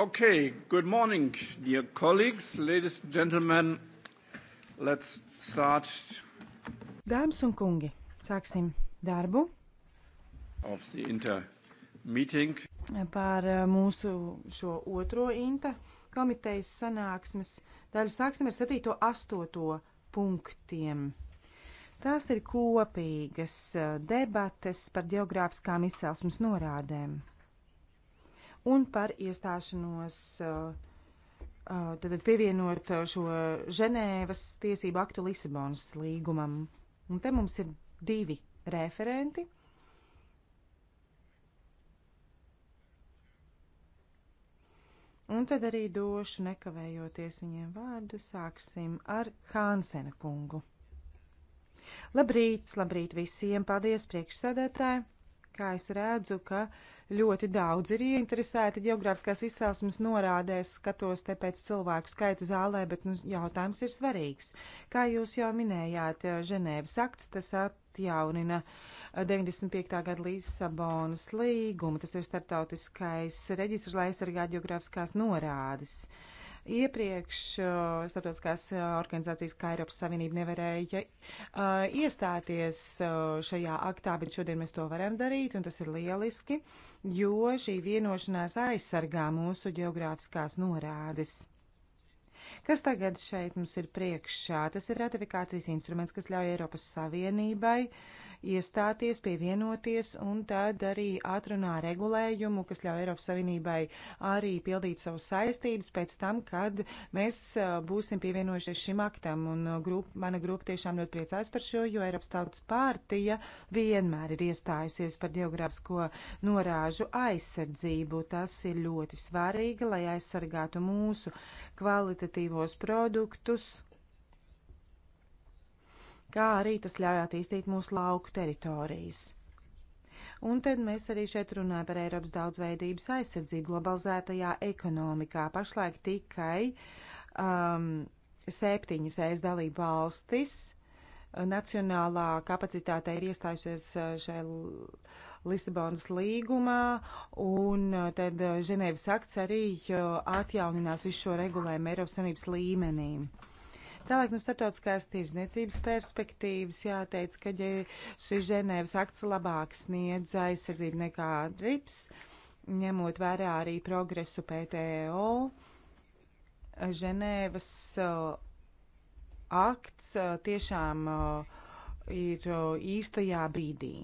Okay, good morning, dear colleagues, ladies and gentlemen. Let's start. Dāmas un kungi, sāksim darbu. Of the inter meeting. Par uh, mūsu šo otro inta komitejas sanāksmes daļu sāksim ar 7. 8. punktiem. Tās ir kopīgas uh, debates par geogrāfiskām izcelsmes norādēm un par iestāšanos, uh, uh, tad pievienot šo Ženēvas tiesību aktu Lisabonas līgumam. Un te mums ir divi referenti. Un tad arī došu nekavējoties viņiem vārdu. Sāksim ar Hānsena kungu. Labrīt, labrīt visiem! Paldies priekšsēdētāji! Kā es redzu, ka uh, ļoti daudz ir ieinteresēti geogrāfiskās izcelsmes norādēs, skatos te pēc cilvēku skaita zālē, bet nu, jautājums ir svarīgs. Kā jūs jau minējāt, Ženēvas akts tas atjaunina 95. gada Lisabonas līgumu, tas ir starptautiskais reģistrs, lai aizsargātu geogrāfiskās norādes. Uh, Iepriekš starptautiskās organizācijas kā Eiropas Savienība nevarēja iestāties šajā aktā, bet šodien mēs to varam darīt, un tas ir lieliski, jo šī vienošanās aizsargā mūsu geogrāfiskās norādes. Kas tagad šeit mums ir priekšā? Tas ir ratifikācijas instruments, kas ļauj Eiropas Savienībai uh, iestāties, pievienoties un tad arī atrunā regulējumu, kas ļauj Eiropas Savienībai arī pildīt savus saistības pēc tam, kad mēs būsim pievienojušies šim aktam. Un grup, mana grupa tiešām ļoti priecājas par šo, jo Eiropas Tautas pārtija vienmēr ir iestājusies par geogrāfisko norāžu aizsardzību. Tas ir ļoti svarīgi, lai aizsargātu mūsu kvalitatīvos produktus kā arī tas ļauj attīstīt mūsu lauku teritorijas. Un tad mēs arī šeit runājam par Eiropas daudzveidības aizsardzību globalizētajā ekonomikā. Pašlaik tikai um, septiņas ES dalība valstis uh, nacionālā kapacitāte ir iestājušies uh, šajā Lisabonas līgumā, un uh, tad Ženēvas akts arī atjauninās visu šo regulējumu Eiropas Sanības līmenī. Tālāk no starptautiskās tirzniecības perspektīvas jāteic, ka ja šis Ženēvas akts labāk sniedz aizsardzību nekā RIPS, ņemot vērā arī progresu PTO. E Ženēvas akts tiešām ir īstajā brīdī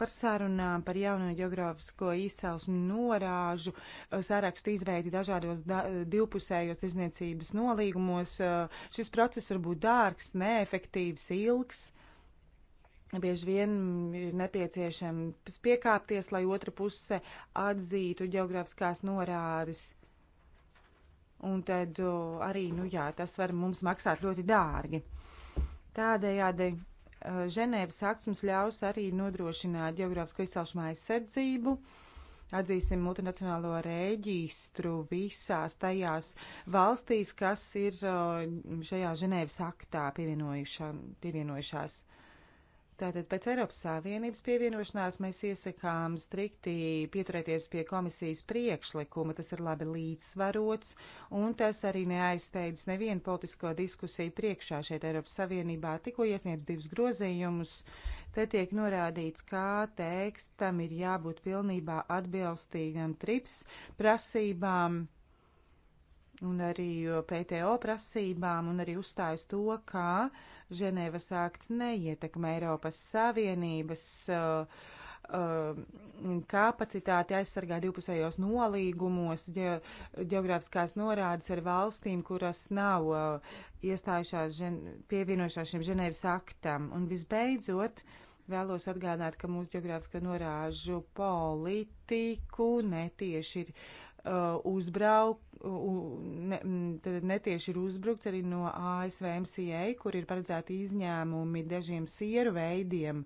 par sarunām par jauno geogrāfisko izcelsmi norāžu eh, sarakstu izveidi dažādos da divpusējos tirzniecības nolīgumos. Eh, šis process var būt dārgs, neefektīvs, ilgs. Bieži vien ir nepieciešams piekāpties, lai otra puse atzītu geogrāfiskās norādes. Un tad eh, arī, nu jā, tas var mums maksāt ļoti dārgi. Tādējādi Eh, Ženēvas akts mums ļaus arī nodrošināt geogrāfisko izcelšanu aizsardzību. Atzīsim multinacionālo reģistru visās tajās valstīs, kas ir eh, šajā Ženēvas aktā pievienojušās. Tātad pēc Eiropas Savienības pievienošanās mēs iesakām strikti pieturēties pie komisijas priekšlikuma. Tas ir labi līdzsvarots, un tas arī neaizsteidz nevienu politisko diskusiju priekšā šeit Eiropas Savienībā. Tikko iesniedz divus grozījumus, te tiek norādīts, kā tekstam ir jābūt pilnībā atbilstīgam trips prasībām un arī PTO prasībām, un arī uzstājas to, ka Ženēvas akts neietekmē Eiropas Savienības uh, uh kapacitāti aizsargā divpusējos nolīgumos, ge, geogrāfiskās norādes ar valstīm, kuras nav uh, iestājušās žen, pievienojušās šim Ženēvas aktam. Un visbeidzot, vēlos atgādināt, ka mūsu geogrāfiskā norāžu politiku netieši ir Uh, uzbrauk, uh, ne, netieši ir uzbrukts arī no ASV MCA, kur ir paredzēti izņēmumi dažiem sieru veidiem.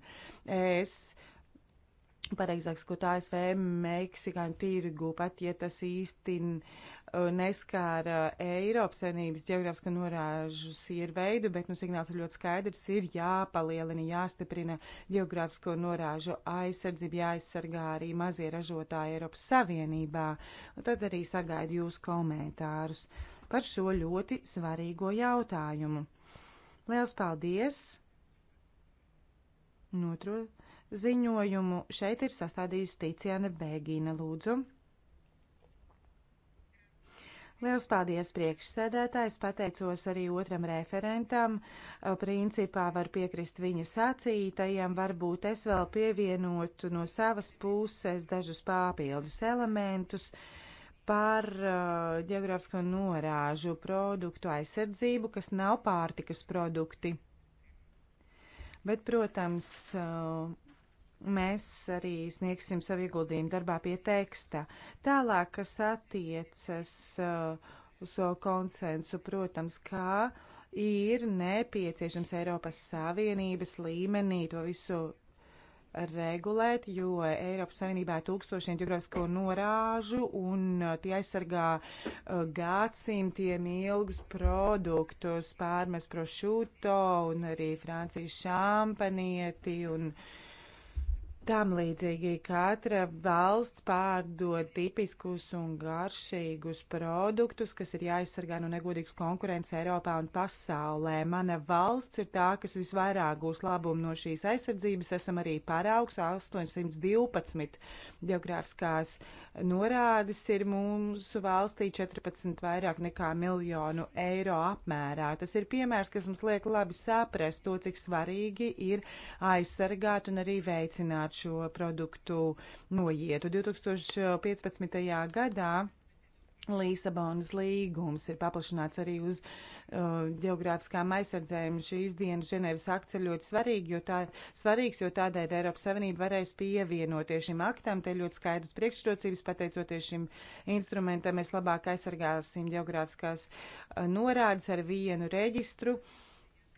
Es, pareizāk sakot, ASV meksikāņu tirgu, pat ja tas īsti uh, Uh, neskāra uh, Eiropas Savienības geogrāfisko norāžu sieru veidu, bet nu, signāls ir ļoti skaidrs - ir jāpalielina, jāstiprina geogrāfisko norāžu aizsardzību, jāaizsargā arī mazie ražotāji Eiropas Savienībā. Un tad arī sagaidu jūs komentārus par šo ļoti svarīgo jautājumu. Liels paldies! Notro ziņojumu šeit ir sastādījusi Tīcijāna Bēgīna Lūdzu. Liels paldies priekšsēdētājs, pateicos arī otram referentam. Principā var piekrist viņa sacītajam, varbūt es vēl pievienotu no savas puses dažus papildus elementus par uh, geogrāfisko norāžu produktu aizsardzību, kas nav pārtikas produkti. Bet, protams, uh, mēs arī sniegsim savu ieguldījumu darbā pie teksta. Tālāk, kas attiecas uh, uz šo konsensu, protams, kā ir nepieciešams Eiropas Savienības līmenī to visu regulēt, jo Eiropas Savienībā ir tūkstošiem ģeogrāfisko norāžu un uh, tie aizsargā uh, gadsimtiem ilgus produktus, pārmes prošūto un arī Francijas šampanieti un uh, tam līdzīgi katra valsts pārdod tipiskus un garšīgus produktus, kas ir jāaizsargā no negodīgas konkurences Eiropā un pasaulē. Mana valsts ir tā, kas visvairāk gūs labumu no šīs aizsardzības. Esam arī paraugs 812 geogrāfiskās uh, norādes ir mūsu valstī 14 vairāk nekā miljonu eiro apmērā. Tas ir piemērs, kas mums liek labi saprast to, cik svarīgi ir aizsargāt un arī veicināt šo produktu noietu. 2015. gadā Līsabonas līgums ir paplašināts arī uz uh, geogrāfiskām aizsardzēm. Šīs dienas Ženēvas akts ir ļoti svarīgi, jo tā, svarīgs, jo tādēļ Eiropas Savienība varēs pievienoties šim aktam. Te ļoti skaidrs priekšrocības, pateicoties šim instrumentam, mēs labāk aizsargāsim geogrāfiskās uh, norādes ar vienu reģistru. Uh,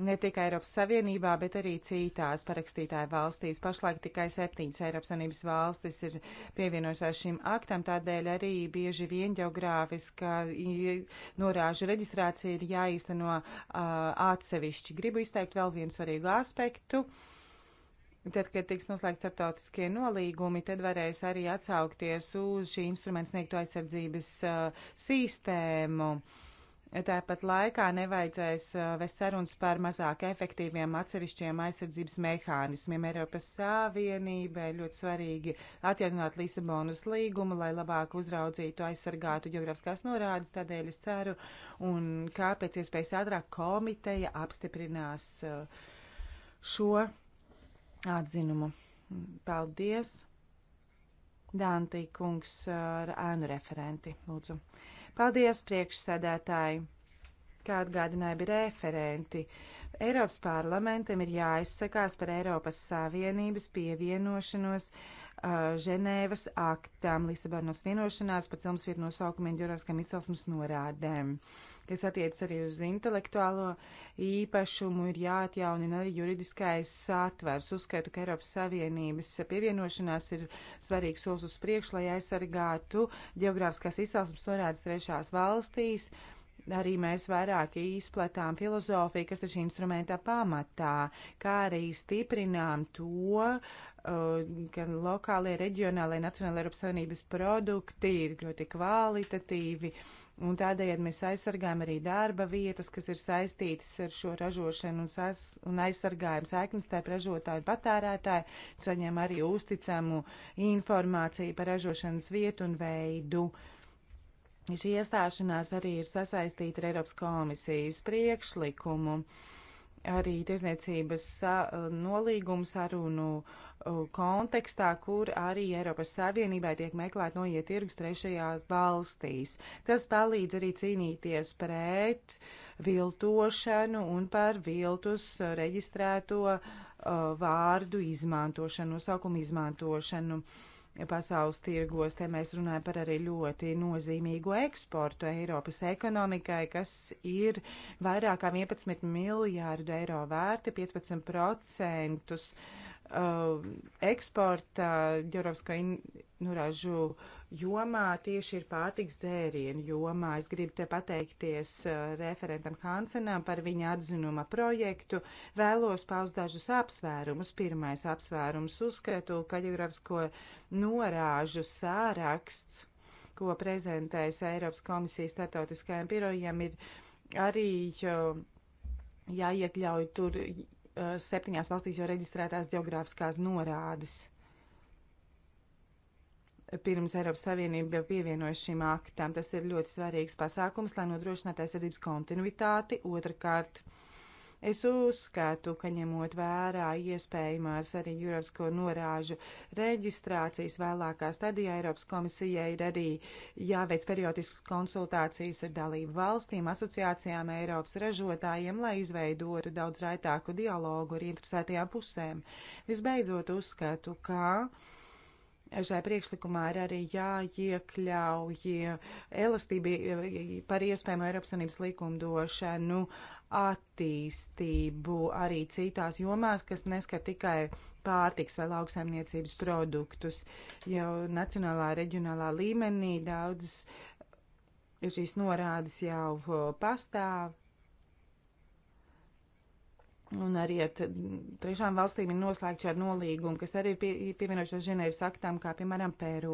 ne tikai Eiropas Savienībā, bet arī citās parakstītāju valstīs. Pašlaik tikai septiņas Eiropas Savienības valstis ir pievienojušās šim aktam, tādēļ arī bieži vien geogrāfiska norāžu reģistrācija ir jāīsteno uh, atsevišķi. Gribu izteikt vēl vienu svarīgu aspektu. Tad, kad tiks noslēgts starptautiskie nolīgumi, tad varēs arī atsaukties uz šī instrumenta sniegto aizsardzības uh, sistēmu. Uh, Tāpat laikā nevajadzēs vest sarunas par mazāk efektīviem atsevišķiem aizsardzības mehānismiem. Eiropas Savienībai ļoti svarīgi atjaunot Lisabonas līgumu, lai labāk uzraudzītu, aizsargātu geogrāfiskās norādes. Tādēļ es ceru, un kā pēc iespējas ātrāk komiteja apstiprinās šo atzinumu. Paldies! Dantī kungs ar ēnu referenti, lūdzu. Paldies, priekšsēdētāji! Kā atgādināja bija referenti, Eiropas parlamentam ir jāizsakās par Eiropas Savienības pievienošanos uh, Ženēvas aktām, Lisabonas vienošanās par cilvēku nosaukumiem, ģeogrāfiskām izcelsmes norādēm, kas attiec arī uz intelektuālo īpašumu, ir jāatjaunina arī juridiskais satvers. Uzskaitu, ka Eiropas Savienības pievienošanās ir svarīgs solis uz priekšu, lai aizsargātu ģeogrāfiskās izcelsmes norādes trešās valstīs. Uh, Arī mēs vairāk izplatām filozofiju, kas ir šī instrumenta pamatā, kā arī stiprinām to, gan uh, lokālie, reģionālie, nacionālie Eiropas Savienības produkti ir ļoti kvalitatīvi, un tādējādi mēs aizsargājam arī darba vietas, kas ir saistītas ar šo ražošanu un, sas, un aizsargājam saiknes starp ražotāju un patērētāju, saņem arī uzticamu informāciju par ražošanas vietu un veidu. Uh, Šī iestāšanās arī ir sasaistīta ar Eiropas komisijas priekšlikumu. Arī tirzniecības nolīgumu sarunu uh, kontekstā, kur arī Eiropas Savienībai tiek meklēt noiet tirgus trešajās valstīs. Tas palīdz arī cīnīties pret viltošanu un par viltus reģistrēto uh, vārdu izmantošanu, nosaukumu izmantošanu. Uh, pasaules tirgos. Te mēs runājam par arī ļoti nozīmīgu eksportu Eiropas ekonomikai, kas ir vairāk kā 11 miljārdu eiro vērti, 15% uh, eksporta ģeogrāfisko nuražu. Nu, jomā, tieši ir pārtiks dzērienu jomā. Es gribu te pateikties uh, referentam Hansenam par viņa atzinuma projektu. Vēlos paust dažus apsvērumus. Pirmais apsvērums uzskatu, ka geogrāfisko norāžu sāraksts, ko prezentējas Eiropas komisijas startautiskajiem birojiem, ir arī uh, jāiekļauj tur uh, septiņās valstīs jau reģistrētās geogrāfiskās norādes pirms Eiropas Savienība jau pievienojas šim aktam. Tas ir ļoti svarīgs pasākums, lai nodrošinātu aizsardzības kontinuitāti. Otrakārt, es uzskatu, ka ņemot vērā iespējamās arī juridisko norāžu reģistrācijas vēlākā stadijā, Eiropas komisijai ir arī jāveic periodiskas konsultācijas ar dalību valstīm, asociācijām, Eiropas ražotājiem, lai izveidotu daudz raitāku dialogu ar interesētajām pusēm. Visbeidzot, uzskatu, ka. Kā Šajā priekšlikumā ir arī jāiekļauj elastība par iespējamo Eiropas Savienības likumdošanu attīstību arī citās jomās, kas neskar tikai pārtiks vai lauksaimniecības produktus. Jau nacionālā, reģionālā līmenī daudzas šīs norādes jau pastāv Un arī ar trešām valstīm ir noslēgts šādi nolīgumi, kas arī ir pie, pievienojušies Ženēvas aktām, kā piemēram Peru.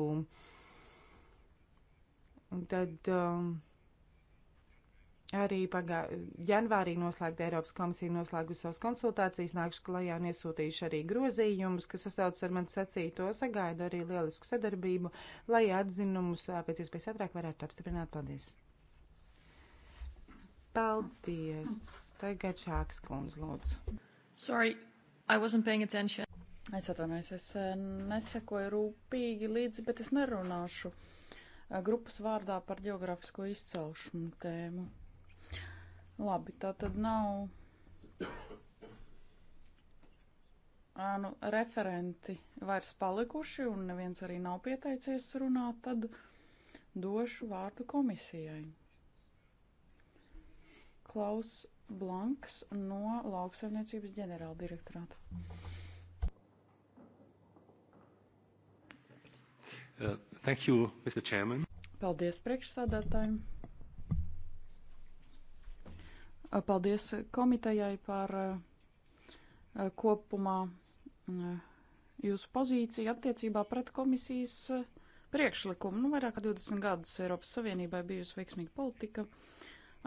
Un tad um, arī pagā, janvārī noslēgta Eiropas komisija noslēgusi savas konsultācijas, nākšu klajā un iesūtīšu arī grozījumus, kas sasaucas ar man sacīto, sagaidu arī lielisku sadarbību, lai atzinumus pēc iespējas ātrāk varētu apstiprināt. Paldies! Paldies! Tagad šāks kundz, lūdzu. Sorry, I wasn't paying attention. Es atvainojos, es eh, nesekoju rūpīgi līdzi, bet es nerunāšu eh, grupas vārdā par geogrāfisko izcelšanu tēmu. Labi, tā tad nav nu, referenti vairs palikuši un neviens arī nav pieteicies runāt, tad došu vārdu komisijai. Klaus Blanks no lauksaimniecības ģenerāla direktorāta. Uh, thank you, Mr. Chairman. Paldies priekšsādātājiem. Uh, paldies komitejai par uh, uh, kopumā jūsu pozīciju attiecībā pret komisijas priekšlikumu. Nu, vairāk kā 20 gadus Eiropas Savienībai bijusi veiksmīga politika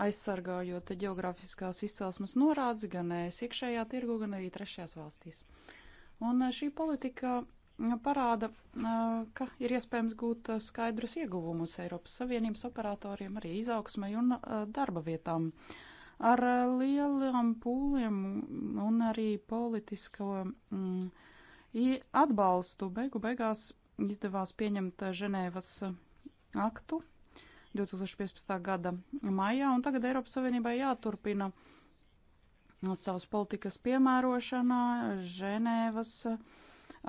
aizsargājot geogrāfiskās izcelsmes norādes gan es iekšējā tirgu, gan arī trešajās valstīs. Un eh, šī politika mm, parāda, eh, ka ir iespējams gūt eh, skaidrus ieguvumus Eiropas Savienības operatoriem, arī izaugsmai un darba vietām. Ar lielām pūliem un arī politisko mm, atbalstu beigu beigās izdevās pieņemt Ženēvas aktu 2015. gada maijā, un tagad Eiropas Savienībai jāturpina savas politikas piemērošanā Ženēvas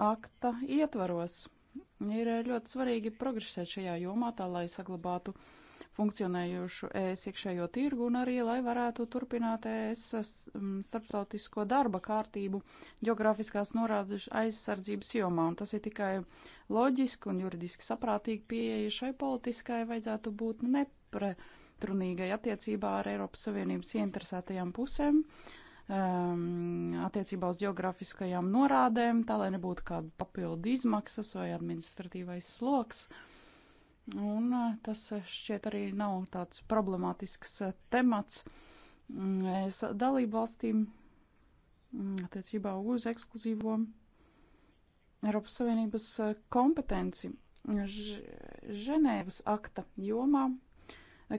akta ietvaros. Ir ļoti svarīgi progresēt šajā jomā, tā lai saglabātu uh, funkcionējošu ES iekšējo tirgu un arī, lai varētu turpināt ES starptautisko darba kārtību geogrāfiskās norādes aizsardzības jomā. Un tas ir tikai loģiski un juridiski saprātīgi pieeja šai politiskai vajadzētu būt nepretrunīgai attiecībā ar Eiropas Savienības ieinteresētajām pusēm um, attiecībā uz geogrāfiskajām norādēm, tā lai nebūtu kāda papildu izmaksas vai administratīvais sloks. Uh, Un eh, tas eh, šķiet arī nav tāds problemātisks eh, temats. Mm, es dalību valstīm mm, attiecībā uz ekskluzīvo Eiropas Savienības kompetenci Ženēvas akta jomā,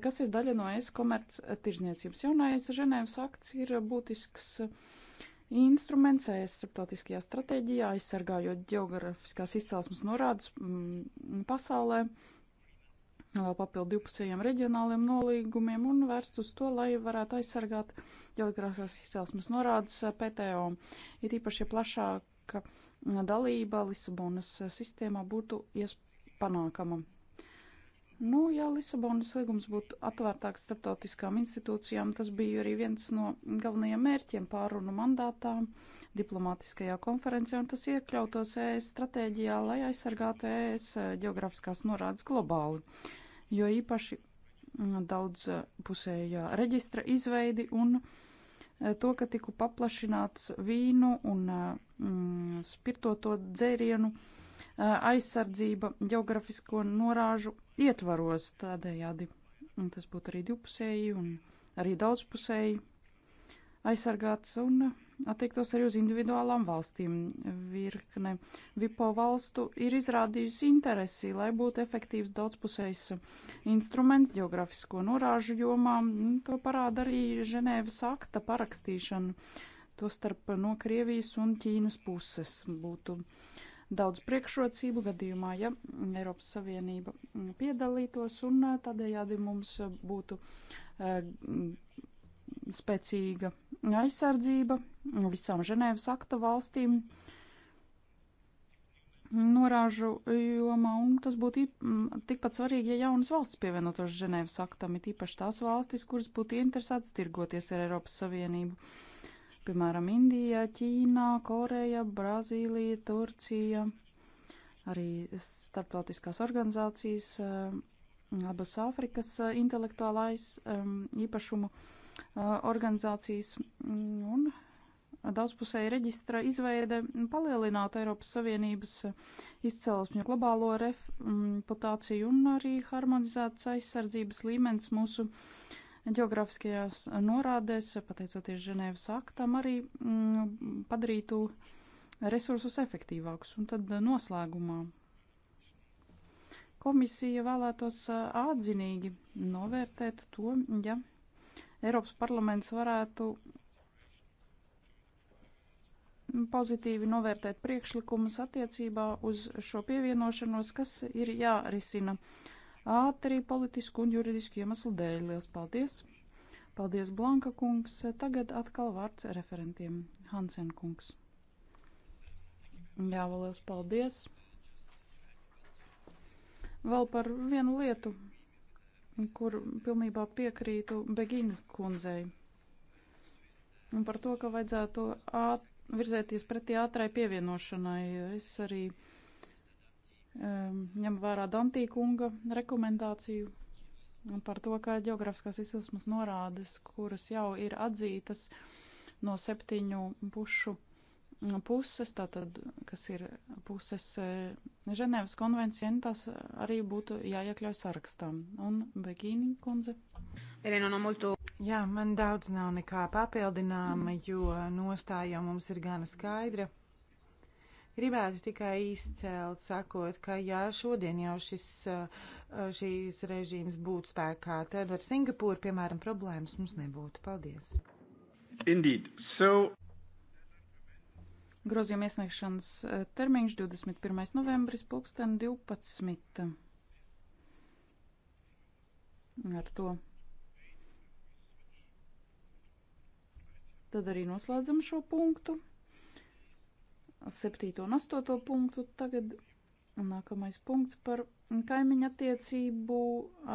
kas ir daļa no es komerc tirzniecības. Jaunais Ženēvas akts ir būtisks instruments ES starptautiskajā stratēģijā, aizsargājot geogrāfiskās izcelsmes norādes mm, pasaulē. Mm, papildu divpusējiem reģionāliem nolīgumiem un vērst uz to, lai varētu aizsargāt ģeogrāfiskās izcelsmes norādes eh, PTO. Ir īpaši plašāka mm, dalība Lisabonas eh, sistēmā būtu iespanākama. Nu, ja Lisabonas līgums būtu atvērtāks starptautiskām institūcijām, tas bija arī viens no galvenajiem mērķiem pārunu mandātā diplomātiskajā konferencē, un tas iekļautos ES stratēģijā, lai aizsargātu ES geogrāfiskās eh, norādes globāli jo īpaši mm, daudzpusējā eh, reģistra izveidi un eh, to, ka tiku paplašināts vīnu un eh, mm, spirtoto dzērienu aizsardzība geografisko norāžu ietvaros tādējādi. Un tas būtu arī divpusēji un arī daudzpusēji aizsargāts un attiektos arī uz individuālām valstīm. Virkne VIPO valstu ir izrādījusi interesi, lai būtu efektīvs daudzpusējs instruments geografisko norāžu jomā. To parāda arī Ženēvas akta parakstīšana, to starp no Krievijas un Ķīnas puses būtu daudz priekšrocību gadījumā, ja Eiropas Savienība piedalītos un tādējādi mums būtu eh, spēcīga aizsardzība visām Ženēvas akta valstīm norāžu jomā, un tas būtu tikpat svarīgi, ja jaunas valstis pievienotos Ženēvas aktam, it īpaši tās valstis, kuras būtu interesētas tirgoties ar Eiropas Savienību. Piemēram, Indija, Ķīnā, Koreja, Brazīlija, Turcija, arī starptautiskās organizācijas, eh, abas Āfrikas eh, intelektuālais eh, īpašumu. Um, Uh, organizācijas mm, un daudzpusēja reģistra izveide palielinātu Eiropas Savienības uh, izcelsmju globālo reputāciju un arī harmonizētas aizsardzības līmenis mūsu geogrāfiskajās norādēs, pateicoties Ženēvas aktam, arī m, mm, padarītu resursus efektīvākus. Un tad noslēgumā komisija vēlētos uh, atzinīgi novērtēt to, ja Eiropas parlaments varētu pozitīvi novērtēt priekšlikumus attiecībā uz šo pievienošanos, kas ir jārisina ātri politisku un juridisku iemeslu dēļ. Lielas paldies! Paldies, Blanka kungs! Tagad atkal vārds referentiem Hansen kungs. Jā, vēl liels paldies! Vēl par vienu lietu kur pilnībā piekrītu Begīnas kundzei. Un par to, ka vajadzētu āt, virzēties pretī ātrai pievienošanai. Es arī um, ņem vērā Dantī kunga rekomendāciju un par to, ka geogrāfiskās izsmas norādes, kuras jau ir atzītas no septiņu pušu Mm, puses, tātad, kas ir puses eh, Ženēvas konvencija, nu, tās arī būtu jāiekļauj sarakstā. Un Begīni kundze. Jā, man daudz nav nekā papildināma, jo nostāja mums ir gana skaidra. Gribētu tikai izcelt, sakot, ka ja šodien jau šis, eh, šīs režīms būtu spēkā, tad ar Singapūru, piemēram, problēmas mums nebūtu. Paldies! Indeed. So... Grozījuma iesniegšanas eh, termiņš 21. novembris, pulksten 12. Ar to. Tad arī noslēdzam šo punktu. 7. un 8. punktu tagad nākamais punkts par kaimiņa attiecību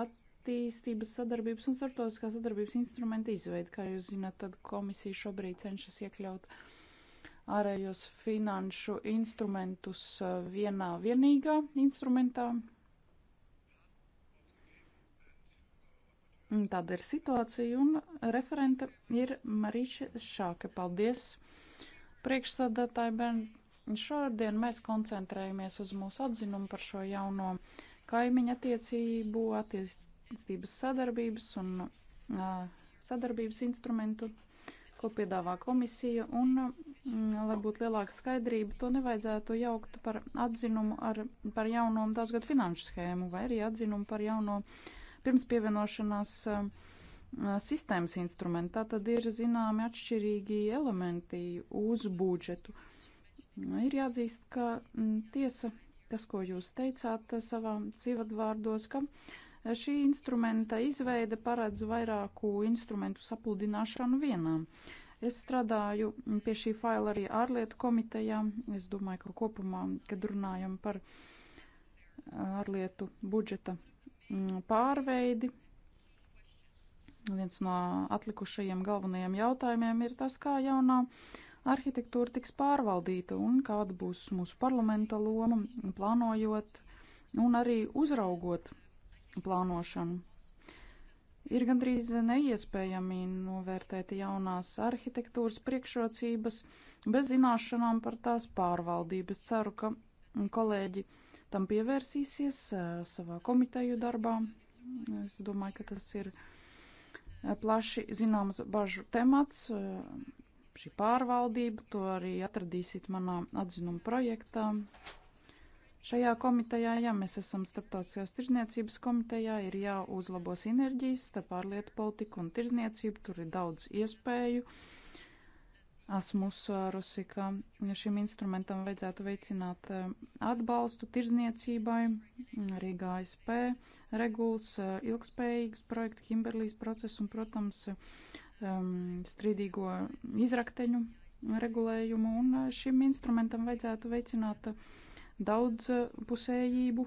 attīstības sadarbības un starptautiskā sadarbības instrumenta izveidu. Kā jūs zināt, tad komisija šobrīd cenšas iekļaut uh, ārējos finanšu instrumentus uh, vienā vienīgā instrumentā. Tāda ir situācija, un referente ir Marīša Šāke. Paldies, priekšsādātāji Bērni. Šodien mēs koncentrējamies uz mūsu atzinumu par šo jauno kaimiņa attiecību, attīstības sadarbības un uh, sadarbības instrumentu ko piedāvā komisija, un Mm, lai būtu lielāka skaidrība, to nevajadzētu jaukt par atzinumu ar, par jauno tās gadu finanšu schēmu vai arī atzinumu par jauno pirms pievienošanās eh, sistēmas instrumentu. Tā tad ir zināmi atšķirīgi elementi uz budžetu. Ir jāatzīst, ka mm, tiesa, tas, ko jūs teicāt eh, savā civadvārdos, ka eh, šī instrumenta izveide paredz vairāku instrumentu sapludināšanu vienām. Uh, Es strādāju pie šī faila arī ārlietu komitejā. Es domāju, ka kopumā, kad runājam par uh, ārlietu budžeta mm, pārveidi, viens no atlikušajiem galvenajiem jautājumiem ir tas, kā jaunā arhitektūra tiks pārvaldīta un kāda būs mūsu parlamenta loma plānojot un arī uzraugot plānošanu. Ir gandrīz neiespējami novērtēt jaunās arhitektūras priekšrocības bez zināšanām par tās pārvaldību. Es ceru, ka kolēģi tam pievērsīsies eh, savā komiteju darbā. Es domāju, ka tas ir eh, plaši zināms bažu temats, eh, šī pārvaldība, to arī atradīsiet manā atzinuma projektā. Šajā komitejā, ja mēs esam starptautiskās tirzniecības komitejā, ir jāuzlabo sinerģijas starp ārlietu politiku un tirzniecību, tur ir daudz iespēju. Esmu uzsvērusi, ka šim instrumentam vajadzētu veicināt eh, atbalstu tirzniecībai, arī GSP, regulas, eh, ilgspējīgas projekta, Kimberlīs procesu un, protams, ehm, strīdīgo izrakteņu regulējumu, un eh, šim instrumentam vajadzētu veicināt atbalstu daudzpusējību,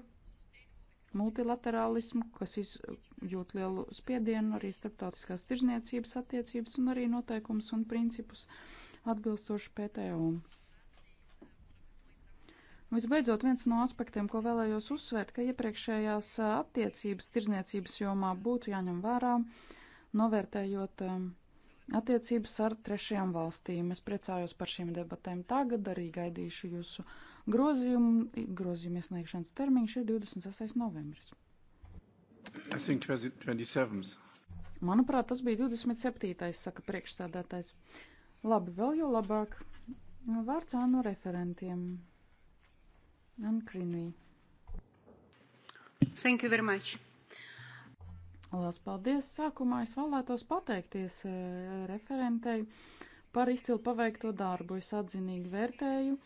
multilaterālismu, kas izjūt lielu spiedienu arī starptautiskās tirzniecības attiecības un arī noteikumus un principus atbilstoši PTO. Visbeidzot, viens no aspektiem, ko vēlējos uzsvērt, ka iepriekšējās attiecības tirzniecības jomā būtu jāņem vērā, novērtējot um, attiecības ar trešajām valstīm. Es priecājos par šīm debatēm tagad, arī gaidīšu jūsu Grozījumu, grozījumu iesniegšanas termiņš ir 26. novembris. 27. Manuprāt, tas bija 27. saka priekšsādātājs. Labi, vēl jau labāk. Vārds ānu referentiem. Ankrinī. Thank you very much. Lielas paldies! Sākumā es vēlētos pateikties eh, referentei par izcilu paveikto darbu. Es atzinīgi vērtēju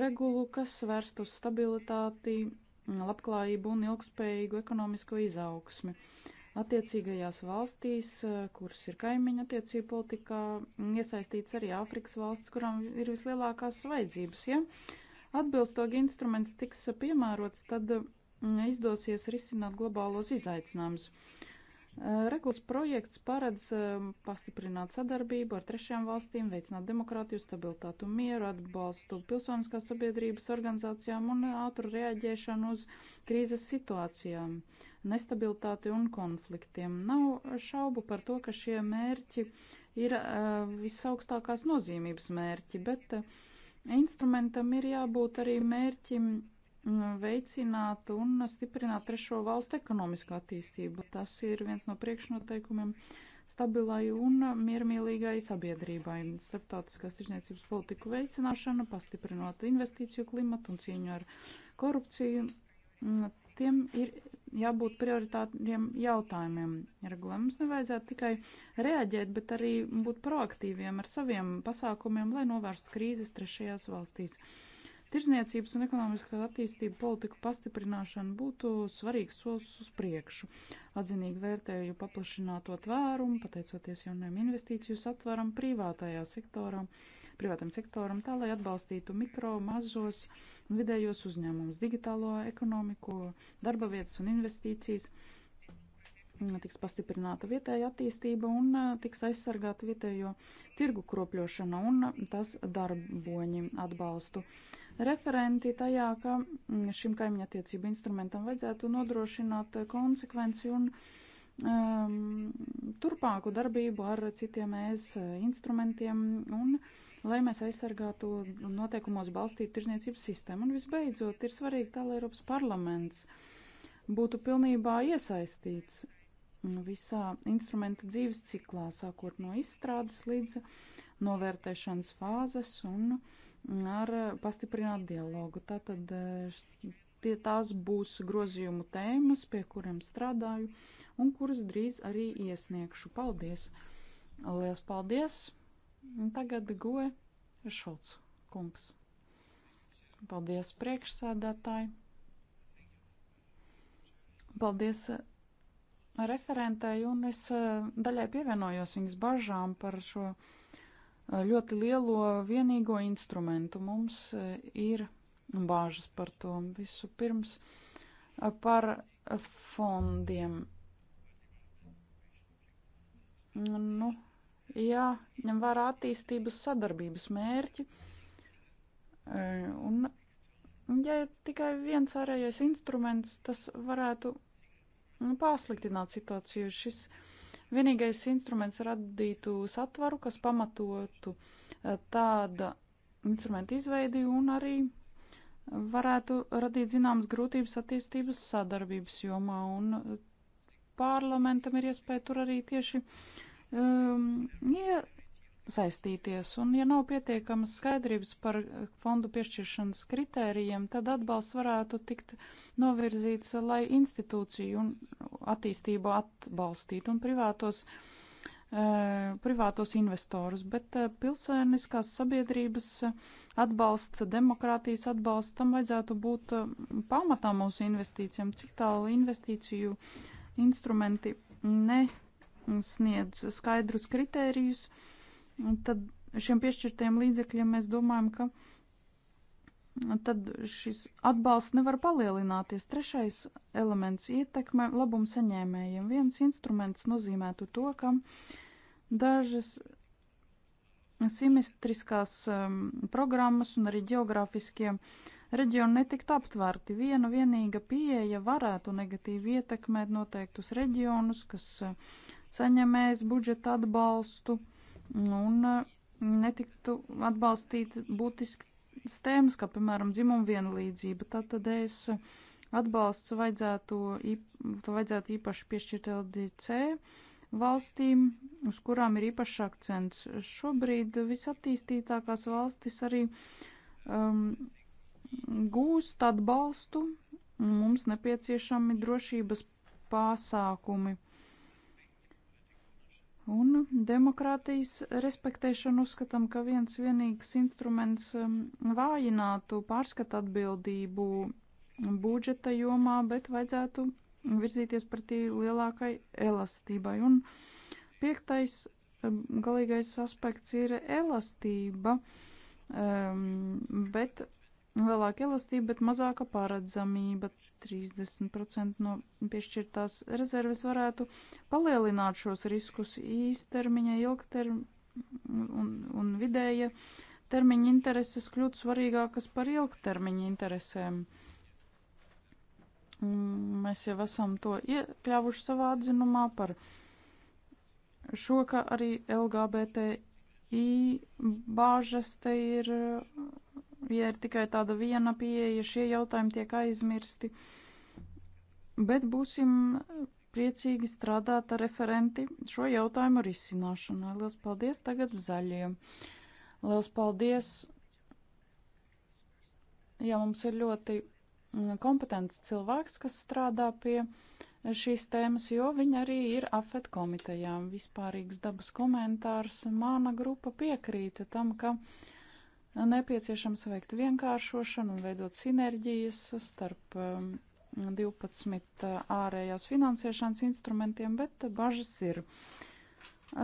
regulu, kas vērst uz stabilitāti, labklājību un ilgspējīgu ekonomisko izaugsmi. Attiecīgajās valstīs, kuras ir kaimiņa attiecību politikā, iesaistīts arī Āfrikas valsts, kurām ir vislielākās vajadzības. Ja atbilstoši instruments tiks piemērots, tad mm, izdosies risināt globālos izaicinājumus. Eh, regulas projekts paredz eh, pastiprināt sadarbību ar trešajām valstīm, veicināt demokrātiju, stabilitātu un mieru, atbalstu pilsoniskās sabiedrības organizācijām un eh, ātru reaģēšanu uz krīzes situācijām, nestabilitāti un konfliktiem. Nav šaubu par to, ka šie mērķi ir visaugstākās nozīmības mērķi, bet instrumentam ir jābūt arī mērķim veicināt un stiprināt trešo valstu ekonomisko attīstību. Tas ir viens no priekšnoteikumiem stabilai un miermīlīgai sabiedrībai. Starptautiskās tirzniecības politiku veicināšana, pastiprinot investīciju klimatu un cīņu ar korupciju, mm, tiem ir jābūt prioritāriem jautājumiem. Regulējums nevajadzētu tikai reaģēt, bet arī būt proaktīviem ar saviem pasākumiem, lai novērstu krīzes trešajās valstīs. Tirzniecības un ekonomiskā attīstība politika pastiprināšana būtu svarīgs solis uz priekšu. Atzinīgi vērtēju paplašināto tvērumu, pateicoties jaunajam investīciju satvaram privātajā sektorā, privātam sektoram, tā lai atbalstītu mikro, mazos un vidējos uzņēmumus, digitālo ekonomiku, darba vietas un investīcijas tiks pastiprināta vietēja attīstība un tiks aizsargāta vietējo tirgu kropļošana un tas darboņi atbalstu. Uh, referenti tajā, ka mm, šim kaimiņa attiecību instrumentam vajadzētu nodrošināt konsekvenci un um, turpāku darbību ar citiem ES instrumentiem un lai mēs aizsargātu noteikumos balstītu tirzniecības sistēmu. Un visbeidzot, ir svarīgi tā, lai Eiropas parlaments būtu pilnībā iesaistīts visā instrumenta dzīves ciklā, sākot no izstrādes līdz novērtēšanas fāzes un uh, ar pastiprināt dialogu. Tātad eh, tie tās būs grozījumu tēmas, pie kuriem strādāju un kurus drīz arī iesniegšu. Paldies! Lielas paldies! Un tagad goe Šolts kungs. Paldies priekšsēdētāji! Paldies eh, referentēju, un es eh, daļai pievienojos viņas bažām par šo ļoti lielo vienīgo instrumentu. Mums eh, ir bāžas par to visu pirms eh, par fondiem. Nu, jā, ņem vērā attīstības sadarbības mērķi. Eh, un, ja tikai viens ārējais instruments, tas varētu nu, pasliktināt situāciju. Šis uh, Vienīgais instruments radītu satvaru, kas pamatotu e, tāda instrumenta izveidi un arī varētu radīt zināmas grūtības attīstības sadarbības jomā, un e, parlamentam ir iespēja tur arī tieši um, ie, saistīties, un ja nav pietiekamas skaidrības par fondu piešķiršanas kritērijiem, tad atbalsts varētu tikt novirzīts, lai institūciju un attīstību atbalstītu un privātos eh, privātos investorus, bet eh, pilsēniskās sabiedrības atbalsts, demokrātijas atbalsts tam vajadzētu būt eh, pamatā mūsu investīcijām, cik tālu investīciju instrumenti nesniedz skaidrus kritērijus, uh, tad šiem piešķirtajiem līdzekļiem mēs domājam, ka tad šis atbalsts nevar palielināties. Trešais elements - ietekme labumu saņēmējiem. Viens instruments nozīmētu to, ka dažas simetriskās um, programmas un arī geogrāfiskie reģioni netiktu aptvērti. Viena vienīga pieeja varētu negatīvi ietekmēt noteiktus reģionus, kas uh, saņemēs budžeta atbalstu. Uh, Nu, un eh, netiktu atbalstīt būtiskas tēmas, kā piemēram dzimuma vienlīdzība. Tātad es eh, atbalsts vajadzētu, vajadzētu īpaši piešķirt LDC valstīm, uz kurām ir īpašs akcents. Šobrīd visattīstītākās valstis arī um, gūst atbalstu, mums nepieciešami drošības pasākumi. Un demokrātijas respektēšanu uzskatām, ka viens vienīgs instruments um, vājinātu pārskatu atbildību budžeta jomā, bet vajadzētu virzīties pretī lielākai elastībai. Un piektais um, galīgais aspekts ir elastība, um, bet Lielāka elastība, bet mazāka paredzamība. 30% no piešķirtās rezerves varētu palielināt šos riskus īstermiņa, ilgtermiņa un, un vidēja termiņa intereses kļūt svarīgākas par ilgtermiņa interesēm. Mēs jau esam to iekļāvuši savā atzinumā par šo, ka arī LGBTI bāžas te ir pieeja ir tikai tāda viena pieeja, šie jautājumi tiek aizmirsti. Bet būsim priecīgi strādāt ar referenti šo jautājumu risināšanai. Lielas paldies tagad zaļiem. Lielas paldies. Jā, mums ir ļoti mm, kompetents cilvēks, kas strādā pie šīs tēmas, jo viņa arī ir afet komitejām. Vispārīgs dabas komentārs. Mana grupa piekrīta tam, ka. Uh, Nepieciešams veikt vienkāršošanu un veidot sinerģijas starp 12 um, uh, ārējās finansēšanas instrumentiem, bet bažas ir.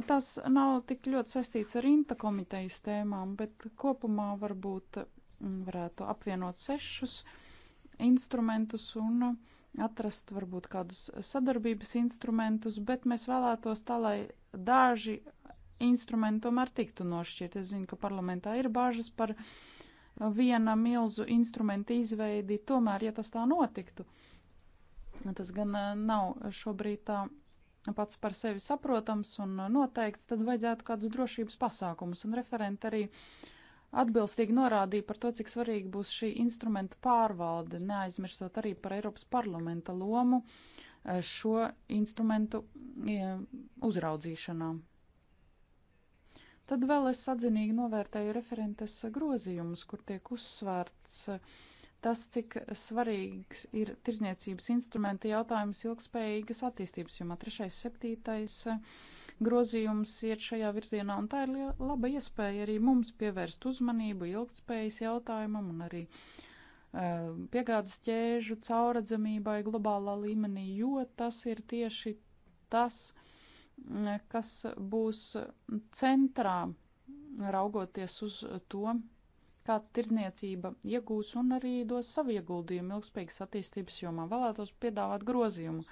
Tas nav tik ļoti saistīts ar Inta komitejas tēmām, bet kopumā varbūt mm, varētu apvienot sešus instrumentus un atrast varbūt kādus sadarbības instrumentus, bet mēs vēlētos tā, lai daži instrumenti tomēr tiktu nošķirt. Es zinu, ka parlamentā ir bāžas par viena milzu instrumenta izveidi, tomēr, ja tas tā notiktu, tas gan eh, nav šobrīd tā pats par sevi saprotams un noteikts, tad vajadzētu kādus drošības pasākumus. Un referenti arī atbilstīgi norādīja par to, cik svarīgi būs šī instrumenta pārvalde, neaizmirstot arī par Eiropas parlamenta lomu eh, šo instrumentu eh, uzraudzīšanā. Tad vēl es atzinīgi novērtēju referentes grozījumus, kur tiek uzsvērts eh, tas, cik svarīgs ir tirzniecības instrumenta jautājums ilgspējīgas attīstības jomā. Trešais, septītais eh, grozījums iet šajā virzienā, un tā ir laba iespēja arī mums pievērst uzmanību ilgspējas jautājumam un arī uh, piegādes ķēžu cauradzamībai globālā līmenī, jo tas ir tieši tas, uh, kas būs centrā, raugoties uz to, kā tirzniecība iegūs un arī dos savu ieguldījumu ilgspējīgas attīstības jomā. Vēlētos piedāvāt grozījumu,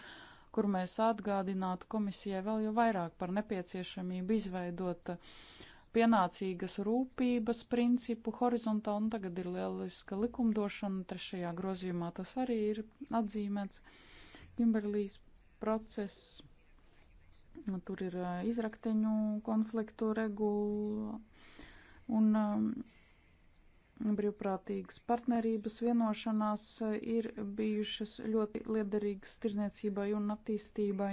kur mēs atgādinātu komisijai vēl jau vairāk par nepieciešamību izveidot pienācīgas rūpības principu horizontāli, un tagad ir lieliska likumdošana, trešajā grozījumā tas arī ir atzīmēts Kimberlīs process Nu, tur ir izrakteņu konfliktu regula un brīvprātīgas partnerības vienošanās ir bijušas ļoti liederīgas tirzniecībai un attīstībai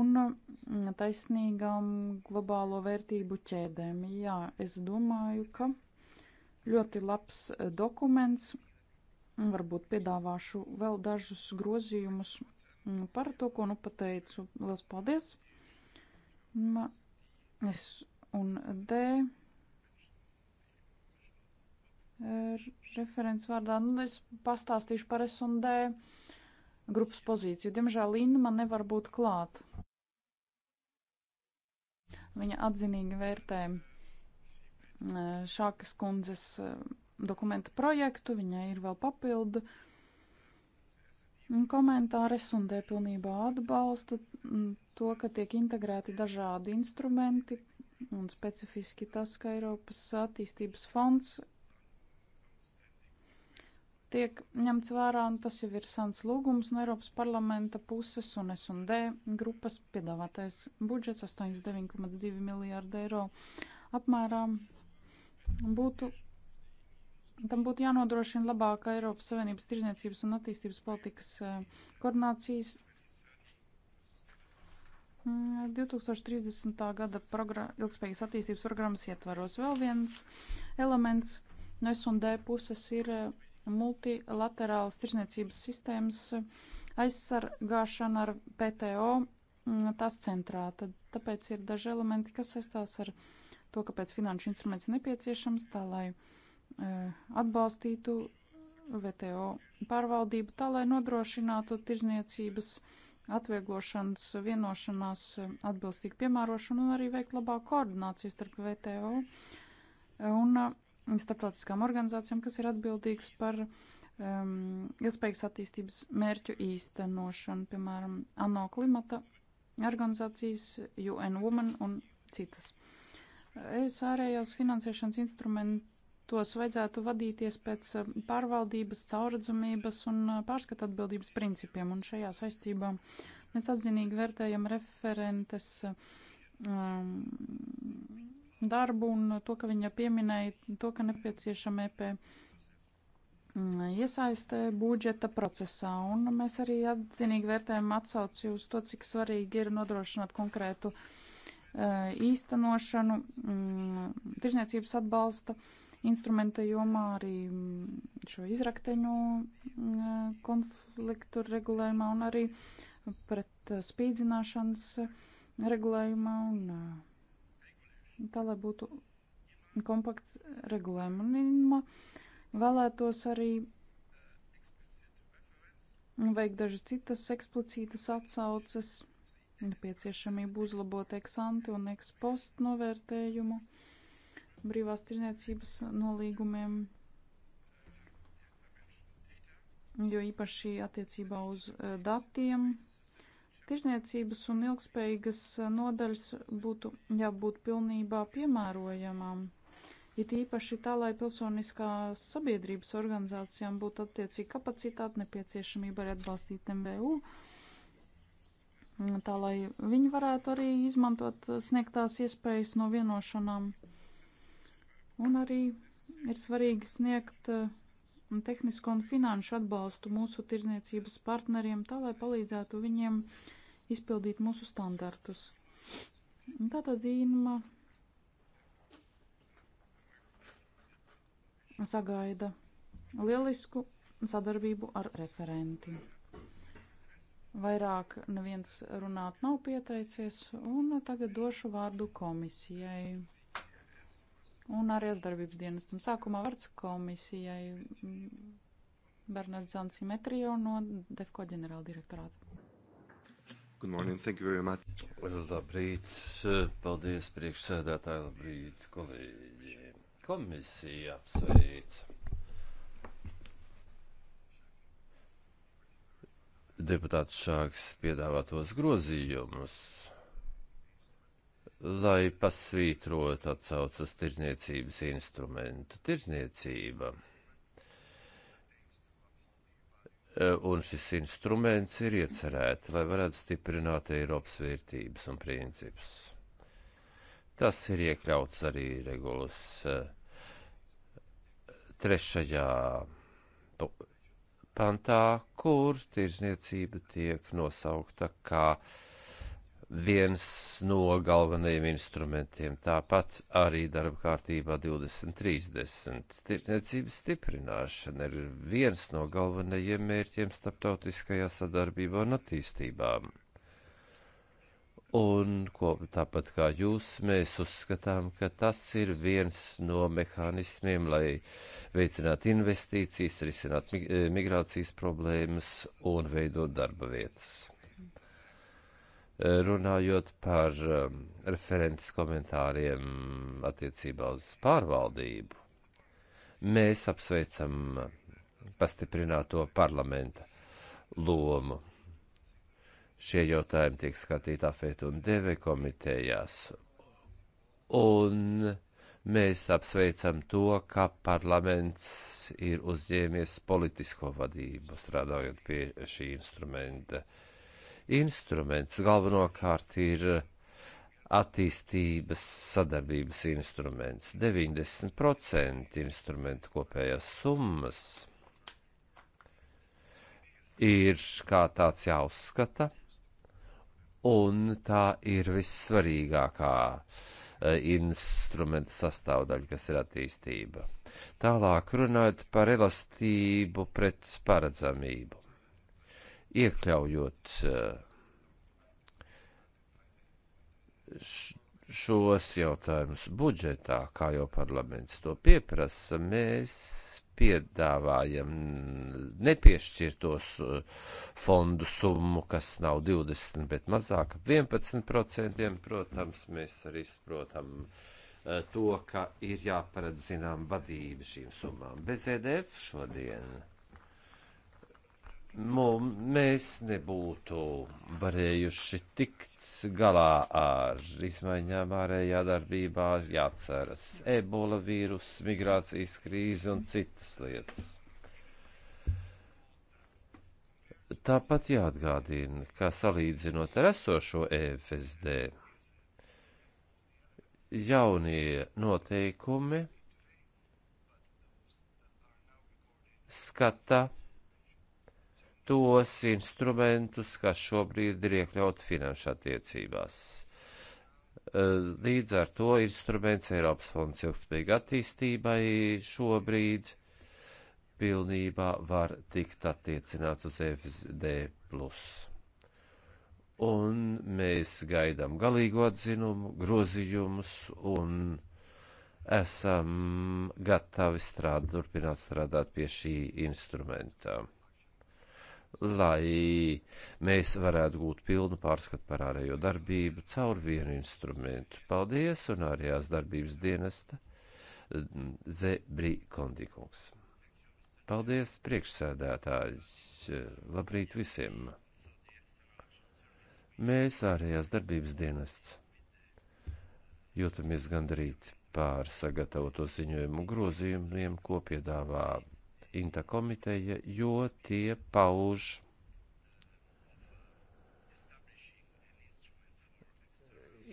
un taisnīgām globālo vērtību ķēdēm. Jā, es domāju, ka ļoti labs dokuments. Varbūt piedāvāšu vēl dažus grozījumus Nu, par to, ko nu pateicu. Lielas paldies! Ma, S un D. Er, referents vārdā, nu es pastāstīšu par S un D grupas pozīciju. Diemžēl Linda man nevar būt klāt. Viņa atzinīgi vērtē e, Šākas kundzes e, dokumenta projektu, viņai ir vēl papildu uh, komentārus un te pilnībā atbalstu mm, to, ka tiek integrēti dažādi instrumenti un specifiski tas, ka Eiropas attīstības fonds tiek ņemts vērā, un tas jau ir sans lūgums no Eiropas parlamenta puses un S&D grupas piedāvātais budžets 89,2 miljārdu eiro apmērā būtu Tam būtu jānodrošina labāka Eiropas Savienības tirzniecības un attīstības politikas eh, koordinācijas 2030. Mm, gada ilgspējīgas attīstības programmas ietvaros. Vēl viens elements no S&D puses ir eh, multilaterālas tirzniecības sistēmas aizsargāšana ar PTO mm, tās centrā. Tad, tāpēc ir daži elementi, kas saistās ar to, kāpēc finanšu instruments nepieciešams, tā lai uh, E, atbalstītu VTO pārvaldību tā, lai nodrošinātu tirzniecības atvieglošanas vienošanās atbilstīgu piemērošanu un arī veikt labāku koordināciju starp VTO un e, starptautiskām organizācijām, kas ir atbildīgas par um, ilgspējīgas attīstības mērķu īstenošanu, piemēram, ANO klimata organizācijas, UN Women un citas. Es ārējās finansēšanas instrumentu tos vajadzētu vadīties pēc um, pārvaldības, caurredzamības un uh, pārskata atbildības principiem. Un šajā saistībā mēs atzinīgi vērtējam referentes um, darbu un to, ka viņa pieminēja to, ka nepieciešama EP mm, iesaistē budžeta procesā, un mēs arī atzinīgi vērtējam atsauci uz to, cik svarīgi ir nodrošināt konkrētu uh, īstenošanu, um, tirzniecības atbalsta uh, instrumenta jomā, arī mm, šo izrakteņu mm, konfliktu regulējumā un arī pret eh, spīdzināšanas regulējumā un eh, tā, lai būtu kompakts regulējums. Un vēlētos arī veikt dažas citas eksplicītas atsauces, nepieciešamību uzlabot eksanti un ekspostu novērtējumu brīvās tirniecības nolīgumiem, jo īpaši attiecībā uz eh, datiem. Tirzniecības un ilgspējīgas eh, nodaļas būtu jābūt pilnībā piemērojamām. It īpaši tā, lai pilsoniskās sabiedrības organizācijām būtu attiecīga kapacitāte, nepieciešamība arī atbalstīt MVU, tā lai viņi varētu arī izmantot eh, sniegtās iespējas no vienošanām Un arī ir svarīgi sniegt eh, tehnisko un finanšu atbalstu mūsu tirzniecības partneriem, tā lai palīdzētu viņiem izpildīt mūsu standartus. Tātad Zīma sagaida lielisku sadarbību ar referenti. Vairāk neviens runāt nav pieteicies, un tagad došu vārdu komisijai un arī darbības dienestam. Sākumā vārds komisijai mm, Bernards Zansimetrijo no DEFCO ģenerāla direktorāta. Good morning, thank you very much. Labrīt, paldies priekšsēdētāji, labrīt, kolēģi. Komisija apsveic. Deputāts Šāks piedāvātos grozījumus lai pasvītrotu atsaucu uz tirzniecības instrumentu. Tirzniecība e, un šis instruments ir iecerēts, lai varētu stiprināt Eiropas vērtības un principus. Tas ir iekļauts arī regulas e, trešajā pantā, kur tirzniecība tiek nosaukta kā uh, viens no galvenajiem instrumentiem. Tāpat arī darba kārtībā 2030. Tirzniecības stiprināšana ir viens no galvenajiem mērķiem starptautiskajā sadarbībā un attīstībām. Un ko, tāpat kā jūs, mēs uzskatām, ka tas ir viens no mehānismiem, lai veicinātu investīcijas, risinātu migrācijas problēmas un veidot darba vietas runājot par um, referents komentāriem attiecībā uz pārvaldību, mēs apsveicam pastiprināto parlamenta lomu. Šie jautājumi tiek skatīti afēt un deve komitejās. Un mēs apsveicam to, ka parlaments ir uzņēmies politisko vadību strādājot pie šī instrumenta. Uh, instruments. Galvenokārt ir eh, attīstības sadarbības instruments, 90% instrumentu kopējās summas ir kā tāds jāuzskata, un tā ir vissvarīgākā eh, instrumenta sastāvdaļa, kas ir attīstība. Tālāk runājot par elastību pret paredzamību iekļaujot eh, šos jautājumus budžetā, kā jau parlaments to pieprasa, mēs piedāvājam nepiešķirtos eh, fondu summu, kas nav 20, bet mazāk 11%. Protams, mēs arī saprotam eh, to, ka ir jāparedz zinām vadība šīm summām. Bez EDF šodien. Mum, mēs nebūtu varējuši tikt galā ar izmaiņām ārējā darbībā, jāceras ebola vīrus, migrācijas krīze un citas lietas. Tāpat jāatgādina, ka salīdzinot ar esošo EFSD, jaunie noteikumi skata tos instrumentus, kas šobrīd ir iekļauti finanšu attiecībās. Eh, līdz ar to instruments Eiropas fonds ilgspējīga attīstībai šobrīd pilnībā var tikt attiecināts uz FSD. Un mēs gaidām galīgo atzinumu, grozījumus un esam gatavi strādāt, turpināt strādāt pie šī instrumenta lai mēs varētu gūt pilnu pārskatu par ārējo darbību caur vienu instrumentu. Paldies un ārējās darbības dienesta mm, Zebri Kondikungs. Paldies, priekšsēdētājs. Labrīt visiem. Mēs ārējās darbības dienests jūtamies gandrīt pār sagatavoto ziņojumu grozījumiem, ko piedāvā Inta komiteja, jo tie pauž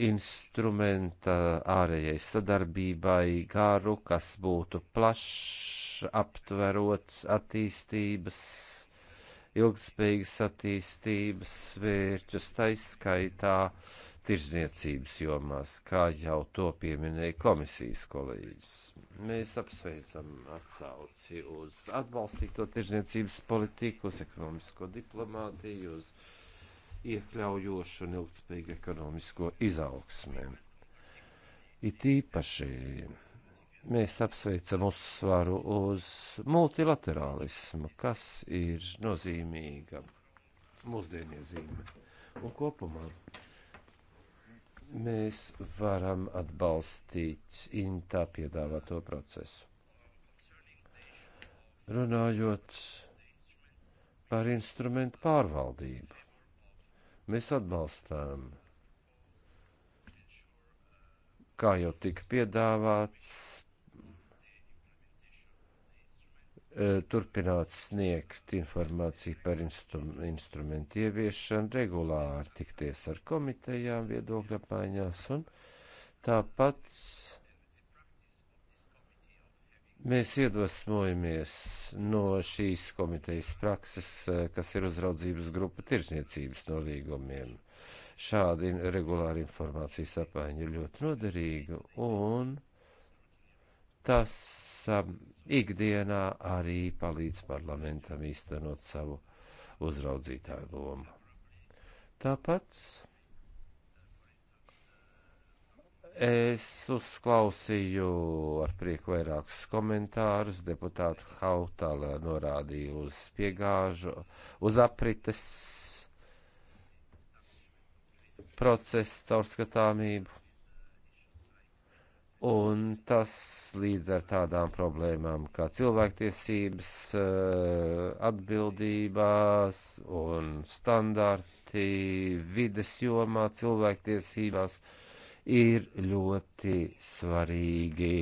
instrumenta ārējai sadarbībai garu, kas būtu plašs, aptverots attīstības, ilgspējīgas attīstības svērķus, taiskaitā tirzniecības jomās, kā jau to pieminēja komisijas kolēģis. Mēs apsveicam atsauci uz atbalstīto tirzniecības politiku, uz ekonomisko diplomātiju, uz iekļaujošu un ilgspējīgu ekonomisko izaugsmē. It īpaši mēs apsveicam uzsvaru uz multilaterālismu, kas ir nozīmīga mūsdienu iezīme un kopumā mēs varam atbalstīt intā piedāvāto procesu. Runājot par instrumentu pārvaldību, mēs atbalstām, kā jau tika piedāvāts, Eh, turpināt sniegt informāciju par instrum, instrumentu ieviešanu, regulāri tikties ar komitejām viedokļa apmaiņās un tāpat mēs iedvesmojamies no šīs komitejas prakses, eh, kas ir uzraudzības grupa tirzniecības nolīgumiem. Šāda regulāra informācijas apmaiņa ir ļoti noderīga un tas um, ikdienā arī palīdz parlamentam īstenot savu uzraudzītāju lomu. Tāpat es uzklausīju ar prieku vairākus komentārus. Deputāta Hautala norādīja uz piegāžu, uz aprites procesu caurskatāmību un tas līdz ar tādām problēmām kā cilvēktiesības, eh, atbildībās un standarti vides jomā cilvēktiesībās ir ļoti svarīgi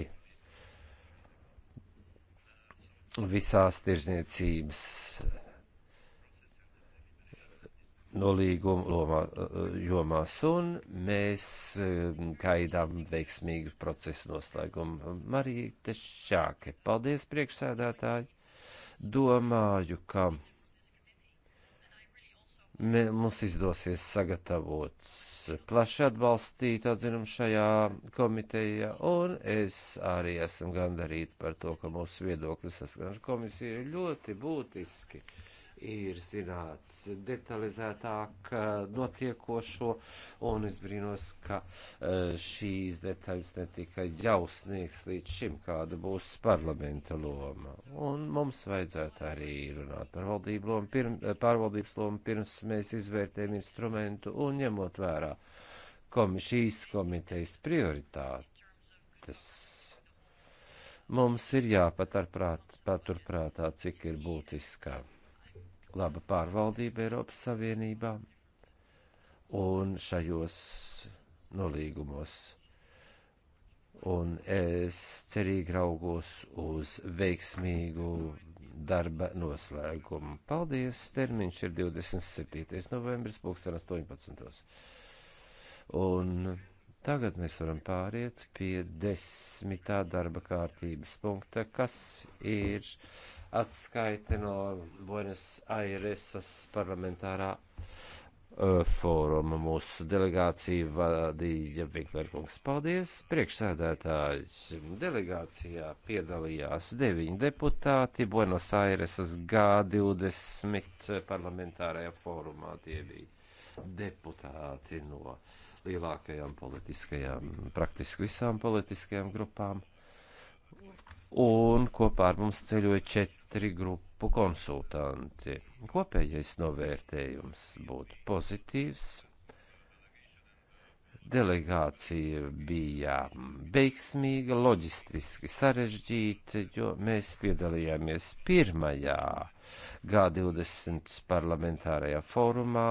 visās tirzniecības nolīguma lomā, eh, jomās, un mēs eh, gaidām veiksmīgu procesu noslēgumu. Marija Tešķāke, paldies priekšsēdētāji. Domāju, ka mē, mums izdosies sagatavot plaši atbalstītu atzinumu šajā komitejā, un es arī esmu gandarīti par to, ka mūsu viedoklis saskan ar komisiju ļoti būtiski. Uh, ir zināts detalizētāk eh, notiekošo, un es brīnos, ka eh, šīs detaļas netika jau sniegs līdz šim, kāda būs parlamenta loma. Un mums vajadzētu arī runāt par valdību lomu, pirm, pārvaldības lomu, pirms mēs izvērtējam instrumentu un ņemot vērā kom, šīs komitejas prioritātes mums ir jāpaturprātā, cik ir būtiskā laba pārvaldība Eiropas Savienībā un šajos nolīgumos. Un es cerīgi raugos uz veiksmīgu darba noslēgumu. Paldies! Termiņš ir 27. novembris, 2018. Un tagad mēs varam pāriet pie desmitā darba kārtības punkta, kas ir atskaite no Buenas Airesas parlamentārā uh, fóruma mūsu delegāciju vadīja Viklerkungs. Paldies, priekšsēdētājs. Delegācijā piedalījās deviņi deputāti Buenos Airesas G20 parlamentārajā fórumā. Tie bija deputāti no lielākajām politiskajām, praktiski visām politiskajām grupām. Un kopā ar mums ceļoja četri trigrupu konsultanti. Kopējais novērtējums būtu pozitīvs. Delegācija bija veiksmīga, loģistiski sarežģīta, jo mēs piedalījāmies pirmajā G20 parlamentārajā fórumā.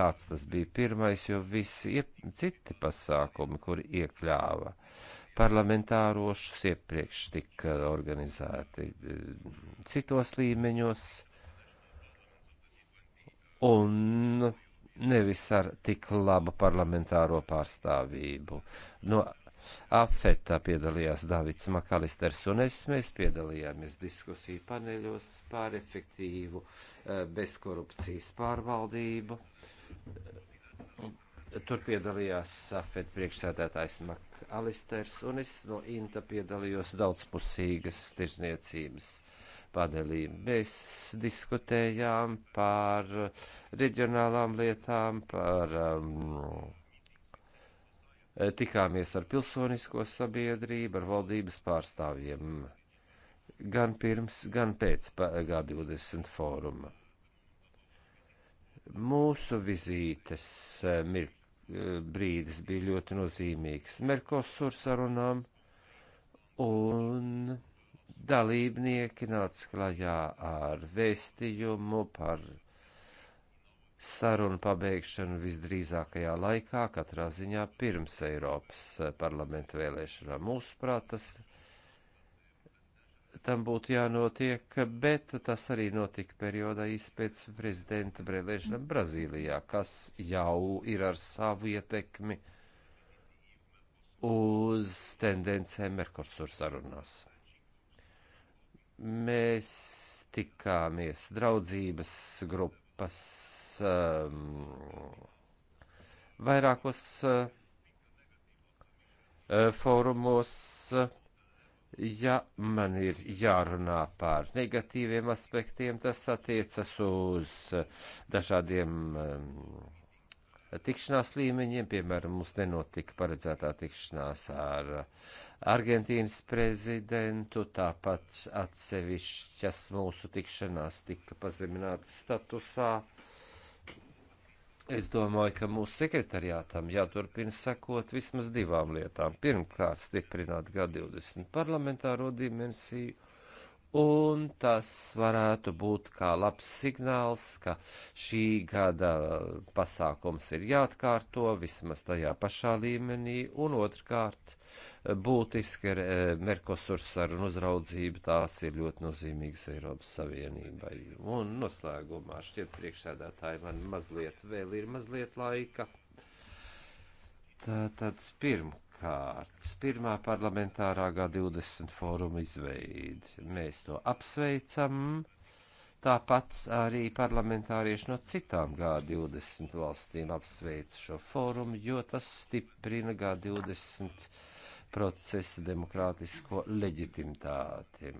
Tāds tas bija pirmais, jo visi citi pasākumi, kuri iekļāva uh, parlamentārošus iepriekš tika eh, organizēti eh, citos līmeņos un nevis ar tik labu parlamentāro pārstāvību. No Afetā piedalījās Davids Makalisters un es, mēs piedalījāmies diskusiju paneļos par efektīvu eh, bezkorupcijas pārvaldību. Tur piedalījās Safet priekšsēdētājs Makalisters un es no Inta piedalījos daudzpusīgas tirzniecības padelī. Mēs diskutējām par reģionālām lietām, par um, tikāmies ar pilsonisko sabiedrību, ar valdības pārstāvjiem gan pirms, gan pēc G20 fóruma mūsu vizītes eh, mirkļi brīdis bija ļoti nozīmīgs Merkosur sarunām, un dalībnieki nāca klajā ar vēstījumu par sarunu pabeigšanu visdrīzākajā laikā, katrā ziņā pirms Eiropas parlamenta vēlēšanām. Mūsuprāt, tas ir tam būtu jānotiek, bet tas arī notika periodā īsi pēc prezidenta brēlēšana Brazīlijā, kas jau ir ar savu ietekmi uz tendencēm Merkursur sarunās. Mēs tikāmies draudzības grupas um, vairākos uh, uh fórumos. Uh, Ja man ir jārunā par negatīviem aspektiem, tas attiecas uz eh, dažādiem um, tikšanās līmeņiem, piemēram, mums nenotika paredzētā tikšanās ar Argentīnas prezidentu, tāpat atsevišķas mūsu tikšanās tika pazeminātas statusā Es domāju, ka mūsu sekretariātam jāturpina sakot vismaz divām lietām. Pirmkārt, stiprināt G20 parlamentāro dimensiju, un tas varētu būt kā labs signāls, ka šī gada pasākums ir jāatkārto vismaz tajā pašā līmenī, un otrkārt, būtiski ar e, Merkosur sarunu uzraudzību, tās ir ļoti nozīmīgas Eiropas Savienībai. Un noslēgumā šķiet priekšsēdētāji man mazliet vēl ir mazliet laika. Tātad pirmkārt, pirmā parlamentārā G20 fóruma izveidi. Mēs to apsveicam. Tāpat arī parlamentārieši no citām G20 valstīm apsveic šo fórumu, jo tas stiprina G20 procesa demokrātisko leģitimitāti.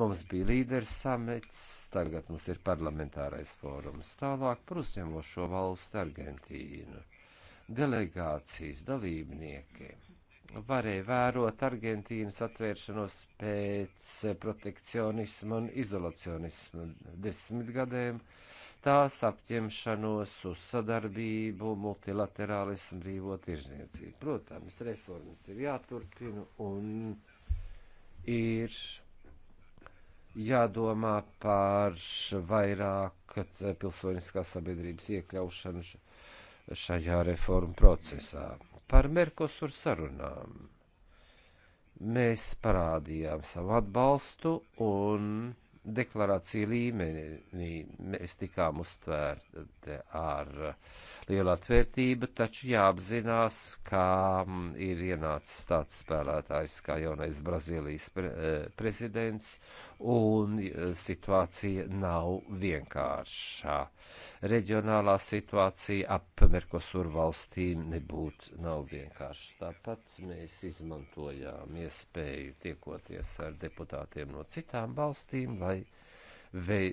Mums bija līderu samets, tagad mums ir parlamentārais fórums, tālāk par uzņemošo valstu Argentīnu. Delegācijas dalībnieki varēja vērot Argentīnas atvēršanos pēc protekcionisma un izolacionisma desmitgadēm. gadiem tās apņemšanos uz sadarbību, multilaterālismu, brīvo tirzniecību. Protams, reformas ir jāturpina un ir jādomā par vairāk pilsoniskās sabiedrības iekļaušanu šajā reformu procesā. Par Merkosur sarunām mēs parādījām savu atbalstu un deklarāciju līmenī mēs tikām uztvērti ar lielu atvērtību, taču jāapzinās, ka mm, ir ienācis tāds spēlētājs kā jaunais Brazīlijas pre eh, prezidents, un eh, situācija nav vienkāršā. Reģionālā situācija ap Merkosur valstīm nebūtu nav vienkārša. Tāpat mēs izmantojām iespēju tiekoties ar deputātiem no citām valstīm, lai vei,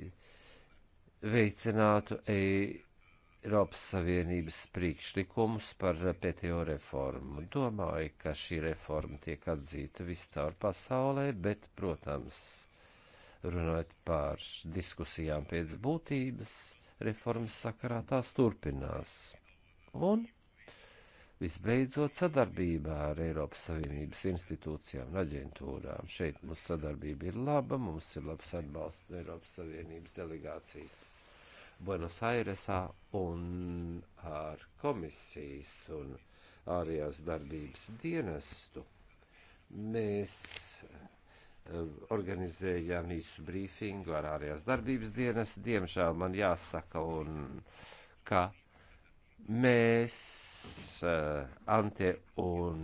veicinātu Eiropas Savienības priekšlikumus par PTO reformu. Domāju, ka šī reforma tiek atzīta viscaur pasaulē, bet, protams, runājot par diskusijām pēc būtības, reformas sakarā tās turpinās. Un Visbeidzot, sadarbībā ar Eiropas Savienības institūcijām un aģentūrām. Šeit mums sadarbība ir laba, mums ir labs atbalsts no Eiropas Savienības delegācijas Buenos Airesā un ar komisijas un ārējās darbības dienestu. Mēs eh, organizējām īsu brīfingu ar ārējās darbības dienestu. Diemžēl man jāsaka, un, ka mēs Eh, Ante un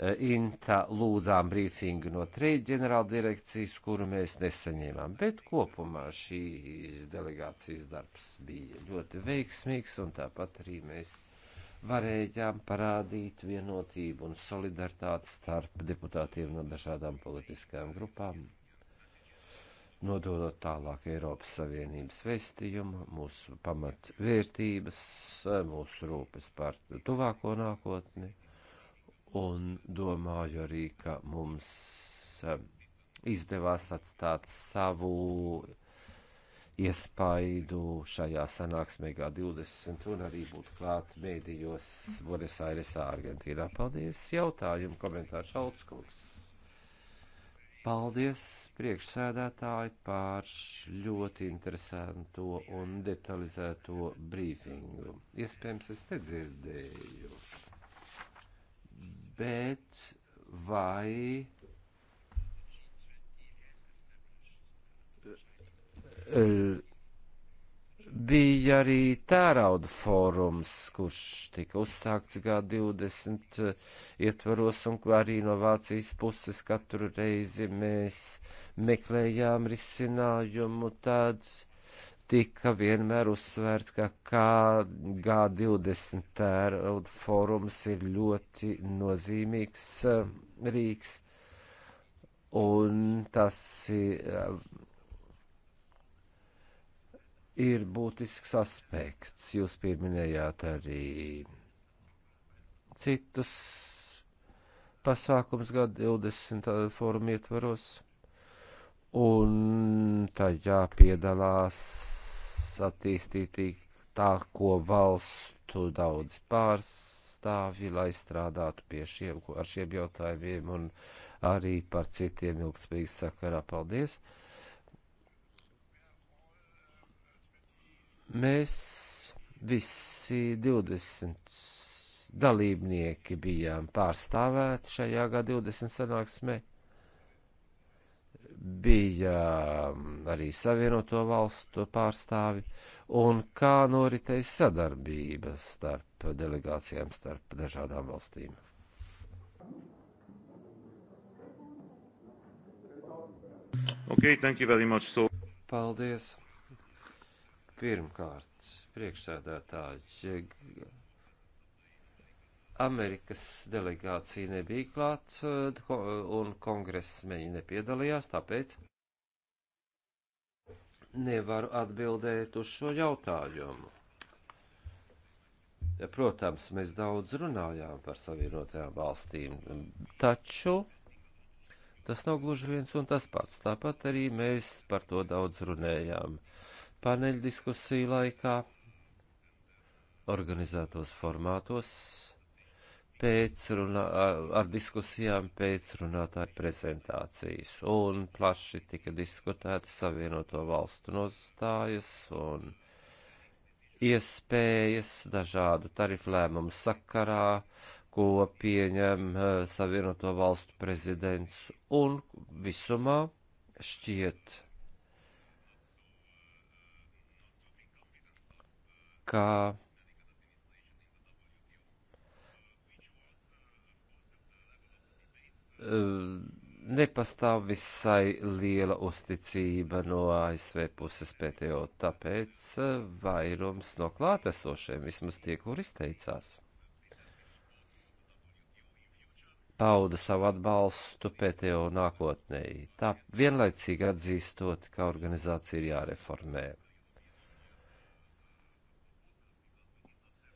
eh, Inta lūdzām brīfingu no trade ģenerāla direkcijas, kuru mēs nesaņēmām, bet kopumā šīs delegācijas darbs bija ļoti veiksmīgs un tāpat arī mēs varējām parādīt vienotību un solidaritāti starp deputātiem no dažādām politiskajām grupām nododot tālāk Eiropas Savienības vēstījumu, mūsu pamatvērtības, mūsu rūpes par tuvāko nākotni, un domāju arī, ka mums eh, izdevās atstāt savu iespaidu šajā sanāksmē G20 un arī būt klāt mēdījos Buenos Airesā, Argentīnā. Paldies! Jautājumu komentāru Šaltskungs. Paldies priekšsēdētāji par ļoti interesanto un detalizēto brīfingu. Iespējams, es nedzirdēju, bet vai uh, bija arī tērauda fórums, kurš tika uzsākts G20 eh, ietvaros, un arī no Vācijas puses katru reizi mēs meklējām risinājumu tāds tika vienmēr uzsvērts, ka G20 tērauda fórums ir ļoti nozīmīgs eh, rīks, un tas ir eh, ir būtisks aspekts. Jūs pieminējāt arī citus pasākums gada 20 forumu ietvaros, un tajā piedalās attīstītāko valstu daudz pārstāvji, lai strādātu pie šiem, ar šiem jautājumiem un arī par citiem ilgspējīgi sakarā. Paldies! Mēs visi 20 dalībnieki bijām pārstāvēti šajā G20 sanāksmē. Bija arī Savienoto valstu pārstāvi, un kā noritēja sadarbība starp delegācijām, starp dažādām valstīm. Okay, thank you very much. So... Paldies. Pirmkārt, priekšsēdētāji, Amerikas delegācija nebija klāt un kongresmeņi nepiedalījās, tāpēc nevaru atbildēt uz šo jautājumu. Protams, mēs daudz runājām par savienotajām valstīm, taču tas nav gluži viens un tas pats. Tāpat arī mēs par to daudz runējām. Uh, paneļa diskusiju laikā, organizētos formātos, pēc runā, ar diskusijām pēc runātāju prezentācijas, un plaši tika diskutēta savienoto valstu nostājas un iespējas dažādu tarifu lēmumu sakarā, ko pieņem eh, savienoto valstu prezidents, un visumā šķiet, ka eh, nepastāv visai liela uzticība no ASV puses PTO, tāpēc eh, vairums no klātesošiem, vismaz tie, kur izteicās, pauda savu atbalstu PTO nākotnēji, tā vienlaicīgi atzīstot, ka organizācija ir jāreformē.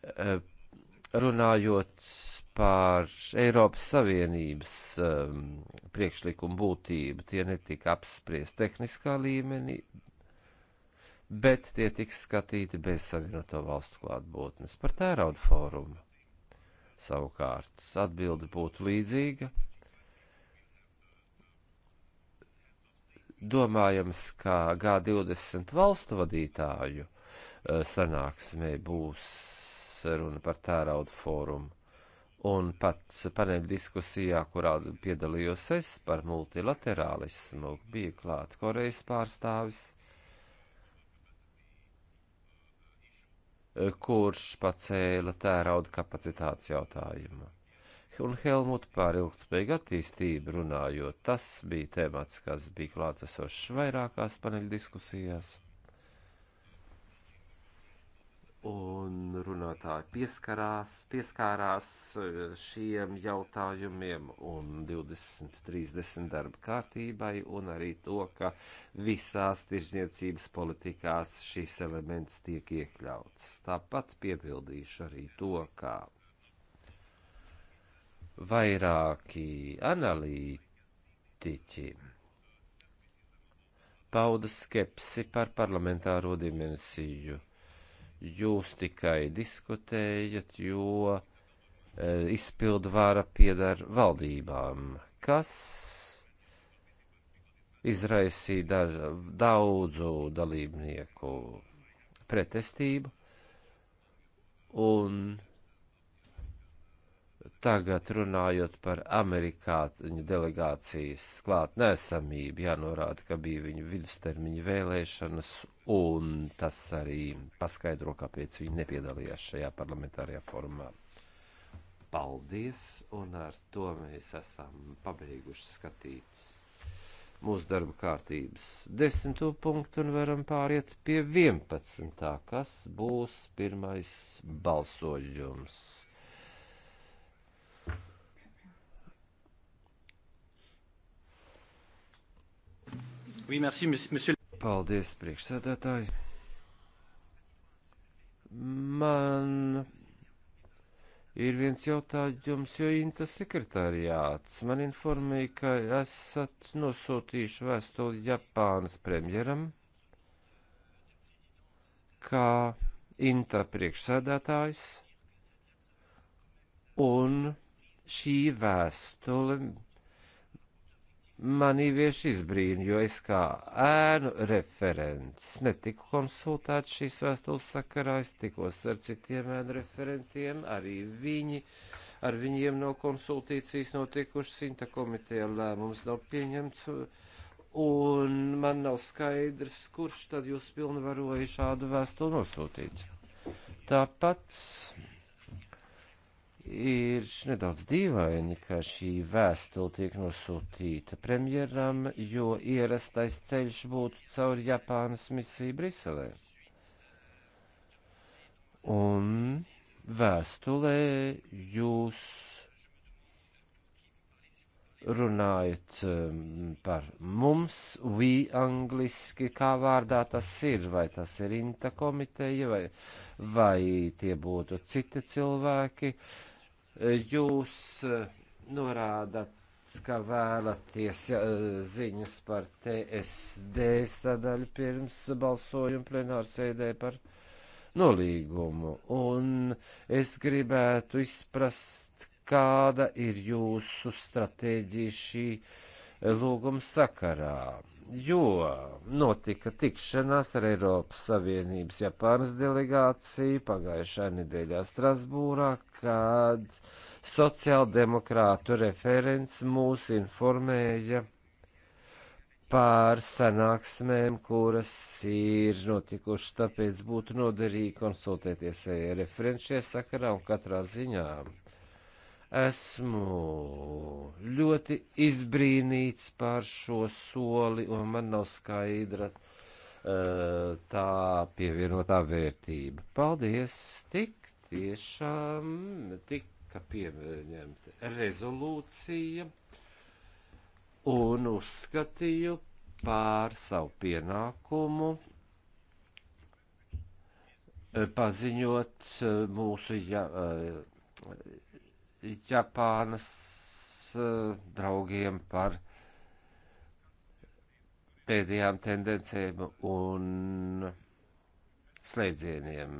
Eh, runājot par Eiropas Savienības um, priekšlikumu būtību, tie netika apspriest tehniskā līmenī, bet tie tiks skatīti bez Savienoto valstu klātbūtnes par tērauda fórumu. Savukārt atbilde būtu līdzīga. Domājams, ka G20 valstu vadītāju uh, sanāksmē būs runa par tērauda fórumu. Un pats paneļa diskusijā, kurā piedalījos es par multilaterālismu, bija klāt Korejas pārstāvis, kurš pacēla tērauda kapacitātes jautājumu. Un Helmut par ilgspējīgu attīstību runājot, tas bija temats, kas bija klātesošs vairākās paneļa diskusijās un runātāji pieskarās, pieskārās eh, šiem jautājumiem un 2030 darba kārtībai un arī to, ka visās tirzniecības politikās šis elements tiek iekļauts. Tāpat piebildīšu arī to, ka vairāki analītiķi pauda skepsi par parlamentāro dimensiju jūs tikai diskutējat, jo e, izpildu vāra piedara valdībām, kas izraisīja daž, daudzu dalībnieku pretestību, un tagad runājot par amerikāņu delegācijas klātnēsamību, jānorāda, ka bija viņu vidustermiņa vēlēšanas un tas arī paskaidro, kāpēc viņi nepiedalījās šajā parlamentārajā formā. Paldies, un ar to mēs esam pabeiguši skatīt mūsu darba kārtības desmito punktu un varam pāriet pie 11. kas būs pirmais balsojums. Oui, merci, monsieur. Paldies, priekšsēdētāji. Man ir viens jautājums, jo Inta sekretariāts man informēja, ka esat nosūtījuši vēstuli Japānas premjeram, kā Inta priekšsēdētājs, un šī vēstule Manī vieši izbrīna, jo es kā ēnu referents netiku konsultēts šīs vēstules sakarā, es tikos ar citiem ēnu referentiem, arī viņi, ar viņiem nav konsultācijas notikušas, Sinta komiteja lēmums nav pieņemts, un man nav skaidrs, kurš tad jūs pilnvaroja šādu vēstuli nosūtīt. Tāpat ir nedaudz dīvaini, ka šī vēstule tiek nosūtīta premjeram, jo ierastais ceļš būtu caur Japānas misiju Briselē. Un vēstulē jūs runājat um, par mums, vi angliski, kā vārdā tas ir, vai tas ir inta komiteja, vai, vai tie būtu citi cilvēki. Uh, Jūs eh, norādat, ka vēlaties eh, ziņas par TSD sadaļu pirms balsojuma plenārsēdē par nolīgumu. Un es gribētu izprast, kāda ir jūsu stratēģija šī eh, lūguma sakarā jo notika tikšanās ar Eiropas Savienības Japānas delegāciju pagājušā nedēļā Strasbūrā, kad sociāldemokrātu referents mūs informēja pār sanāksmēm, kuras ir notikušas, tāpēc būtu noderīgi konsultēties ar referenčie sakarā un katrā ziņā Esmu ļoti izbrīnīts par šo soli, un man nav skaidra uh, tā pievienotā vērtība. Paldies! Tik tiešām tika pieņemta rezolūcija, un uzskatīju pār savu pienākumu eh, paziņot eh, mūsu. Ja, uh, Japānas eh, draugiem par pēdējām tendencēm un slēdzieniem.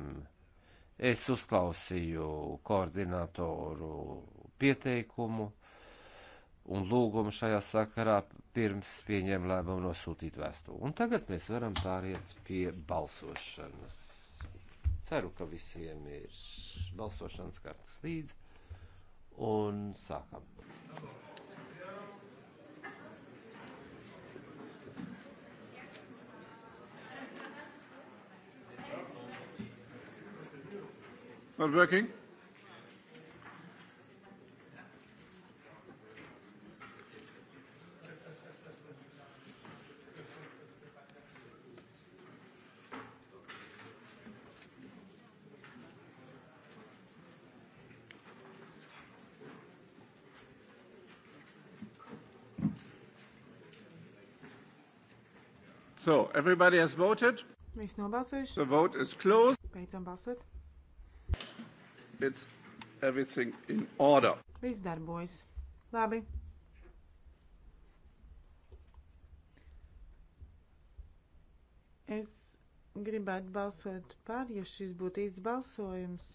Es uzklausīju koordinatoru pieteikumu un lūgumu šajā sakarā pirms pieņem lēmumu nosūtīt vēstuli. Un tagad mēs varam pāriet pie balsošanas. Ceru, ka visiem ir balsošanas kartas līdzi un sākam. Not working? So, everybody has voted. Viss nobalsojuši. The vote is closed. Beidzam balsot. It's everything in order. Viss darbojas. Labi. Es gribētu balsot par, ja šis būtu īsts balsojums.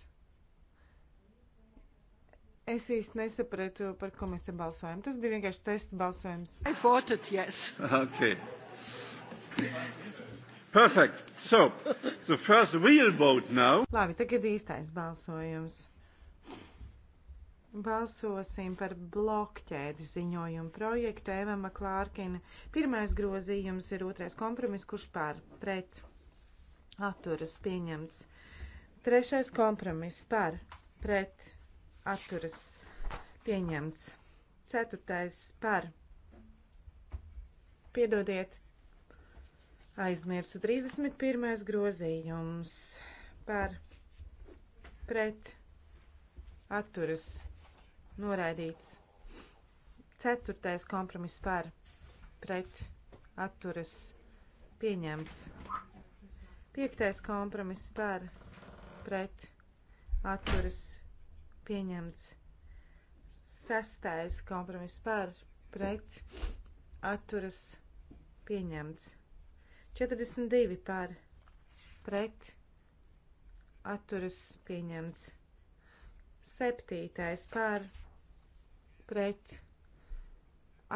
Es īsti nesapratu, par ko mēs te balsojam. Tas bija vienkārši testa balsojums. I voted yes. Okay. Perfect. So, the first real vote now. Labi, tagad īstais balsojums. Balsosim par blokķēdi ziņojumu projektu Evama Klārkina. Pirmais grozījums ir otrais kompromiss, kurš pār pret atturas pieņemts. Trešais kompromiss par pret atturas pieņemts. Ceturtais par. Piedodiet, aizmirsu 31. grozījums par pret atturas noraidīts. 4. kompromiss par pret atturas pieņemts. 5. kompromiss par pret atturas pieņemts. 6. kompromiss par pret atturas pieņemts. 42 par pret atturas pieņemts. 7 par pret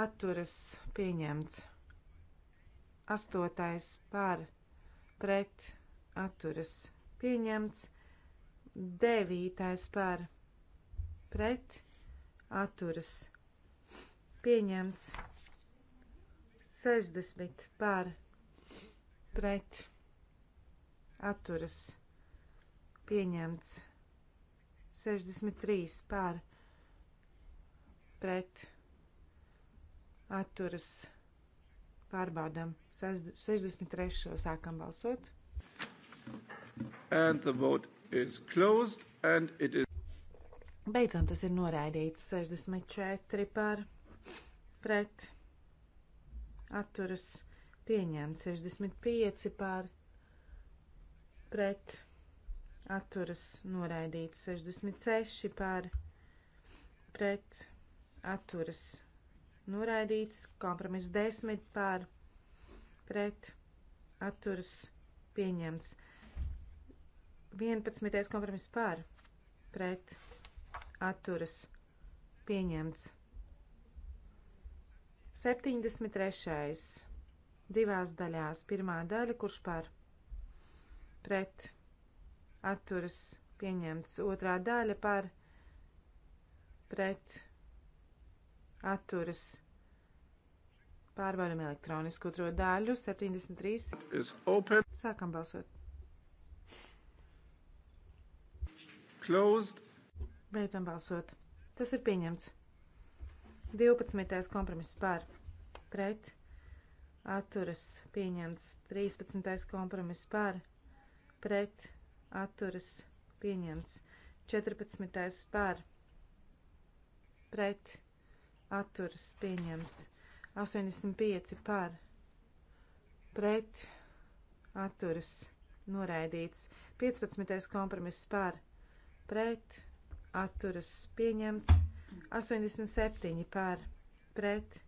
atturas pieņemts. 8 par pret atturas pieņemts. 9 par pret atturas pieņemts. 60 par pret pret atturas pieņemts 63 pār pret atturas pārbaudam 63. sākam balsot. And the vote is closed and it is. Beidzam tas ir noraidīts 64 pār pret atturas pārbaudam pieņemts 65 pār pret atturas noraidīts 66 pār pret atturas noraidīts kompromiss 10 pār pret atturas pieņemts 11. kompromiss pār pret atturas pieņemts 73 divās daļās. Pirmā daļa, kurš par pret atturas pieņemts. Otrā daļa par pret atturas pārbaudam elektronisku otro daļu 73. Sākam balsot. Closed. Beidzam balsot. Tas ir pieņemts. 12. kompromiss par pret atturas pieņemts 13. kompromiss par, pret atturas pieņemts 14. par, pret atturas pieņemts 85 par, pret atturas noraidīts 15. kompromiss par, pret atturas pieņemts 87 par, pret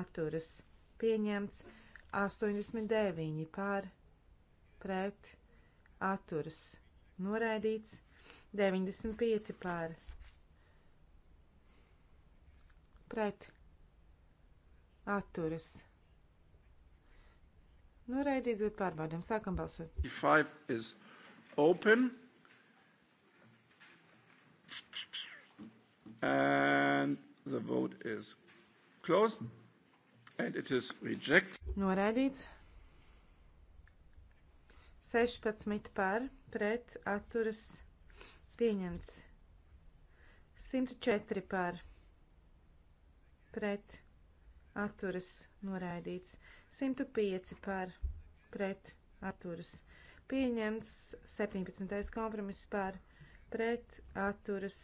atturas pieņemts pieņemts 89 par pret atturas noraidīts 95 par pret atturas noraidīts, bet pārbaudam, sākam balsot. 5 is open. And the vote is closed. And it is reject. Noraidīts. 16 par pret atturas pieņemts. 104 par pret atturas noraidīts. 105 par pret atturas pieņemts. 17. kompromiss par pret atturas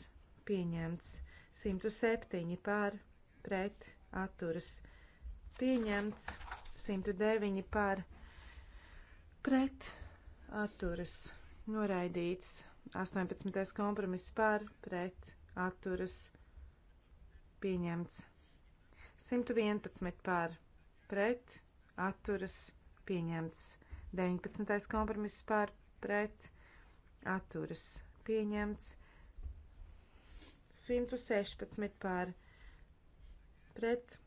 pieņemts. 107 par pret atturas pieņemts pieņemts 109 par pret atturas noraidīts 18. kompromiss par pret atturas pieņemts 111 par pret atturas pieņemts 19. kompromiss par pret atturas pieņemts 116 par pret atturas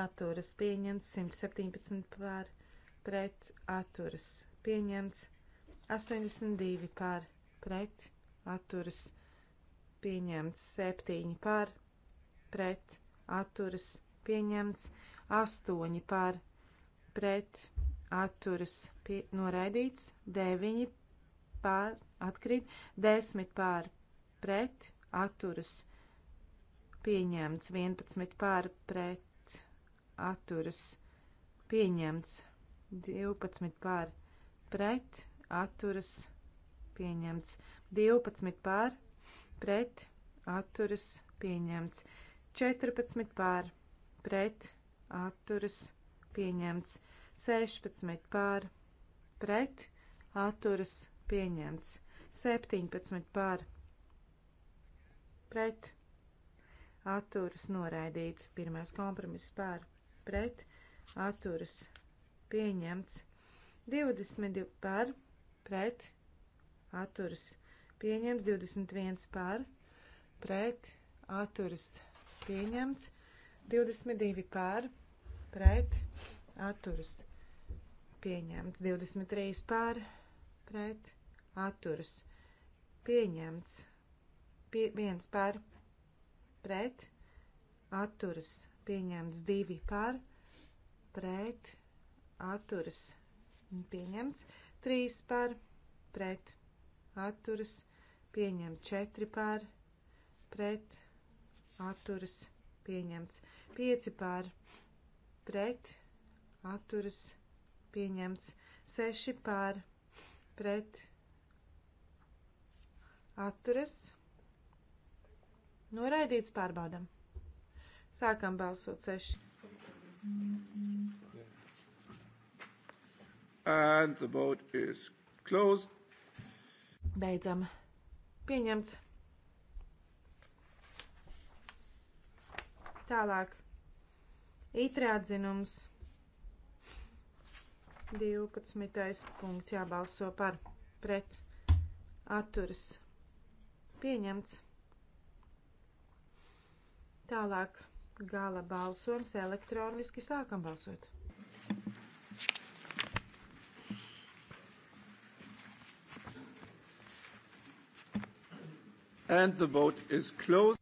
atturas pieņemts, 117 pār pret atturas pieņemts, 82 pār pret atturas pieņemts, 7 pār pret atturas pieņemts, 8 pār pret atturas pie, noraidīts, 9 pār atkrīt, 10 pār pret atturas pieņemts, 11 pār pret atturas pieņemts. 12 pār pret atturas pieņemts. 12 pār pret atturas pieņemts. 14 pār pret atturas pieņemts. 16 pār pret atturas pieņemts. 17 pār pret atturas noraidīts. Pirmais kompromiss pār pret atturas pieņemts. 22 par pret atturas pieņemts. 21 par pret atturas pieņemts. 22 par pret atturas pieņemts. 23 par pret atturas pieņemts. Pie, viens par pret atturas pieņemts pieņemts, divi par, pret, atturas, pieņemts, trīs par, pret, atturas, pieņemts, četri par, pret, atturas, pieņemts, pieci par, pret, atturas, pieņemts, seši par, pret, atturas, noraidīts pārbaudam. Sākam balsot seši. And the vote is closed. Beidzam. Pieņemts. Tālāk. Itri atzinums. 12. punkts jābalso par pret atturas. Pieņemts. Tālāk. Gala balsojums elektroniski sākam balsot. And the vote is closed.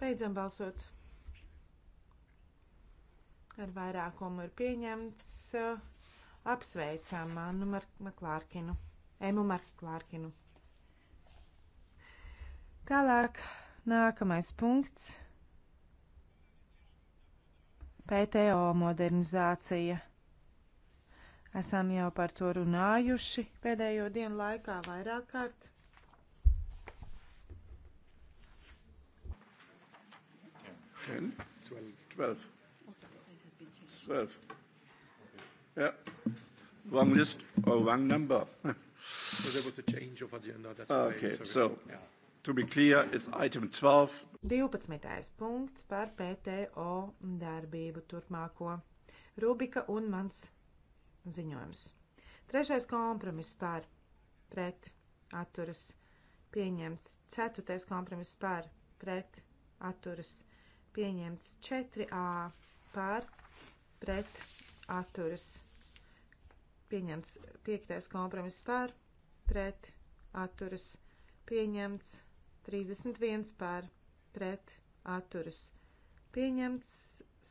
Beidzam balsot. Ar vairākumu ir pieņemts. Apsveicam Annu Maklārkinu. Emu Maklārkinu. Tālāk nākamais punkts. PTO modernizācija. Esam jau par to runājuši pēdējo dienu laikā vairāk kārt. Ten, twelve. Twelve. Yeah. Wrong list or wrong number. so there was a change of agenda. That's ah, okay. Why, so. Yeah. To be clear, it's item 12. 12. punkts par PTO darbību turpmāko. Rubika un mans ziņojums. Trešais kompromiss par pret atturas pieņemts. Ceturtais kompromiss par pret atturas pieņemts. 4A par pret atturas pieņemts. Piektais kompromiss par pret atturas pieņemts. 31 par pret atturas pieņemts,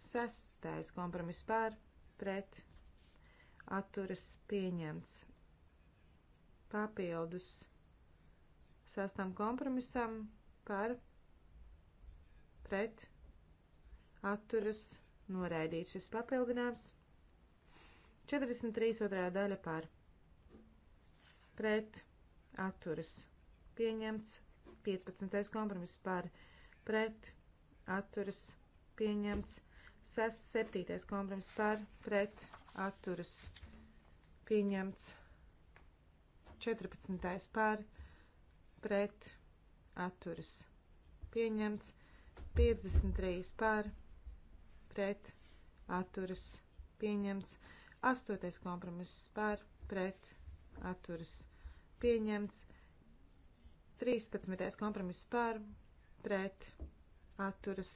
sestais kompromiss par pret atturas pieņemts. Papildus sestam kompromisam par pret atturas noraidīt šis papildinājums. 43. otrā daļa par pret atturas pieņemts 15. kompromiss par pret atturas pieņemts. 7. kompromiss par pret atturas pieņemts. 14. par pret atturas pieņemts. 53 par pret atturas pieņemts. 8. kompromiss par pret atturas pieņemts. 13. kompromiss par, pret, atturas,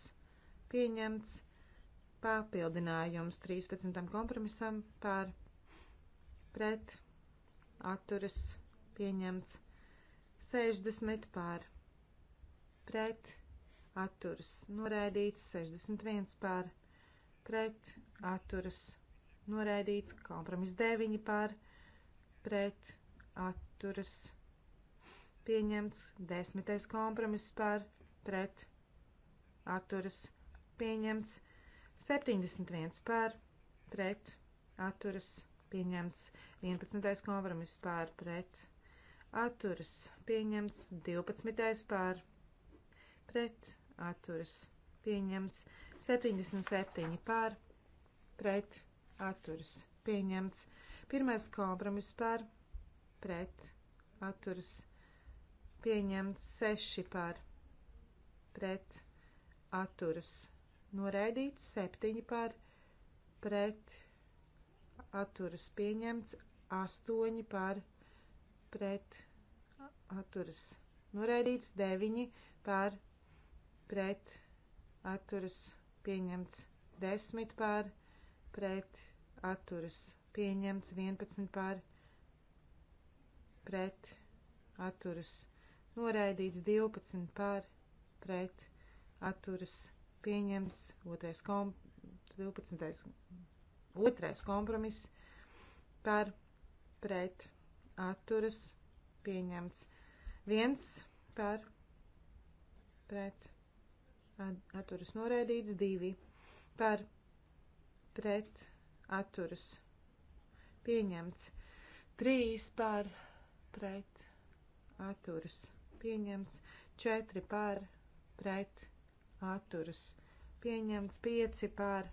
pieņemts, papildinājums 13. kompromisam par, pret, atturas, pieņemts, 60 par, pret, atturas, noraidīts, 61 par, pret, atturas, noraidīts, kompromiss 9 par, pret, atturas, pieņemts, desmitais kompromiss par pret atturas pieņemts, 71 par pret atturas pieņemts, 11. kompromiss par pret atturas pieņemts, 12. par pret atturas pieņemts, 77 par pret atturas pieņemts, 1. kompromiss par pret atturas pieņemts pieņemts 6 par pret atturas noraidīts 7 par pret atturas pieņemts 8 par pret atturas noraidīts 9 par pret atturas pieņemts 10 par pret atturas pieņemts 11 par pret atturas pieņemts noraidīts 12 par pret atturas pieņems, otrais, kom, 12, otrais kompromiss par pret atturas pieņemts, viens par pret atturas noraidīts, divi par pret atturas pieņemts, trīs par pret atturas pieņemts pieņemts 4 par pret atturas, pieņemts 5 par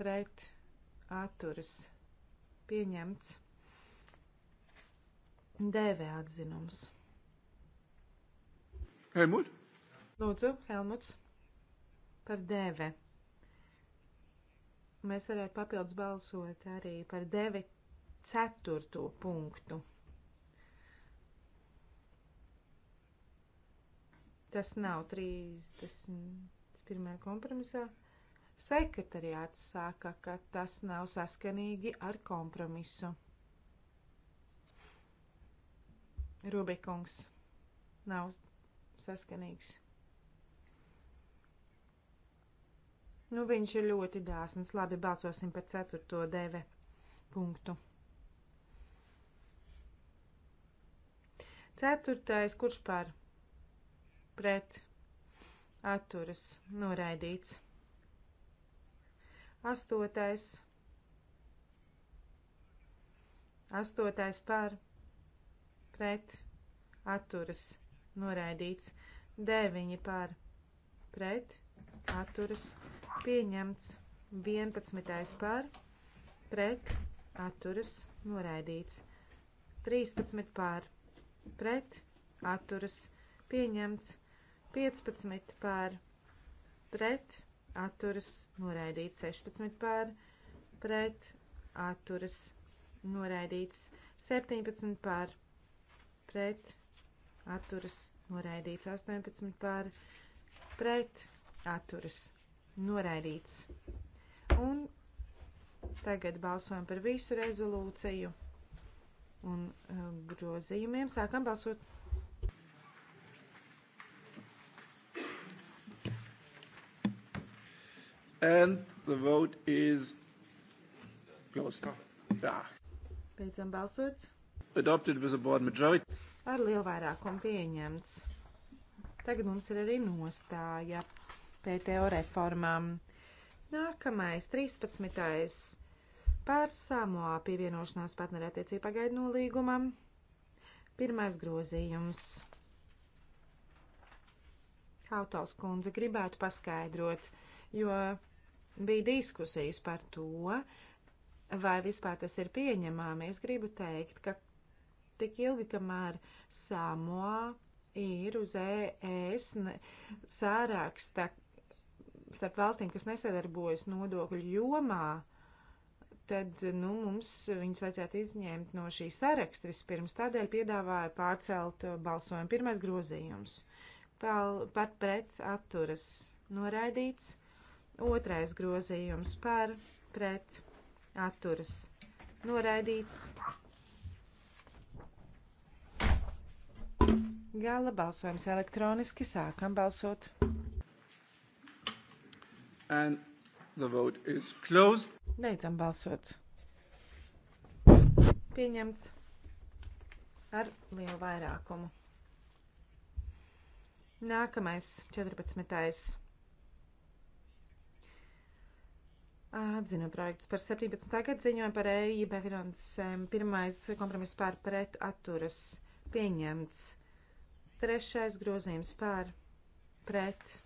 pret atturas, pieņemts 9 atzinums. Helmut? Lūdzu, Helmuts, par dēve. Mēs varētu papildus balsot arī par dēvi ceturto punktu. Tas nav 31. kompromisā. Sekretariāts saka, ka tas nav saskanīgi ar kompromisu. Rubikungs nav saskanīgs. Nu, viņš ir ļoti dāsns. Labi, balsosim par ceturto deve punktu. Ceturtais, kurš par? pret atturas noraidīts. Astotais. Astotais par pret atturas noraidīts. Deviņi par pret atturas pieņemts. Vienpadsmitais par pret atturas noraidīts. 13 pār, pret, atturas, pieņemts, 15 pār pret atturas noraidīts, 16 pār pret atturas noraidīts, 17 pār pret atturas noraidīts, 18 pār pret atturas noraidīts. Un tagad balsojam par visu rezolūciju un um, grozījumiem. Sākam balsot And the vote is closed. Jā. Beidzam balsot. Adopted with a broad majority. Ar lielu vairākumu pieņemts. Tagad mums ir arī nostāja PTO reformām. Nākamais, 13. par Samoā pievienošanās partnerattiecību pagaidu nolīgumam. Pirmais grozījums. Autors kundze gribētu paskaidrot, jo Bija diskusijas par to, vai vispār tas ir pieņemami. Es gribu teikt, ka tik ilgi, kamēr Samoa ir uz ES sāraksta starp valstīm, kas nesadarbojas nodokļu jomā, tad nu, mums viņus vajadzētu izņemt no šī saraksta vispirms. Tādēļ piedāvāju pārcelt balsojumu. Pirmais grozījums Pal, par pret atturas noraidīts. Otrais grozījums par pret atturas noraidīts. Gala balsojums elektroniski sākam balsot. And the vote is closed. Beidzam balsot. Pieņemts ar lielu vairākumu. Nākamais 14. Atzinu projektus par 17. gadu ziņojumu par EIB finansēm. Pirmais kompromiss pār pret atturas pieņemts. Trešais grozījums pār pret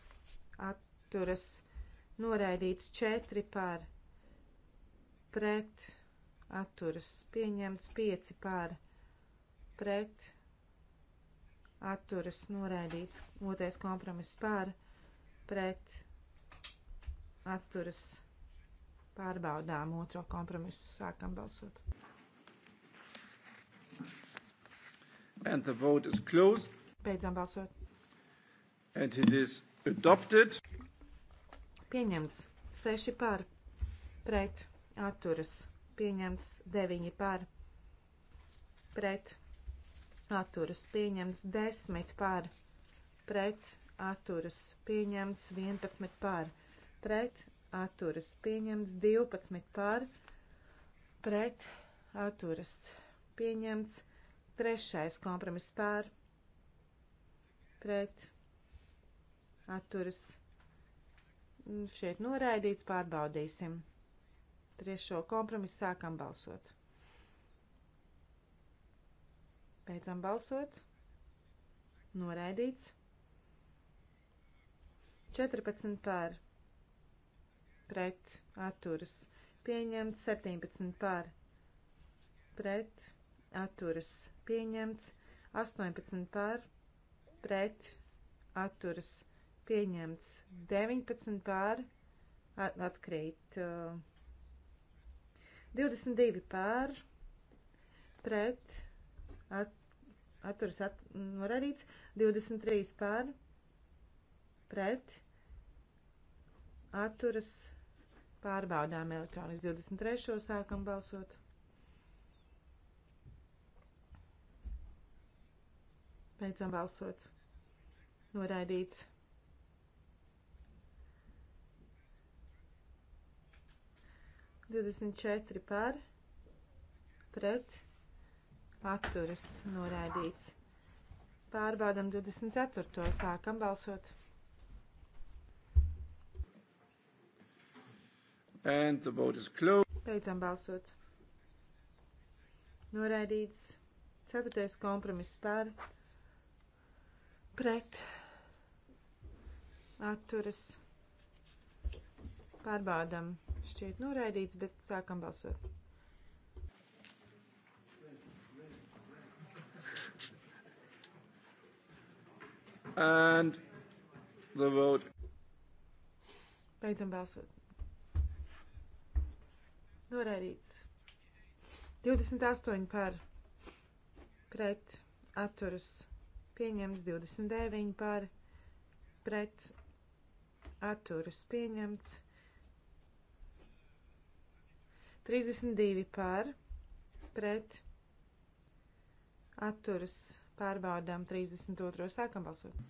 atturas noraidīts. Četri pār pret atturas pieņemts. Pieci pār pret atturas noraidīts. Otrais kompromiss pār pret atturas pieņemts Pārbaudām otro kompromisu, sākam balsot. And the vote is closed. Beidzam balsot. And it is adopted. Pieņemts 6 par, pret atturas. Pieņemts 9 par, pret atturas. Pieņemts 10 par, pret atturas. Pieņemts 11 par, pret atturas pieņemts, 12 par pret atturas pieņemts, 3. kompromiss par pret atturas mm, šeit noraidīts, pārbaudīsim. Trešo kompromisu sākam balsot. Beidzam balsot. Noraidīts. 14 par pret atturas pieņemts 17 par pret atturas pieņemts 18 par pret atturas pieņemts 19 par atkrīt 22 par pret at, atturas at, norādīts 23 par pret atturas pieņemts Pārbaudām elektronis 23. sākam balsot. Beidzam balsot. Noraidīts. Divdesmit četri par, pret, atturas, noraidīts. Pārbaudam 24. sākam balsot. And the vote is closed. Beidzam balsot. Noraidīts. Ceturtais kompromiss par. Pret. Atturas. Pārbaudam. Šķiet noraidīts, bet sākam balsot. And the vote. Beidzam balsot. Norēdīts. 28 par pret atturas pieņemts, 29 par pret atturas pieņemts, 32 par pret atturas pārbaudām 32. sākam balsot.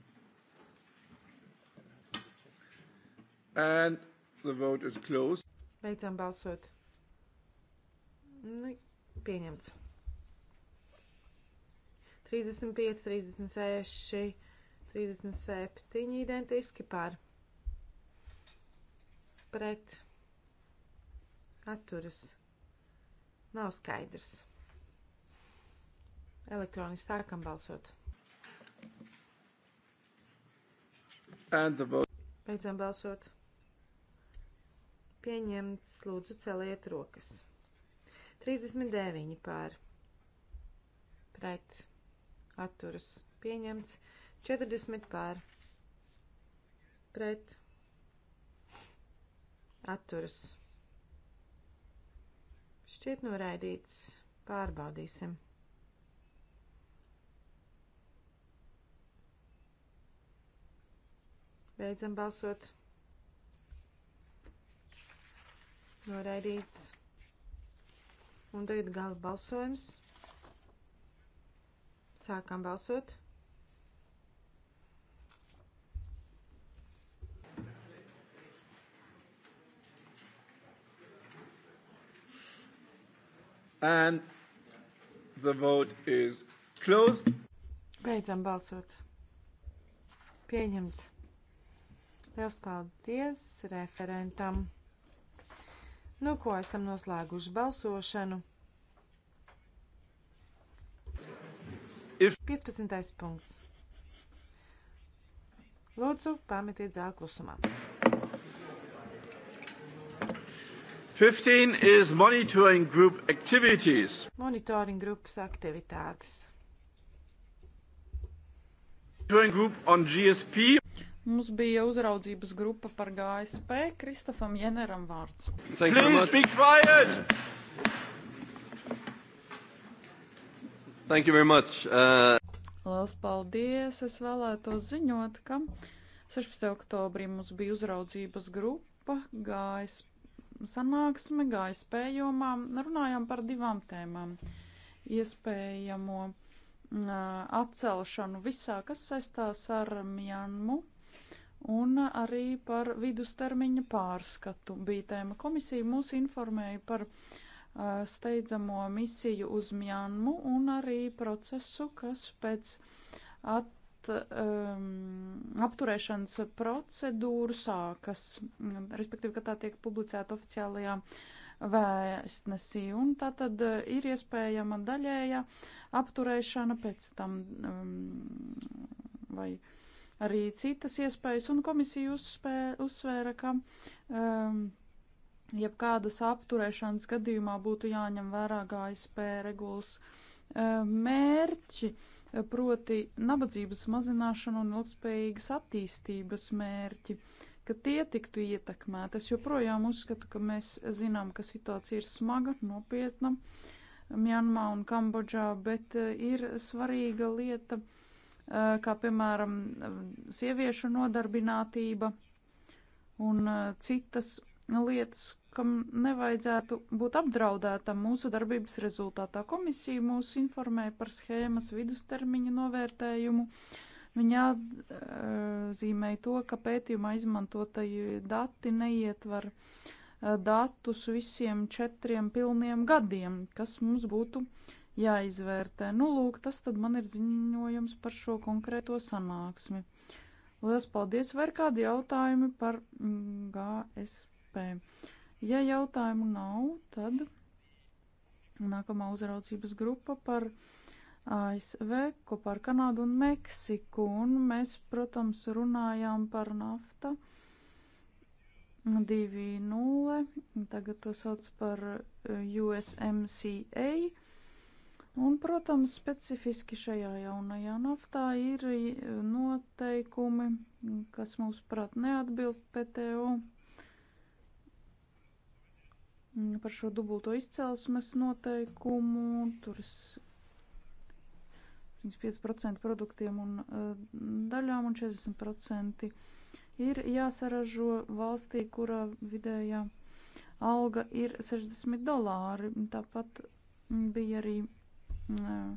And the vote is closed. Beidzam balsot. Nu, pieņemts. 35, 36, 37 identiski par pret atturas. Nav skaidrs. Elektroniski sākam balsot. Beidzam balsot. Pieņemts, lūdzu, celiet rokas. 39 pār pret atturas pieņemts, 40 pār pret atturas. Šķiet noraidīts, pārbaudīsim. Beidzam balsot. Noraidīts. Un tagad gala balsojums. Sākam balsot. And the vote is closed. Beidzam balsot. Pieņemts. Liels paldies referentam. Nu, ko esam noslēguši balsošanu? 15. punkts. Lūdzu, pametiet zāli klusumā. 15 is monitoring group activities. Monitoring grupas aktivitātes. Monitoring group on GSP. Mums bija uzraudzības grupa par GSP. Kristofam Jeneram vārds. Thank you very much. Uh... Lielas paldies! Es vēlētos ziņot, ka 16. oktobrī mums bija uzraudzības grupa GSP sanāksme GSP jomā. Runājām par divām tēmām - iespējamo uh, atcelšanu visā, kas saistās ar Mjanmu un arī par vidustermiņa pārskatu bija tēma. Komisija mūs informēja par uh, steidzamo misiju uz Mjanmu un arī procesu, kas pēc at, um, apturēšanas procedūru sākas, respektīvi, ka tā tiek publicēta oficiālajā uh, vēstnesī, un tā tad ir iespējama daļēja apturēšana pēc tam um, vai arī citas iespējas, un komisija uzspē, uzsvēra, ka um, jebkādas apturēšanas gadījumā būtu jāņem vērā GSP regulas um, mērķi, proti nabadzības mazināšana un ilgspējīgas attīstības mērķi ka tie tiktu ietekmēti. Es joprojām uzskatu, ka mēs zinām, ka situācija ir smaga, nopietna Mjanmā un Kambodžā, bet uh, ir svarīga lieta uh, Eh, kā piemēram eh, sieviešu nodarbinātība un eh, citas lietas, kam nevajadzētu būt apdraudētam mūsu darbības rezultātā. Komisija mūs informēja par schēmas vidustermiņa novērtējumu. Viņa atzīmēja to, ka pētījumā izmantotai dati neietver datus visiem četriem pilniem gadiem, kas mums būtu uh, jāizvērtē. Nu, lūk, tas tad man ir ziņojums par šo konkrēto sanāksmi. Lielas paldies! Vai ir kādi jautājumi par mm, GSP? Ja jautājumu nav, tad nākamā uzraudzības grupa par ASV kopā ar Kanādu un Meksiku. Un mēs, protams, runājām par nafta 2.0, tagad to sauc par USMCA Un, protams, specifiski šajā jaunajā naftā ir noteikumi, kas mūs prāt neatbilst PTO par šo dubulto izcelsmes noteikumu. Tur 5% produktiem un e, daļām un 40% ir jāsaražo valstī, kurā vidējā alga ir 60 dolāri. Tāpat bija arī Mm,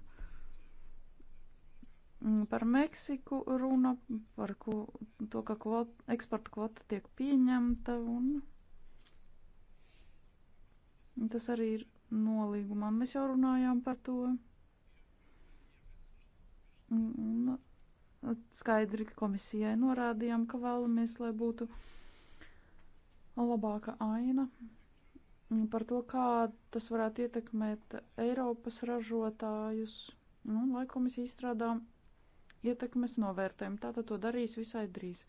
par Meksiku runa, par ko, to, ka kvot, eksporta kvota tiek pieņemta un tas arī ir nolīgumā. Mēs jau runājām par to. Un skaidri komisijai norādījām, ka vēlamies, lai būtu labāka aina Mm, par to, kā tas varētu ietekmēt Eiropas ražotājus, nu, lai komisija izstrādā ietekmes novērtējumu. Tātad to darīs visai drīz.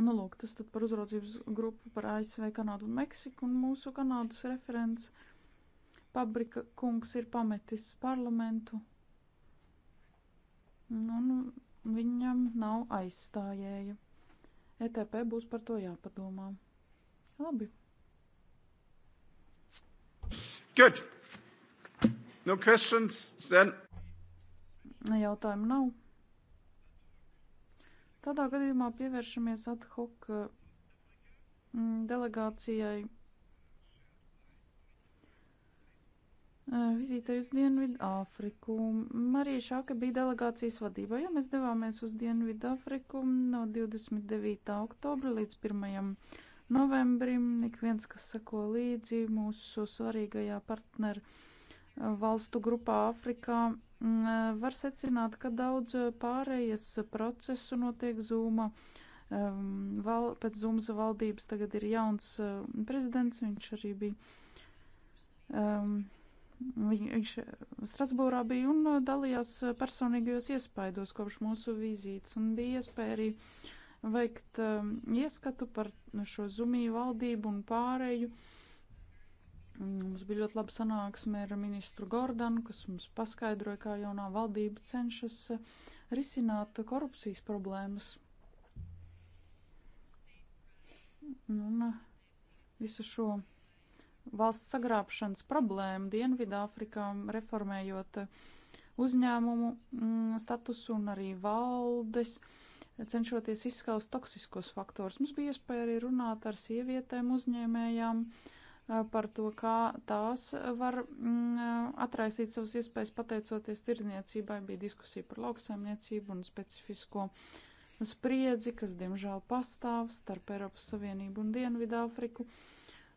Nu, lūk, tas tad par uzraudzības grupu par ASV, Kanādu un Meksiku, un mūsu Kanādas referents Pabrika kungs ir pametis parlamentu, nu, un viņam nav aizstājēja. ETP būs par to jāpadomā. Labi. Good. No questions, then. Jautājumu nav. Tādā gadījumā pievēršamies ad hoc mm, delegācijai eh, vizītei uz Dienvidu Āfriku. Marija Šāka bija delegācijas vadībā, ja mēs devāmies uz Dienvidu Āfriku no 29. oktobra līdz 1. oktobra novembrim. Ik viens, kas sako līdzi mūsu svarīgajā partneru eh, valstu grupā Āfrikā, mm, eh, var secināt, ka daudz eh, pārējas procesu notiek Zūma. Ehm, val, pēc Zūmas valdības tagad ir jauns prezidents, viņš arī bija um, Viņš Strasbūrā bija un dalījās personīgajos iespaidos kopš mūsu vizītes, un bija iespēja arī uh, veikt um, ieskatu par šo Zumiju valdību un pārēju. Mums bija ļoti laba sanāksme ar ministru Gordanu, kas mums paskaidroja, kā jaunā valdība cenšas uh, risināt korupcijas problēmas. Un uh, visu šo valsts sagrābšanas problēmu Dienvidāfrikā reformējot uh, uzņēmumu mm, statusu un arī valdes. Uh, cenšoties izskaust toksiskos faktorus. Mums bija iespēja arī runāt ar sievietēm uzņēmējām eh, par to, kā tās var mm, eh, atraisīt savas iespējas pateicoties tirdzniecībai. Bija diskusija par lauksaimniecību un specifisko spriedzi, kas diemžēl pastāv starp Eiropas Savienību un Dienvidāfriku.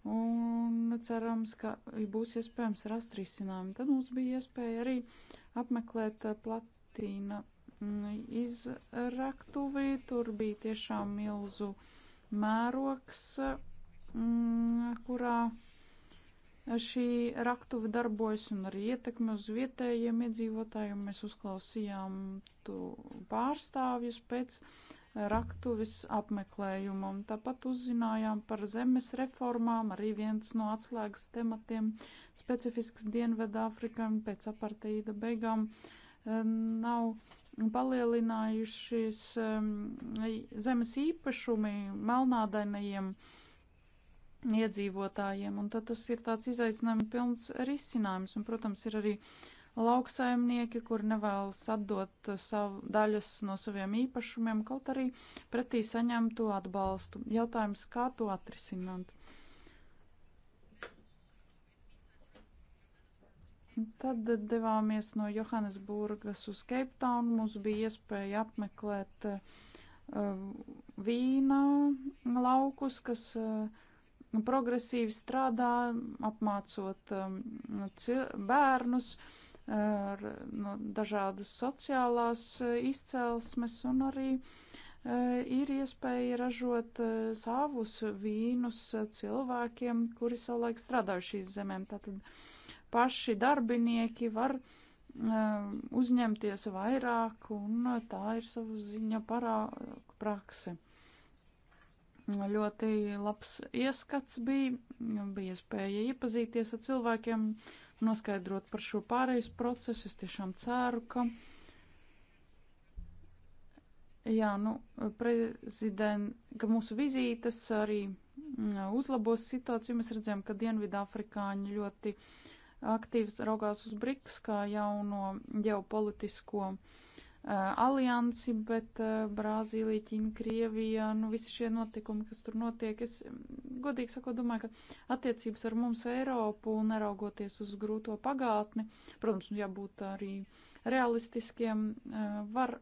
Un cerams, ka būs iespējams rast risinājumu. Tad mums bija iespēja arī apmeklēt eh, platīna izraktuvī. Tur bija tiešām milzu mērogs, mm, kurā šī raktuve darbojas un arī ietekme uz vietējiem iedzīvotājiem. Mēs uzklausījām pārstāvjus pēc raktuves apmeklējumam. Tāpat uzzinājām par zemes reformām, arī viens no atslēgas tematiem specifisks Dienvedāfrikam pēc aparteida beigām eh, nav palielinājušies zemes īpašumi melnādainajiem iedzīvotājiem, un tad tas ir tāds izaicinājums pilns risinājums, un, protams, ir arī lauksaimnieki, kur nevēlas atdot savu daļas no saviem īpašumiem, kaut arī pretī saņemto atbalstu. Jautājums, kā to atrisināt? Tad devāmies no Johannesburgas uz Cape Town. Mums bija iespēja apmeklēt uh, vīna laukus, kas uh, progresīvi strādā, apmācot um, bērnus ar uh, no dažādas sociālās uh, izcelsmes un arī uh, ir iespēja ražot uh, savus vīnus uh, cilvēkiem, kuri savulaik strādājuši šīs zemēm. Tātad, uh, paši darbinieki var eh, uzņemties vairāk, un eh, tā ir savu ziņa parāku prakse. Ļoti labs ieskats bija, bija iespēja iepazīties ar cilvēkiem, noskaidrot par šo pārejas procesu. Es tiešām ceru, ka. Jā, nu, prezident, ka mūsu vizītes arī mm, uzlabos situāciju. Mēs redzējām, ka Dienvidāfrikāņi ļoti uh, aktīvs raugās uz BRICS kā jauno ģeopolitisko uh, aliansi, bet uh, Brazīlija, Ķina, Krievija, nu visi šie notikumi, kas tur notiek, es godīgi sakot domāju, ka attiecības ar mums Eiropu, neraugoties uz grūto pagātni, protams, nu jābūt arī realistiskiem, uh, var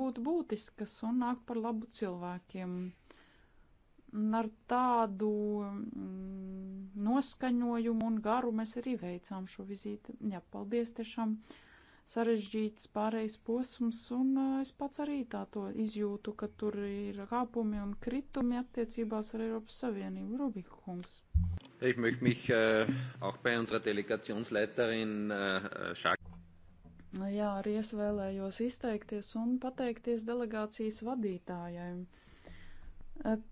būt būtiskas un nākt par labu cilvēkiem ar tādu mm, noskaņojumu un garu mēs arī veicām šo vizīti. Jā, paldies tiešām sarežģīts pārējais posms, un es pats arī tā to izjūtu, ka tur ir kāpumi un kritumi attiecībās ar Eiropas Savienību. Rubika kungs. Ich möchte mich äh, auch bei unserer Delegationsleiterin äh, Schak. Nu jā, arī es vēlējos izteikties un pateikties delegācijas vadītājai. Äh,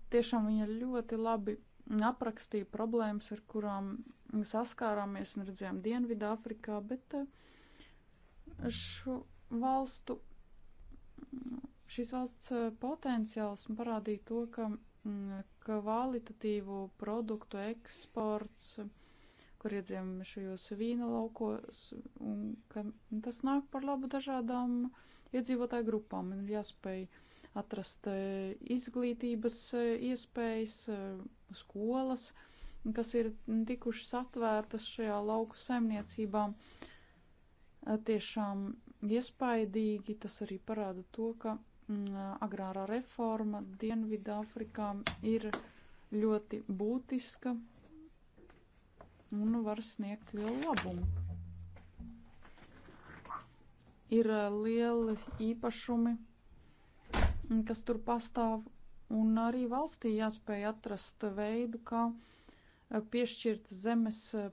Tiešām viņa ļoti labi aprakstīja problēmas, ar kurām saskārāmies un redzējām Dienvidā Afrikā, bet šo valstu, šīs valsts potenciāls parādīja to, ka kvalitatīvu produktu eksports, kur iedzimumi šajos vīna laukos, un ka tas nāk par labu dažādām iedzīvotāju grupām un jāspēj uh, atrast e, izglītības e, iespējas, e, skolas, kas ir tikušas atvērtas šajā lauku saimniecībā. Tiešām iespaidīgi tas arī parāda to, ka mm, agrārā reforma Dienvidāfrikā ir ļoti būtiska un var sniegt lielu labumu. Ir lieli īpašumi kas tur pastāv, un arī valstī jāspēj atrast veidu, kā eh, piešķirt zemes eh,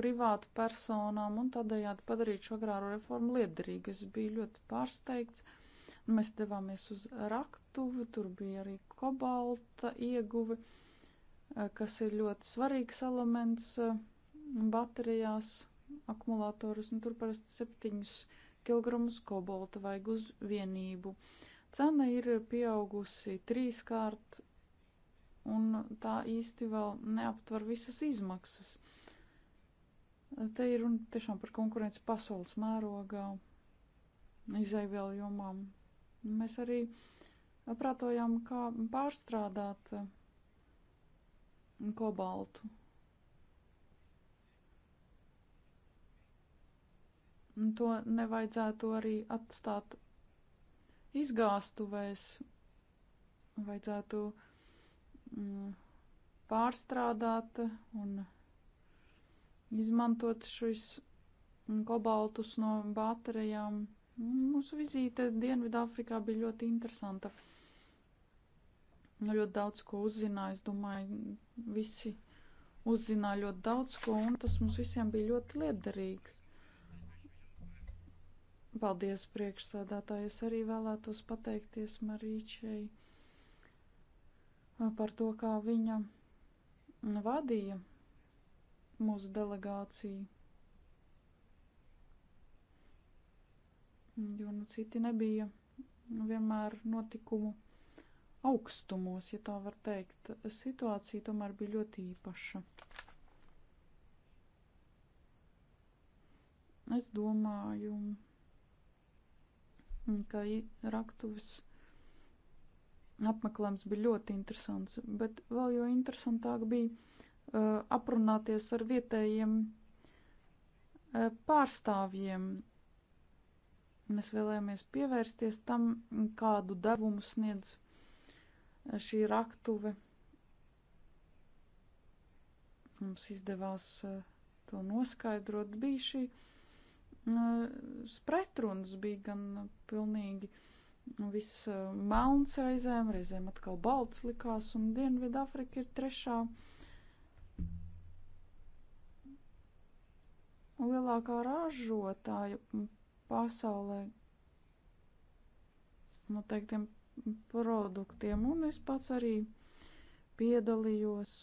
privātu personām un tādējādi padarīt šo agrāro reformu liederīgu. Es biju ļoti pārsteigts. Mēs devāmies uz raktuvi, tur bija arī kobalta ieguve, eh, kas ir ļoti svarīgs elements baterijās, akumulatorus, un tur parasti 7 kg kobalta vajag uz vienību. Uh, Cena ir pieaugusi trīskārt, un tā īsti vēl neaptver visas izmaksas. Te ir runa tiešām par konkurenci pasaules mērogā, izaivielu jomām. Mēs arī prātojām, kā pārstrādāt kobaltu. Un to nevajadzētu arī atstāt izgāstuvēs vajadzētu mm, pārstrādāt un izmantot šis kobaltus no baterijām. Mūsu vizīte Dienvidāfrikā bija ļoti interesanta. Ļoti daudz ko uzzināju. Es domāju, visi uzzināja ļoti daudz ko, un tas mums visiem bija ļoti liederīgs. Paldies priekšsādātāji. Es arī vēlētos pateikties Marīčai par to, kā viņa vadīja mūsu delegāciju. Jo nu citi nebija vienmēr notikumu augstumos, ja tā var teikt. Situācija tomēr bija ļoti īpaša. Es domāju, kā raktuves apmeklējums bija ļoti interesants, bet vēl jo interesantāk bija uh, aprunāties ar vietējiem uh, pārstāvjiem. Mēs vēlējāmies pievērsties tam, kādu devumu sniedz šī raktuve. Mums izdevās uh, to noskaidrot. Bija šī uh, Nu, pretrunas bija gan pilnīgi viss uh, melns reizēm, reizēm atkal balts likās, un Dienvidāfrika ir trešā lielākā ražotāja pasaulē noteiktiem produktiem, un es pats arī piedalījos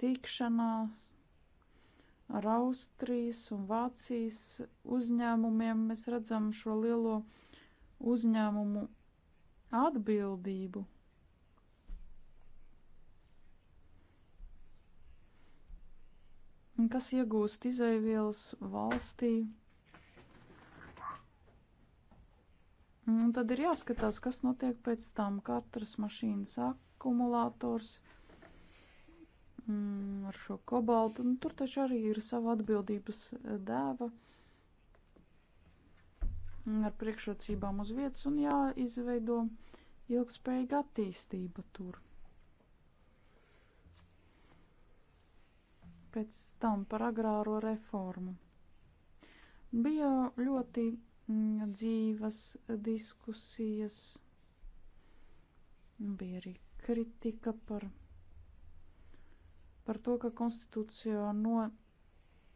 tikšanās ar Austrijas un Vācijas uzņēmumiem. Mēs redzam šo lielo uzņēmumu atbildību. Kas iegūst izaivielas valstī? Un tad ir jāskatās, kas notiek pēc tam. Katras mašīnas akumulators mm, ar šo kobaltu. Un nu, tur taču arī ir sava atbildības eh, dēva mm, ar priekšrocībām uz vietas un jāizveido ilgspējīga attīstība tur. Pēc tam par agrāro reformu. Bija ļoti mm, dzīvas diskusijas, bija arī kritika par par to, ka konstitūcijā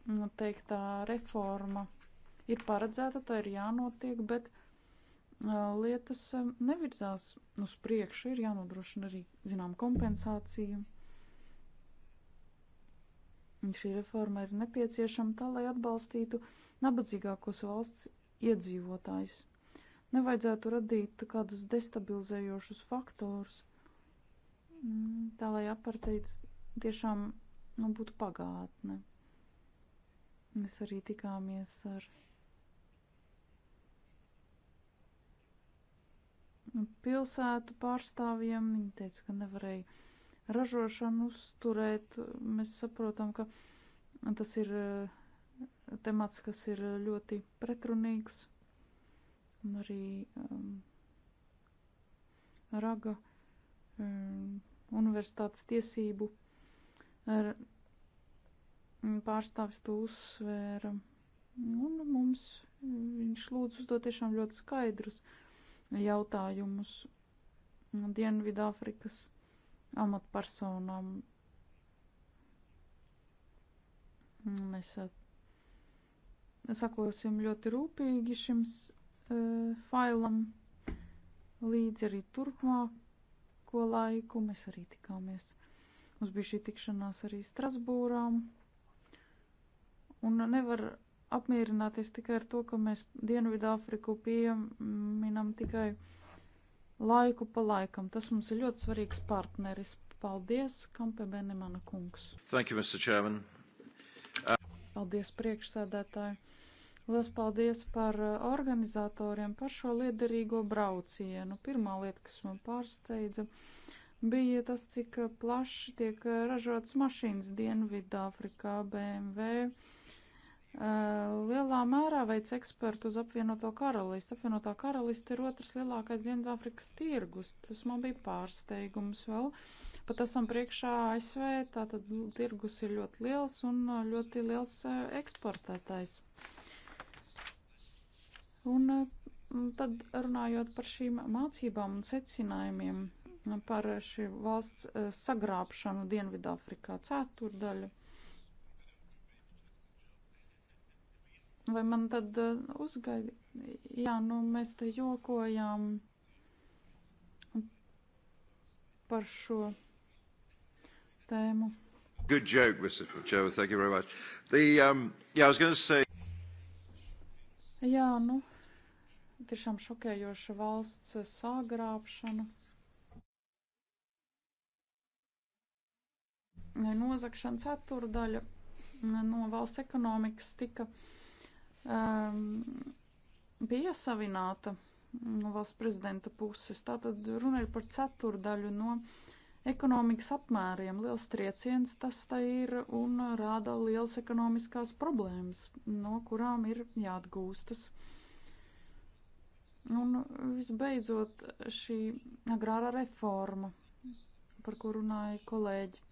noteiktā reforma ir paredzēta, tā ir jānotiek, bet uh, lietas um, nevirzās uz priekšu, ir jānodrošina arī, zinām, kompensācija. Šī reforma ir nepieciešama tā, lai atbalstītu nabadzīgākos valsts iedzīvotājs. Nevajadzētu radīt kādus destabilizējošus faktorus, mm, tā lai aparteids tiešām nu, būtu pagātne. Mēs arī tikāmies ar nu, pilsētu pārstāvjiem. Viņi teica, ka nevarēja ražošanu uzturēt. Mēs saprotam, ka tas ir eh, temats, kas ir ļoti pretrunīgs. Un arī um, Raga um, universitātes tiesību ar mm, pārstāvis to uzsvēra. Un mums viņš lūdz uzdot tiešām ļoti skaidrus jautājumus Dienvidāfrikas amatpersonām. Mēs eh, sakosim ļoti rūpīgi šim uh, failam līdzi arī turpmāko laiku. Mēs arī tikāmies Mums bija šī tikšanās arī Strasbūrā. Un nevar apmierināties tikai ar to, ka mēs Dienvidāfriku pieminam tikai laiku pa laikam. Tas mums ir ļoti svarīgs partneris. Paldies, Kampebeni, mana kungs. Thank you, Mr. Chairman. Uh... Paldies, priekšsēdētāji. Lielas paldies par uh, organizatoriem par šo liederīgo braucienu. Pirmā lieta, kas man pārsteidza, uh, bija tas, cik eh, plaši tiek eh, ražotas mašīnas Dienvidāfrikā, BMW. Eh, lielā mērā veids ekspertu uz apvienoto karalisti. Apvienotā karaliste ir otrs lielākais Dienvidāfrikas tirgus. Tas man bija pārsteigums vēl. Pat esam priekšā ASV, tātad tirgus ir ļoti liels un ļoti liels eksportētājs. Un tad runājot par šīm mācībām un secinājumiem, par šī valsts e, sagrābšanu Dienvidāfrikā ceturdaļu. Vai man tad e, uzgaida? Jā, nu mēs te jokojām par šo tēmu. Good joke, Mr. Joe. Thank you very much. The, um, yeah, I was going to say. Jā, nu, tiešām šokējoša valsts e, sāgrābšana. nozakšana ceturdaļa no valsts ekonomikas tika um, piesavināta no valsts prezidenta puses. Tātad runa ir par ceturdaļu no ekonomikas apmēriem. Liels trieciens tas tā ir un rāda liels ekonomiskās problēmas, no kurām ir jāatgūstas. Un visbeidzot šī agrārā reforma, par kuru runāja kolēģi.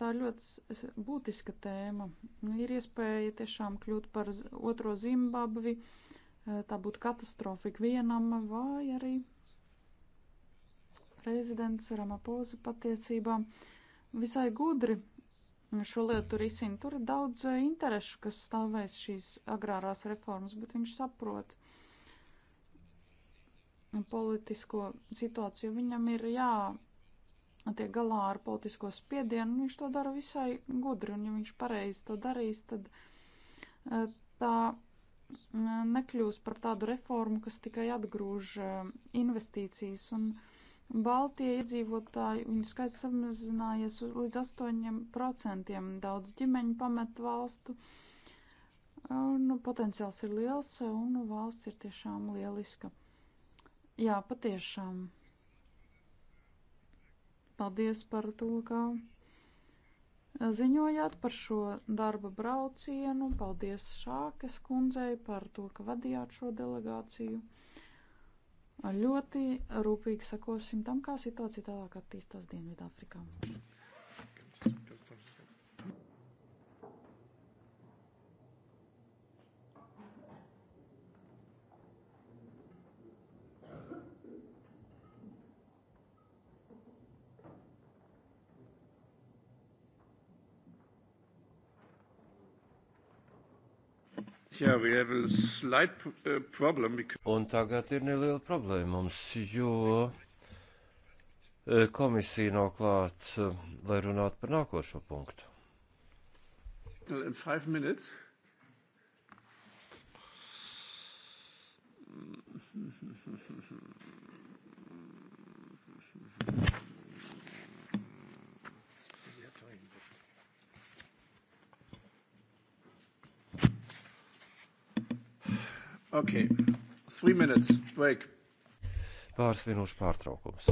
Tā ir ļoti būtiska tēma. Nu, ir iespēja tiešām kļūt par otro Zimbabvi, eh, tā būtu katastrofa ikvienam, vai arī prezidents Ramapoza patiesībā visai gudri šo lietu risina. Tur ir daudz eh, interešu, kas stāvēs šīs agrārās reformas, bet viņš saprot politisko situāciju. Viņam ir jā tiek galā ar politisko spiedienu, viņš to dara visai gudri, un ja viņš pareizi to darīs, tad e, tā e, nekļūs par tādu reformu, kas tikai atgrūž e, investīcijas, un Baltija iedzīvotāji, viņu skaits samazinājies līdz 8%, daudz ģimeņu pamet valstu, nu, potenciāls ir liels, un valsts ir tiešām lieliska. Jā, patiešām. Paldies par to, ka e, ziņojāt par šo darba braucienu. Paldies Šākes kundzei par to, ka vadījāt šo delegāciju. Ļoti rūpīgi sekosim tam, kā situācija tālāk attīstās Dienvidāfrikā. Uh, Un tagad ir neliela problēma mums, jo uh, komisija nav klāt, uh, lai runātu par nākošo punktu. In five minutes. Okay. Three minutes break. Pāris minūšu pārtraukums.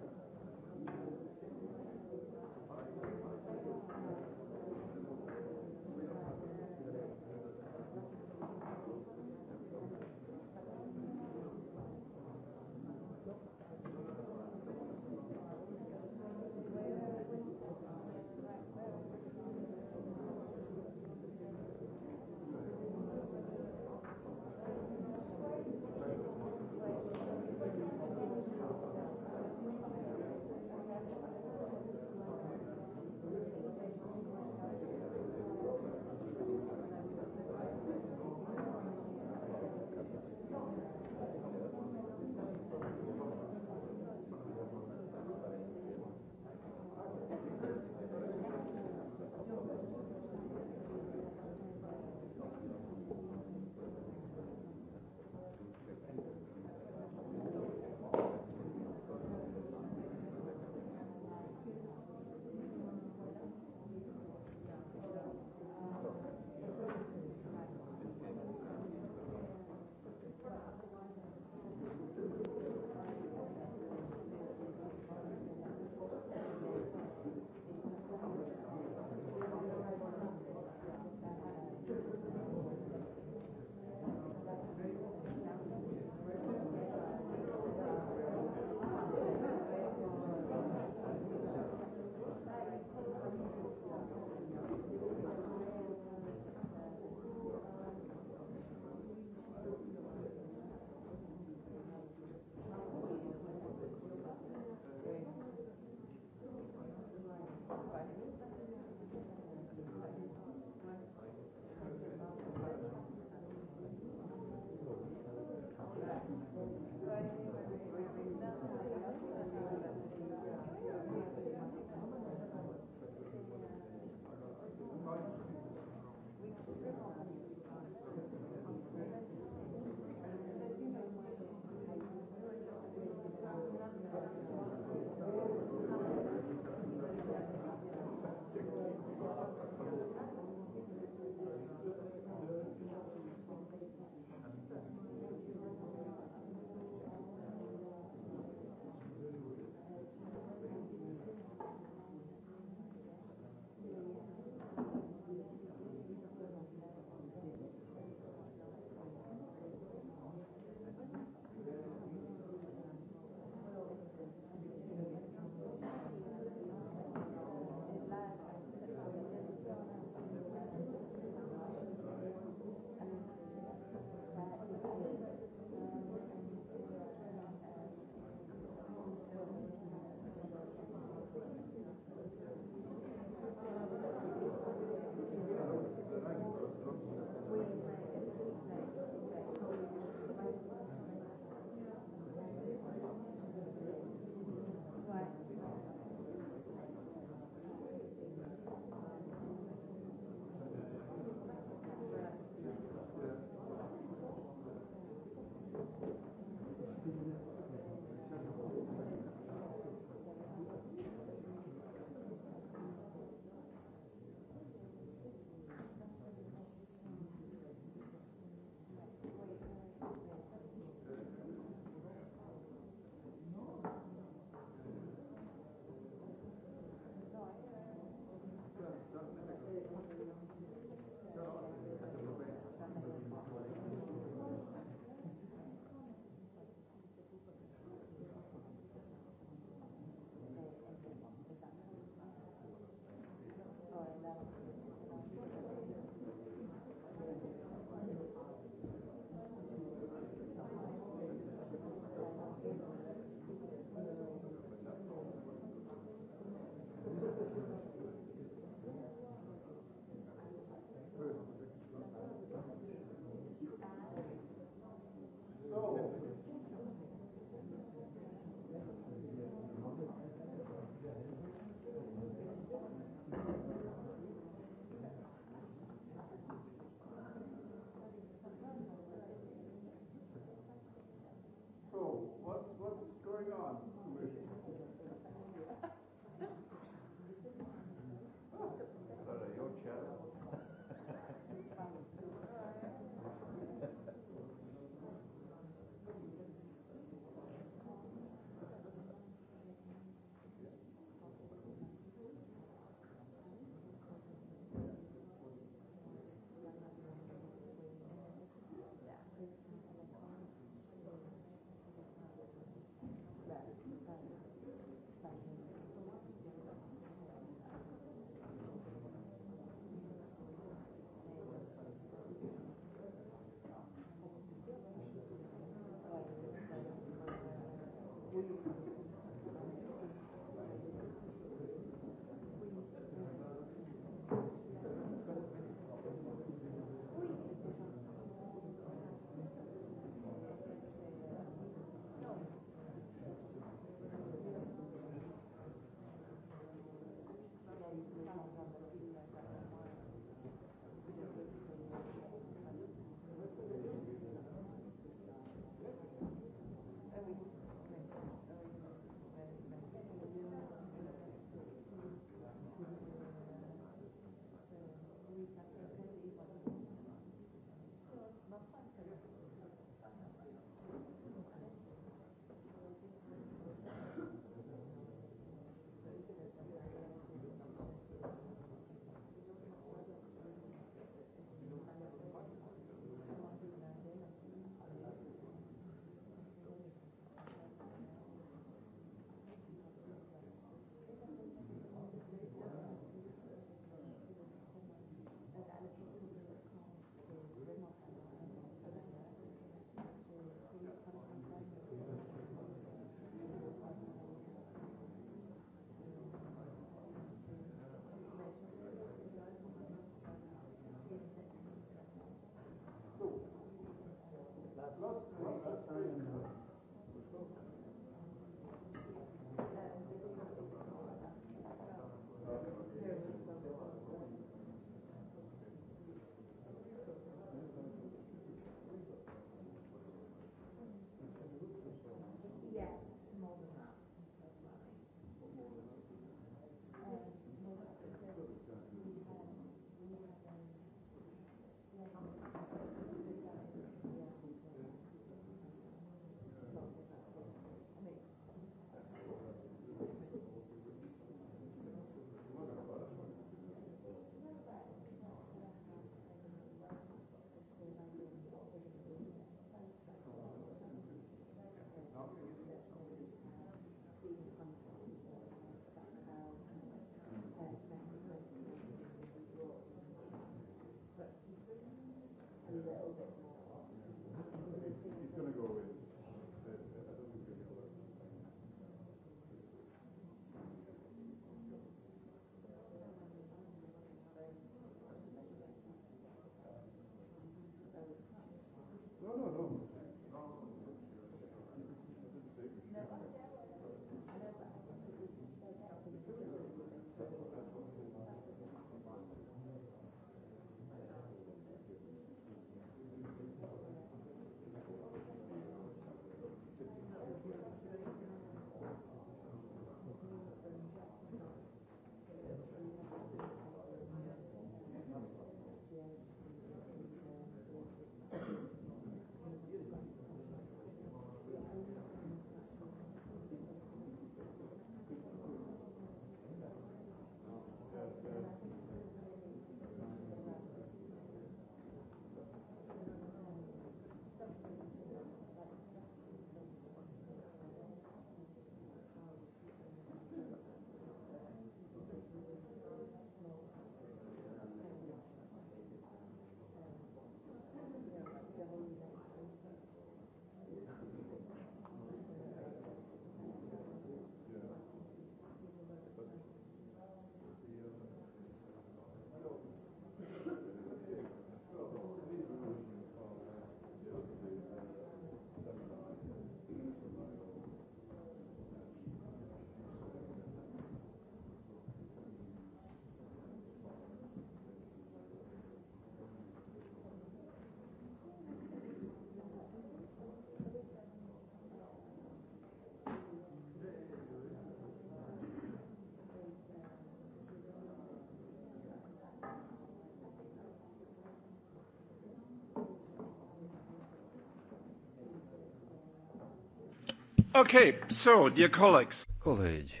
Okay, so, dear colleagues. Kolēģi,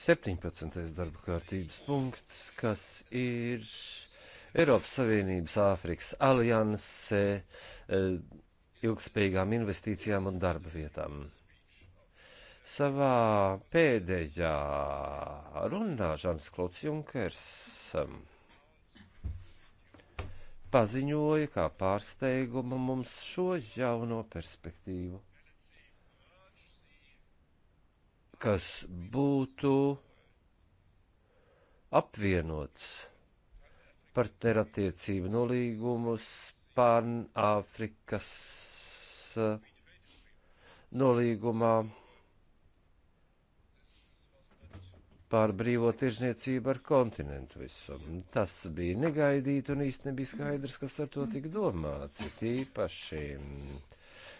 17. darba kārtības punkts, kas ir Eiropas Savienības Āfrikas alianse eh, ilgspējīgām investīcijām un darba vietām. Savā pēdējā runā Žants Klots Junkers um, paziņoja kā pārsteigumu mums šo jauno perspektīvu. kas būtu apvienots partnerattiecību nolīgumus Pānāfrikas eh, nolīgumā pār brīvo tirzniecību ar kontinentu visu. Tas bija negaidīti un īsti nebija skaidrs, kas ar to tik domāts. Tīpaši. Ja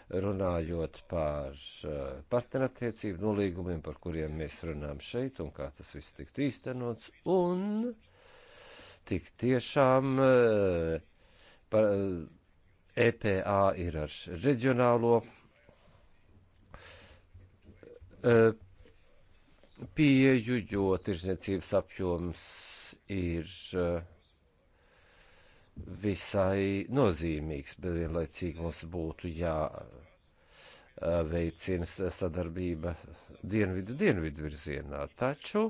runājot par eh, partnerattiecību nolīgumiem, par kuriem mēs runājam šeit un kā tas viss tiktu īstenots. Un tik tiešām eh, par, EPA eh, e ir ar reģionālo pieeju, jo tirzniecības apjoms ir uh, visai nozīmīgs, bet vienlaicīgi mums būtu jāveicina sadarbība dienvidu dienvidu virzienā. Taču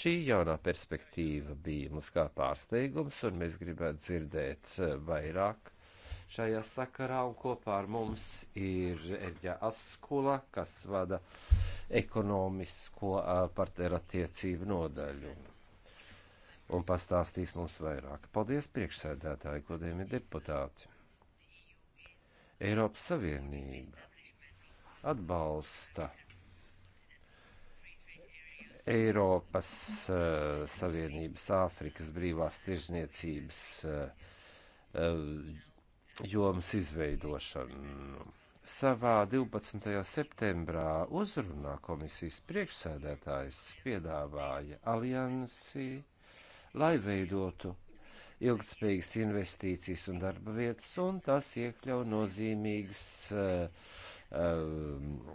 šī jaunā perspektīva bija mums kā pārsteigums, un mēs gribētu dzirdēt vairāk šajā sakarā, un kopā ar mums ir Erģa Askula, kas vada ekonomisko partnerattiecību nodaļu un pastāstīs mums vairāk. Paldies priekšsēdētāji, godējumi deputāti. Eiropas Savienība atbalsta Eiropas uh, Savienības Āfrikas brīvās tirzniecības uh, uh, jomas izveidošanu. Savā 12. septembrā uzrunā komisijas priekšsēdētājs piedāvāja aliansi uh, lai veidotu ilgtspējīgas investīcijas un darba vietas, un tas iekļauj nozīmīgas uh, uh,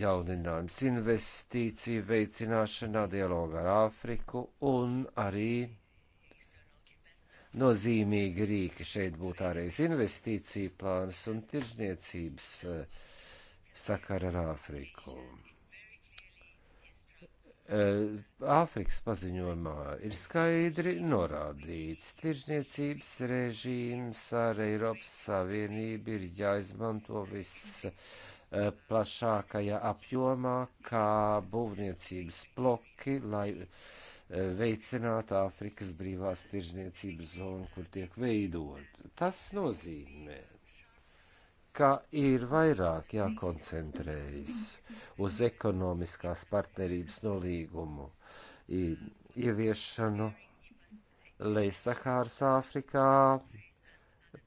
jauninājums investīciju veicināšanā, dialogā ar Āfriku un arī nozīmīgi rīki šeit būtu ārējais investīcija plāns un tirzniecības uh, sakara ar Āfriku. Eh, Āfrikas paziņojumā ir skaidri norādīts, tirzniecības režīms ar Eiropas Savienību ir jāizmanto visplašākajā eh, apjomā, kā būvniecības bloki, lai eh, veicinātu Āfrikas brīvās tirzniecības zonu, kur tiek veidot. Tas nozīmē, ka ir vairāk jākoncentrējas uz ekonomiskās partnerības nolīgumu ieviešanu Leisahāras Āfrikā,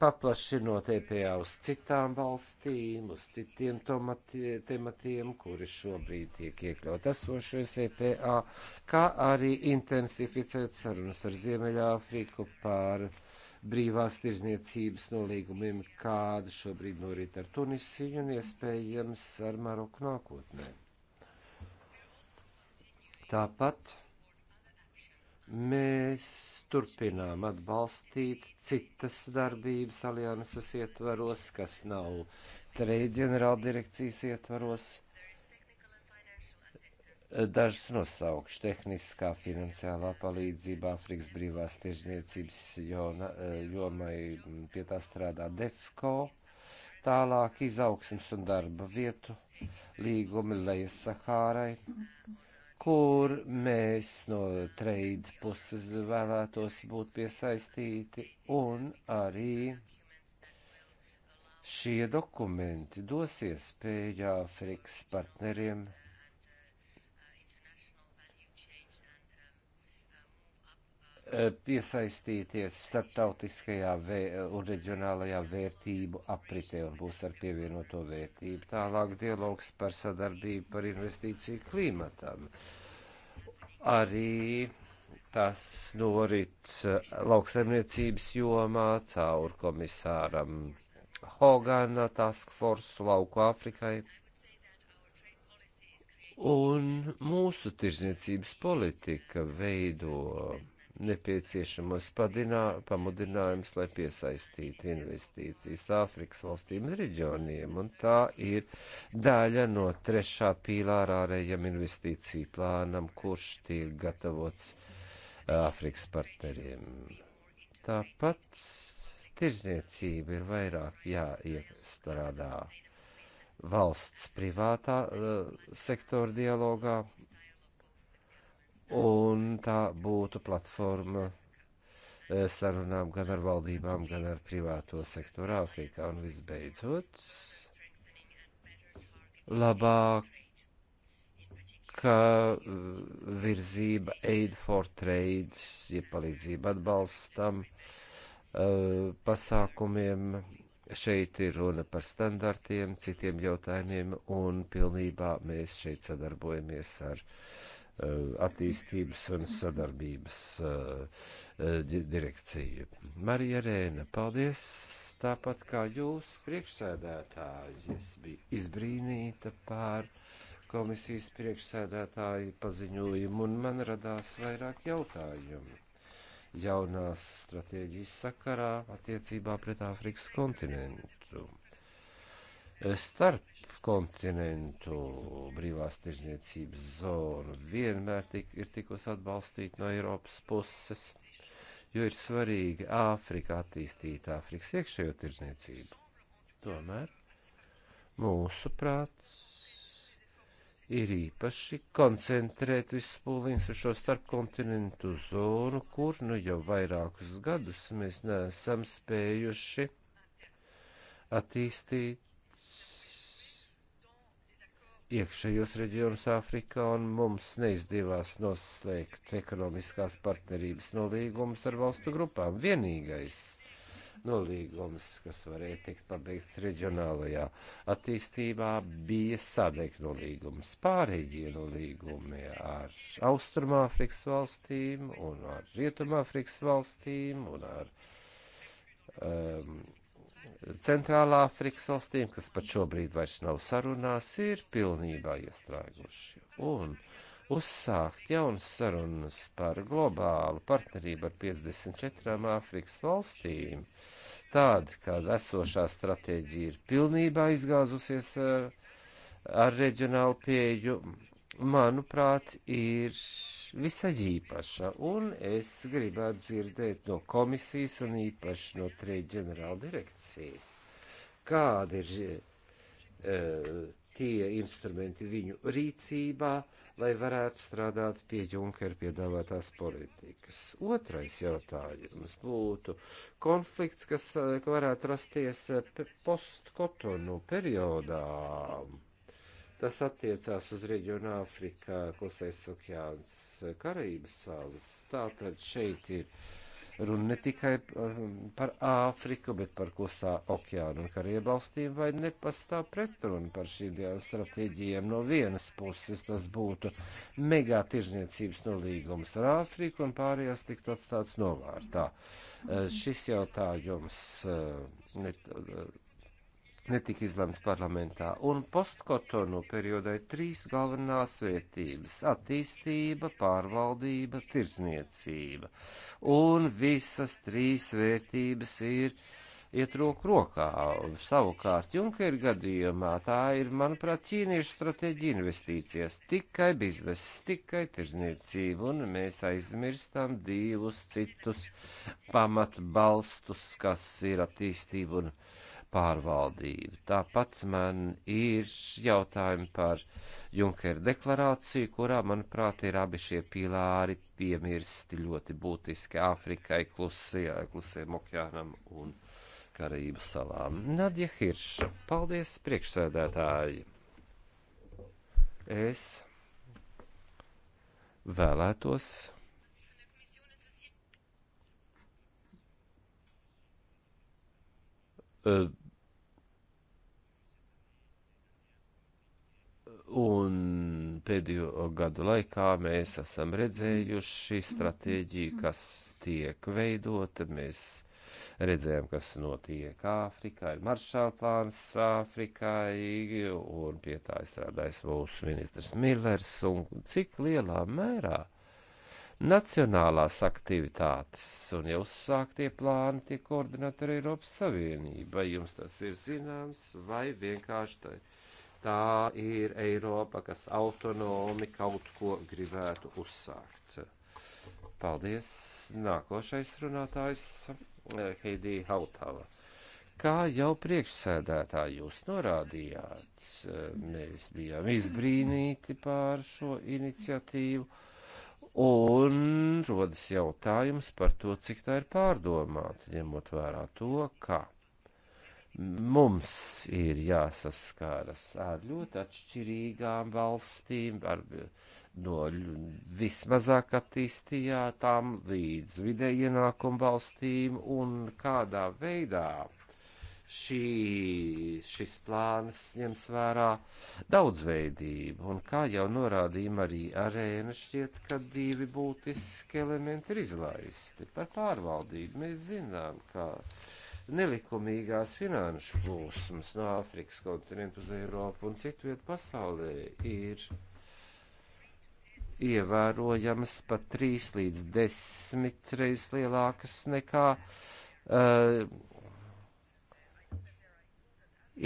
paplašinot EPA uz citām valstīm, uz citiem tomatie, tematiem, kuri šobrīd tiek iekļaut esošais EPA, kā arī intensificēt sarunas ar Ziemeļāfriku par brīvās tirzniecības nolīgumiem, kāda šobrīd norit ar Tunisiju un iespējams ar Maroku nākotnē. Tāpat mēs turpinām atbalstīt citas darbības alianses ietvaros, kas nav trade ģenerāldirekcijas ietvaros Eh, dažas nosaukšu tehniskā finansiālā palīdzība Afrikas brīvās tiežniecības eh, jomai pie tā strādā DEFCO, tālāk izaugsmas un darba vietu līgumi Lejas Sahārai, kur mēs no trade puses vēlētos būt piesaistīti un arī šie dokumenti dos iespēju Āfrikas partneriem Eh, piesaistīties starptautiskajā vē, un reģionālajā vērtību apritē un būs ar pievienoto vērtību. Tālāk dialogs par sadarbību par investīciju klimatam. Arī tas norit eh, lauksaimniecības jomā caur komisāram Hogana Task Force lauku Afrikai. Un mūsu tirzniecības politika veido nepieciešamos padinā, pamudinājums, lai piesaistītu investīcijas Āfrikas valstīm un reģioniem, un tā ir daļa no trešā pīlāra ārējam investīciju plānam, kurš tiek gatavots Āfrikas partneriem. Tāpat tirzniecība ir vairāk jāiestrādā valsts privātā uh, sektora dialogā un tā būtu platforma eh, sarunām gan ar valdībām, gan ar privāto sektoru Āfrikā. Un visbeidzot, labāka eh, virzība aid for trade, ja palīdzība atbalstam eh, pasākumiem šeit ir runa par standartiem, citiem jautājumiem, un pilnībā mēs šeit sadarbojamies ar Eh, attīstības un sadarbības eh, eh, direkciju. Marija Rēna, paldies! Tāpat kā jūs, priekšsēdētāji, es biju izbrīnīta pār komisijas priekšsēdētāju paziņojumu, un man radās vairāk jautājumu jaunās stratēģijas sakarā attiecībā pret Āfrikas kontinentu starp kontinentu brīvās tirzniecības zonu vienmēr tik, ir tikus atbalstīt no Eiropas puses, jo ir svarīgi Āfrika attīstīt Āfrikas iekšējo tirzniecību. Tomēr mūsu prāts ir īpaši koncentrēt visus pūliņus uz šo starpkontinentu zonu, kur nu jau vairākus gadus mēs neesam spējuši attīstīt iekšējos reģionus Āfrikā, un mums neizdevās noslēgt ekonomiskās partnerības nolīgumus ar valstu grupām. Vienīgais nolīgums, kas varēja tikt pabeigts reģionālajā attīstībā, bija sadēk nolīgums. Pārējie nolīgumi ar Austrumāfrikas valstīm un ar Rietumāfrikas valstīm un ar um, Centrālā Afrikas valstīm, kas pat šobrīd vairs nav sarunās, ir pilnībā iestrēguši. Un uzsākt jaunas sarunas par globālu partnerību ar 54 Āfrikas valstīm, tāda, kad esošā stratēģija ir pilnībā izgāzusies ar, eh, ar reģionālu pieju, manuprāt, ir visai īpaša, un es gribētu dzirdēt no komisijas un īpaši no trīs ģenerāla direkcijas, kādi ir e, tie instrumenti viņu rīcībā, lai varētu strādāt pie Junkera piedāvātās politikas. Otrais jautājums būtu konflikts, kas e, varētu rasties e, postkotonu periodā Tas attiecās uz reģionu Āfrikā, Klusais okeāns, Karaības salas. Tātad šeit ir runa ne tikai par Āfriku, bet par Klusā okeānu un Karību valstīm, vai nepastāv pretruna par šīm divām stratēģijām. No vienas puses tas būtu mega tirzniecības nolīgums ar Āfriku un pārējās tiktu atstāts novārtā. Šis jautājums. Eh, Net, netika izlemts parlamentā. Un postkotonu periodā ir trīs galvenās vērtības - attīstība, pārvaldība, tirzniecība. Un visas trīs vērtības ir iet roku rokā. Savukārt Junkera gadījumā tā ir, manuprāt, ķīniešu stratēģija investīcijas - tikai bizness, tikai tirzniecība, un mēs aizmirstam divus citus pamatbalstus, kas ir attīstība un investīcija pārvaldību. Tāpat man ir jautājumi par Junkera deklarāciju, kurā, manuprāt, ir abi šie pīlāri piemirsti ļoti būtiski Āfrikai, klusajā, klusajam okeānam un Karību salām. Nadja Hirša, paldies priekšsēdētāji! Es vēlētos Un pēdējo gadu laikā mēs esam redzējuši stratēģiju, kas tiek veidota. Mēs redzējām, kas notiek Āfrikā, ir maršāla plāns Āfrikai, un pie tā izstrādājas mūsu ministrs Millers, un cik lielā mērā nacionālās aktivitātes un jau uzsāktie plāni tiek koordinēti ar Eiropas Savienību. Vai jums tas ir zināms, vai vienkārši tā ir? Tā ir Eiropa, kas autonomi kaut ko gribētu uzsākt. Paldies! Nākošais runātājs eh, Heidī Hautala. Kā jau priekšsēdētāji jūs norādījāt, eh, mēs bijām izbrīnīti pār šo iniciatīvu, un rodas jautājums par to, cik tā ir pārdomāta, ņemot vērā to, ka Mums ir jāsaskaras ar ļoti atšķirīgām valstīm, ar, no vismazāk attīstītām līdz vidēji ienākumu valstīm un kādā veidā šī, šis plāns ņems vērā daudzveidību, un kā jau norādījām arī arēna, šķiet, ka divi būtiski elementi ir izlaisti par pārvaldību. Mēs zinām, ka nelikumīgās finanšu plūsmas no Āfrikas kontinentu uz Eiropu un citu vietu pasaulē ir ievērojamas pat trīs līdz desmit reizes lielākas nekā uh,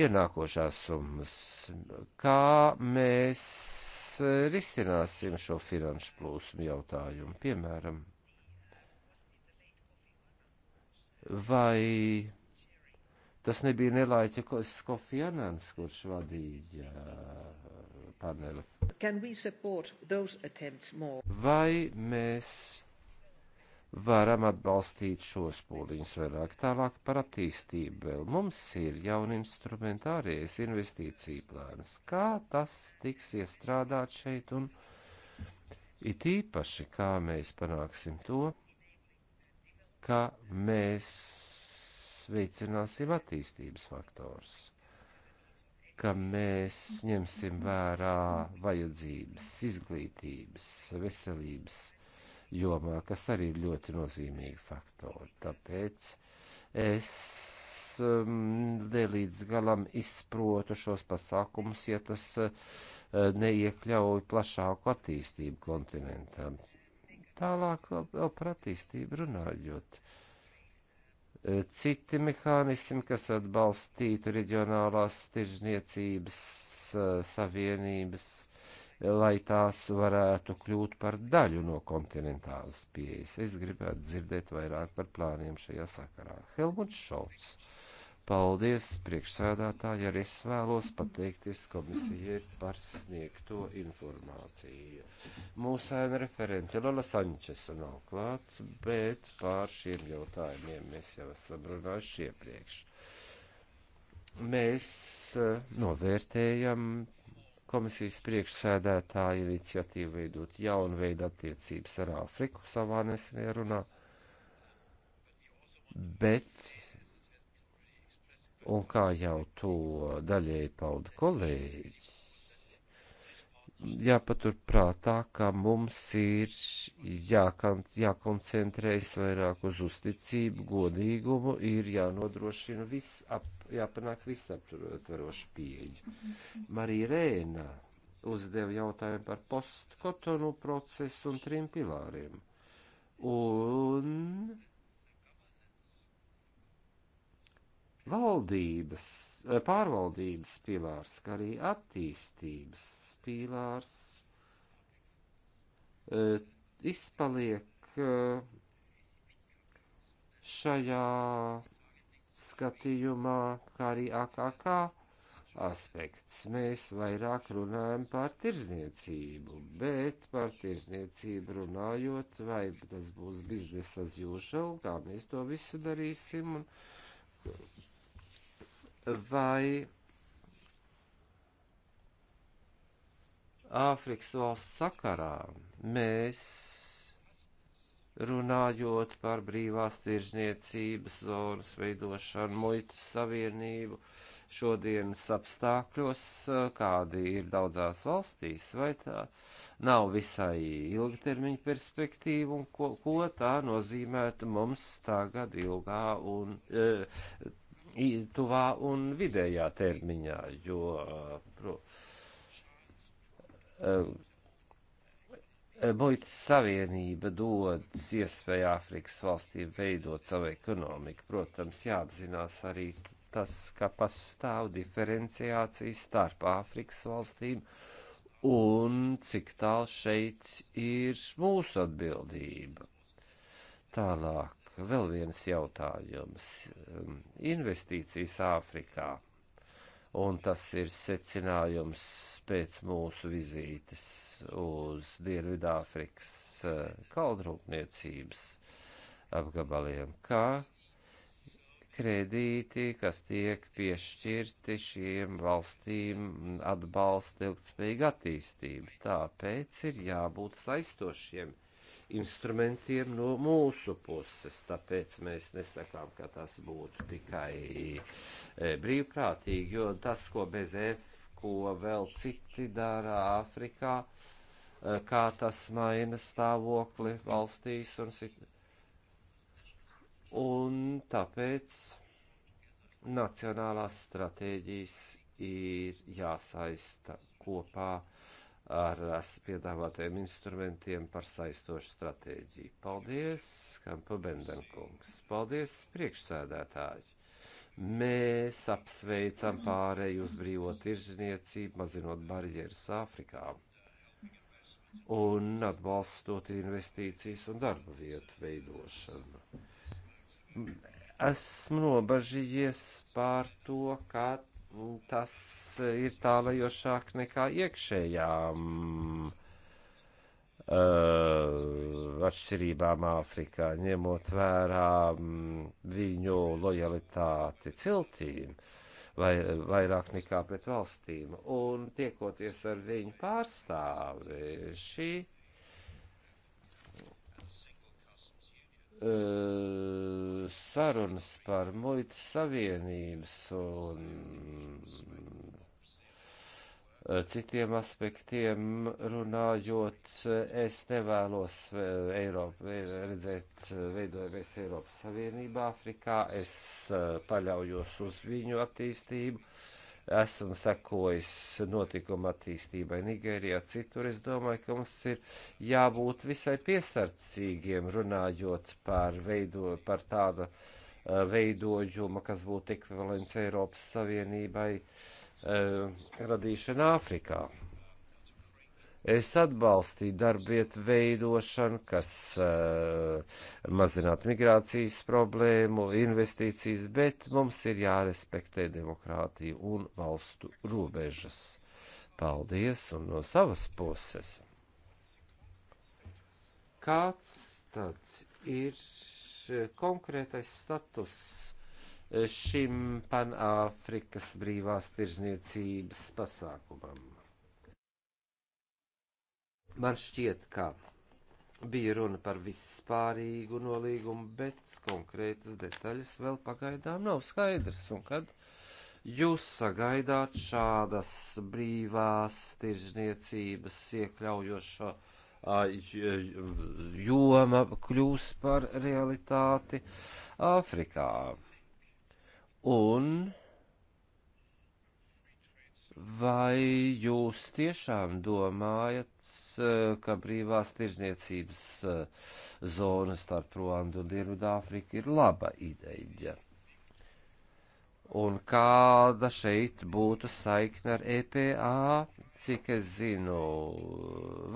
ienākošās summas. Kā mēs risināsim šo finanšu plūsmu jautājumu? Piemēram, vai tas nebija Nelaiķa Skofianans, kurš vadīja uh, paneli. Vai mēs varam atbalstīt šos pūliņus vairāk tālāk par attīstību vēl. Mums ir jauni instrumentārijas investīcija plāns. Kā tas tiks iestrādāt šeit un it īpaši, kā mēs panāksim to, ka mēs veicināsim attīstības faktors, ka mēs ņemsim vērā vajadzības, izglītības, veselības jomā, kas arī ir ļoti nozīmīgi faktori. Tāpēc es um, nelīdz galam izprotu šos pasākumus, ja tas uh, neiekļauj plašāku attīstību kontinentam. Tālāk vēl, vēl par attīstību runājot. E, citi mehānismi, kas atbalstītu reģionālās tirzniecības e, savienības, e, lai tās varētu kļūt par daļu no kontinentālas pieejas. Es gribētu dzirdēt vairāk par plāniem šajā sakarā. Helmuts Šolts Paldies, priekšsēdētāji, arī es vēlos pateikties komisijai par sniegto informāciju. Mūsu ēna referente Lola Sančesa nav klāts, bet pār šiem jautājumiem mēs jau esam runājuši iepriekš. Mēs eh, novērtējam komisijas priekšsēdētāja iniciatīvu veidot jaunu veidu attiecības ar Āfriku savā nesenajā runā, bet Un kā jau to daļēji pauda kolēģi, jāpatur prātā, ka mums ir jākon jākoncentrējas vairāk uz uzticību, godīgumu, ir jānodrošina visap, jāpanāk visaptvaroša pieeja. Marija Rēna uzdeva jautājumu par postkotonu procesu un trim pilāriem. Un valdības, eh, pārvaldības pilārs, kā arī attīstības pilārs eh, izpaliek eh, šajā skatījumā, kā arī AKK aspekts. Mēs vairāk runājam par tirzniecību, bet par tirzniecību runājot, vai tas būs biznesa as usual, kā mēs to visu darīsim, un vai Āfrikas valsts sakarā mēs runājot par brīvās tiržniecības zonas veidošanu, muitas savienību, šodienas apstākļos, kādi ir daudzās valstīs, vai tā nav visai ilgtermiņa perspektīva un ko, ko tā nozīmētu mums tagad ilgā un e, tuvā un vidējā termiņā, jo eh, pro, Boitas eh, Savienība dod iespēju Āfrikas valstīm veidot savu ekonomiku. Protams, jāapzinās arī tas, ka pastāv diferenciācija starp Āfrikas valstīm un cik tālu šeit ir mūsu atbildība. Tālāk Tālāk, vēl viens jautājums. Investīcijas Āfrikā, un tas ir secinājums pēc mūsu vizītes uz Dienvidāfrikas e, kaldrūpniecības apgabaliem, kā kredīti, kas tiek piešķirti šiem valstīm atbalsta ilgtspējīgu attīstību. Tāpēc ir jābūt saistošiem instrumentiem no mūsu puses, tāpēc mēs nesakām, ka tas būtu tikai e, brīvprātīgi, jo tas, ko bez F, ko vēl citi dara Āfrikā, e, kā tas maina stāvokli valstīs un citu. Un tāpēc nacionālās stratēģijas ir jāsaista kopā ar piedāvātajiem instrumentiem par saistošu stratēģiju. Paldies, Kampu Bendenkungs. Paldies, priekšsēdētāji. Mēs apsveicam pārēju uz brīvo tirzniecību, mazinot barjeras Āfrikā un atbalstot investīcijas un darba vietu veidošanu. Esmu nobažījies pār to, ka tas ir tālajošāk nekā iekšējām uh, atšķirībām Āfrikā, ņemot vērā um, viņu lojalitāti ciltīm vai, vairāk nekā pret valstīm. Un tiekoties ar viņu pārstāvi, šī Eh, sarunas par muitas savienības un eh, citiem aspektiem runājot, es nevēlos eh, Eiropu, redzēt veidojamies Eiropas Savienībā, Afrikā, es paļaujos uz viņu attīstību. Uh, esmu sekojis notikuma attīstībai Nigērijā, citur. Es domāju, ka mums ir jābūt visai piesardzīgiem runājot par, veido, par tāda uh, veidojuma, kas būtu ekvivalents Eiropas Savienībai uh, radīšana Āfrikā. Es atbalstīju darbvietu veidošanu, kas uh, mazinātu migrācijas problēmu, investīcijas, bet mums ir jārespektē demokrātija un valstu robežas. Paldies, un no savas puses. Kāds tad ir eh, konkrētais status eh, šim panāfrikas brīvās tirzniecības pasākumam? Man šķiet, ka bija runa par vispārīgu nolīgumu, bet konkrētas detaļas vēl pagaidām nav skaidrs. Un kad jūs sagaidāt šādas brīvās tirzniecības iekļaujošo joma kļūs par realitāti Āfrikā? Un vai jūs tiešām domājat Eh, ka brīvās tirzniecības eh, zona starp Ruandu un Dienvidāfriku ir laba ideja. Un kāda šeit būtu saikne ar EPA, cik es zinu,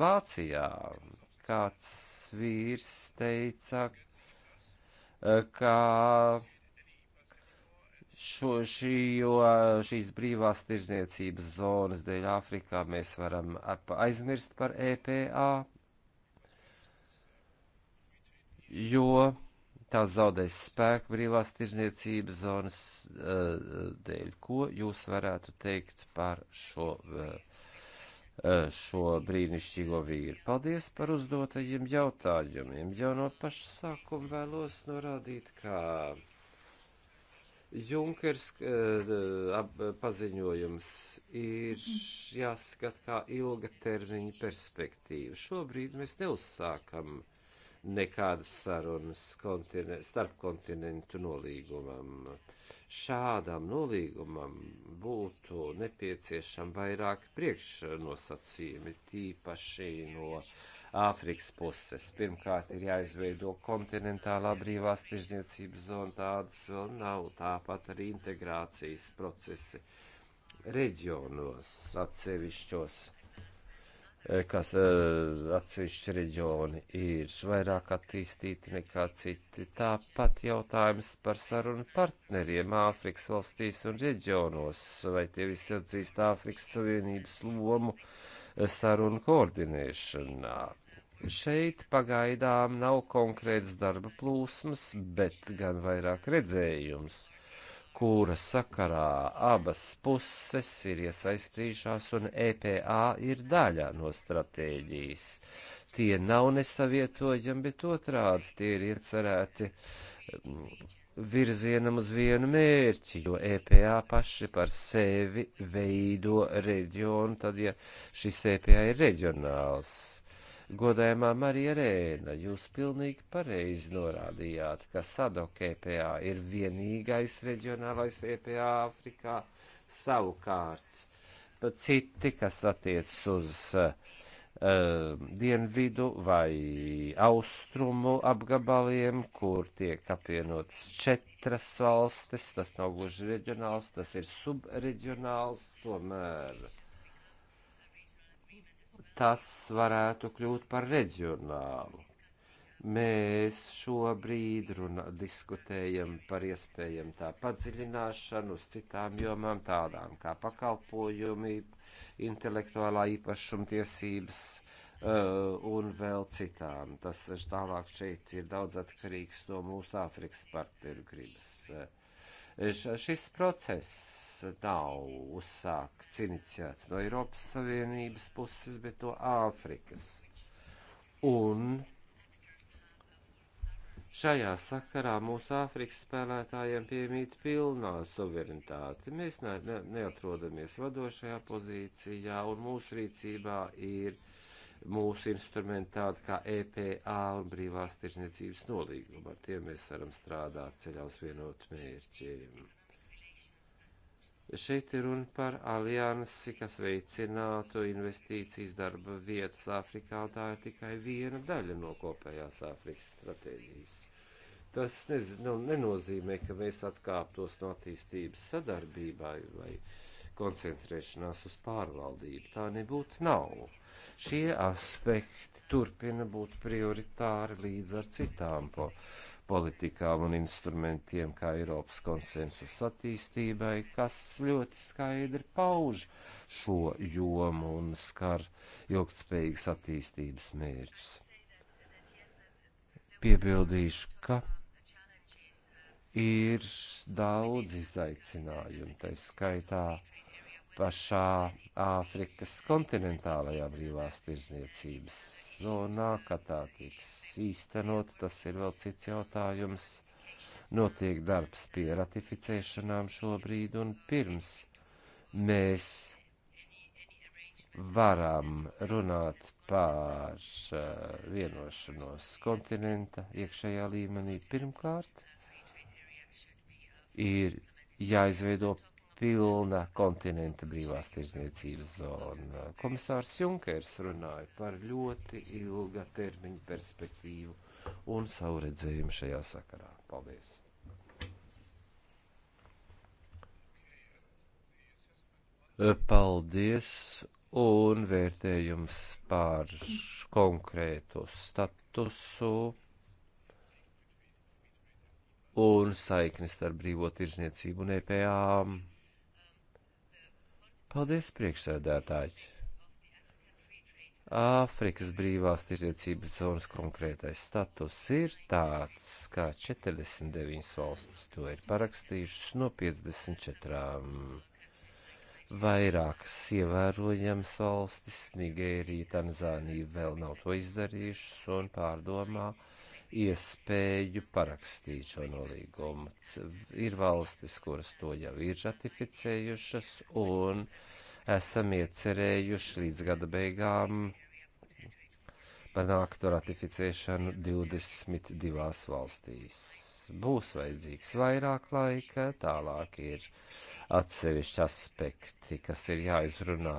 Vācijā kāds vīrs teica, eh, ka šo, šī, jo šīs brīvās tirzniecības zonas dēļ Āfrikā mēs varam aizmirst par EPA, jo tās zaudēs spēku brīvās tirzniecības zonas eh, dēļ. Ko jūs varētu teikt par šo, eh, eh, šo brīnišķīgo vīru? Paldies par uzdotajiem jautājumiem. Jau no paša sākuma vēlos norādīt, ka. Kā... Junkers eh, paziņojums ir jāskat kā ilga termiņa perspektīva. Šobrīd mēs neuzsākam nekādas sarunas kontine, starp kontinentu nolīgumam. Šādam nolīgumam būtu nepieciešama vairāk priekšnosacījumi, tīpaši no uh, Āfrikas puses. Pirmkārt, ir jāizveido kontinentālā brīvās tirzniecības zona, tādas vēl nav, tāpat arī integrācijas procesi reģionos atsevišķos, eh, kas eh, atsevišķi reģioni ir vairāk attīstīti nekā citi. Tāpat jautājums par sarunu partneriem Āfrikas valstīs un reģionos, vai tie visi atzīst Āfrikas Savienības lomu eh, sarunu koordinēšanā Šeit pagaidām nav konkrēts darba plūsmas, bet gan vairāk redzējums, kura sakarā abas puses ir iesaistījušās un EPA ir daļa no stratēģijas. Tie nav nesavietojami, bet otrādi tie ir iecerēti mm, virzienam uz vienu mērķi, jo EPA paši par sevi veido reģionu, tad ja šis EPA ir reģionāls Godējumā Marija Rēna, jūs pilnīgi pareizi norādījāt, ka Sadok EPA ir vienīgais reģionālais EPA Āfrikā. Savukārt, citi, kas attiec uz uh, dienvidu vai austrumu apgabaliem, kur tiek apvienotas četras valstis. Tas nav gluži reģionāls, tas ir subreģionāls tomēr tas varētu kļūt par reģionālu. Mēs šobrīd runā, diskutējam par iespējamu tā padziļināšanu uz citām jomām, tādām kā pakalpojumi, intelektuālā īpašumtiesības uh, un vēl citām. Tas tālāk šeit ir daudz atkarīgs no mūsu Āfrikas partneru gribas. Uh, šis process nav uzsākts iniciēts no Eiropas Savienības puses, bet no Āfrikas. Un Šajā sakarā mūsu Āfrikas spēlētājiem piemīt pilnā suverenitāte. Mēs ne, ne, neatrodamies vadošajā pozīcijā, un mūsu rīcībā ir mūsu instrumenti tādi kā EPA un brīvās tirzniecības nolīguma. Ar tiem mēs varam strādāt ceļā uz vienotu mērķi. Šeit ir runa par aliansi, kas veicinātu investīcijas darba vietas Āfrikā. Tā ir tikai viena daļa no kopējās Āfrikas stratēģijas. Tas nez, nu, nenozīmē, ka mēs atkāptos no attīstības sadarbībai vai koncentrēšanās uz pārvaldību. Tā nebūtu nav. Šie aspekti turpina būt prioritāri līdz ar citām po politikām un instrumentiem, kā Eiropas konsensus attīstībai, kas ļoti skaidri pauž šo jomu un skar ilgtspējīgas attīstības mērķus. Piebildīšu, ka ir daudz izaicinājumu, tai skaitā pašā Āfrikas kontinentālajā brīvās tirzniecības zonā, kā tā tiks tiks īstenot, tas ir vēl cits jautājums. Notiek darbs pie ratificēšanām šobrīd un pirms mēs varam runāt par eh, vienošanos kontinenta iekšējā līmenī. Pirmkārt, ir jāizveido pilna kontinenta brīvās tirdzniecības zona. Komisārs Junkers runāja par ļoti ilga termiņa perspektīvu un savu redzējumu šajā sakarā. Paldies! Paldies un vērtējums par konkrētu statusu un saiknis ar brīvo tirzniecību un EPA. Paldies, priekšsēdētāji! Āfrikas brīvās tirdzniecības zonas konkrētais status ir tāds, kā 49 valstis to ir parakstījušas no 54. Vairākas ievērojams valstis, Nigērija, Tanzānija vēl nav to izdarījušas un pārdomā, uh, iespēju parakstīt šo nolīgumu. Ir valstis, kuras to jau ir ratificējušas, un esam iecerējuši līdz gada beigām panāktu ratificēšanu 22 valstīs. Būs vajadzīgs vairāk laika, tālāk ir atsevišķi aspekti, kas ir jāizrunā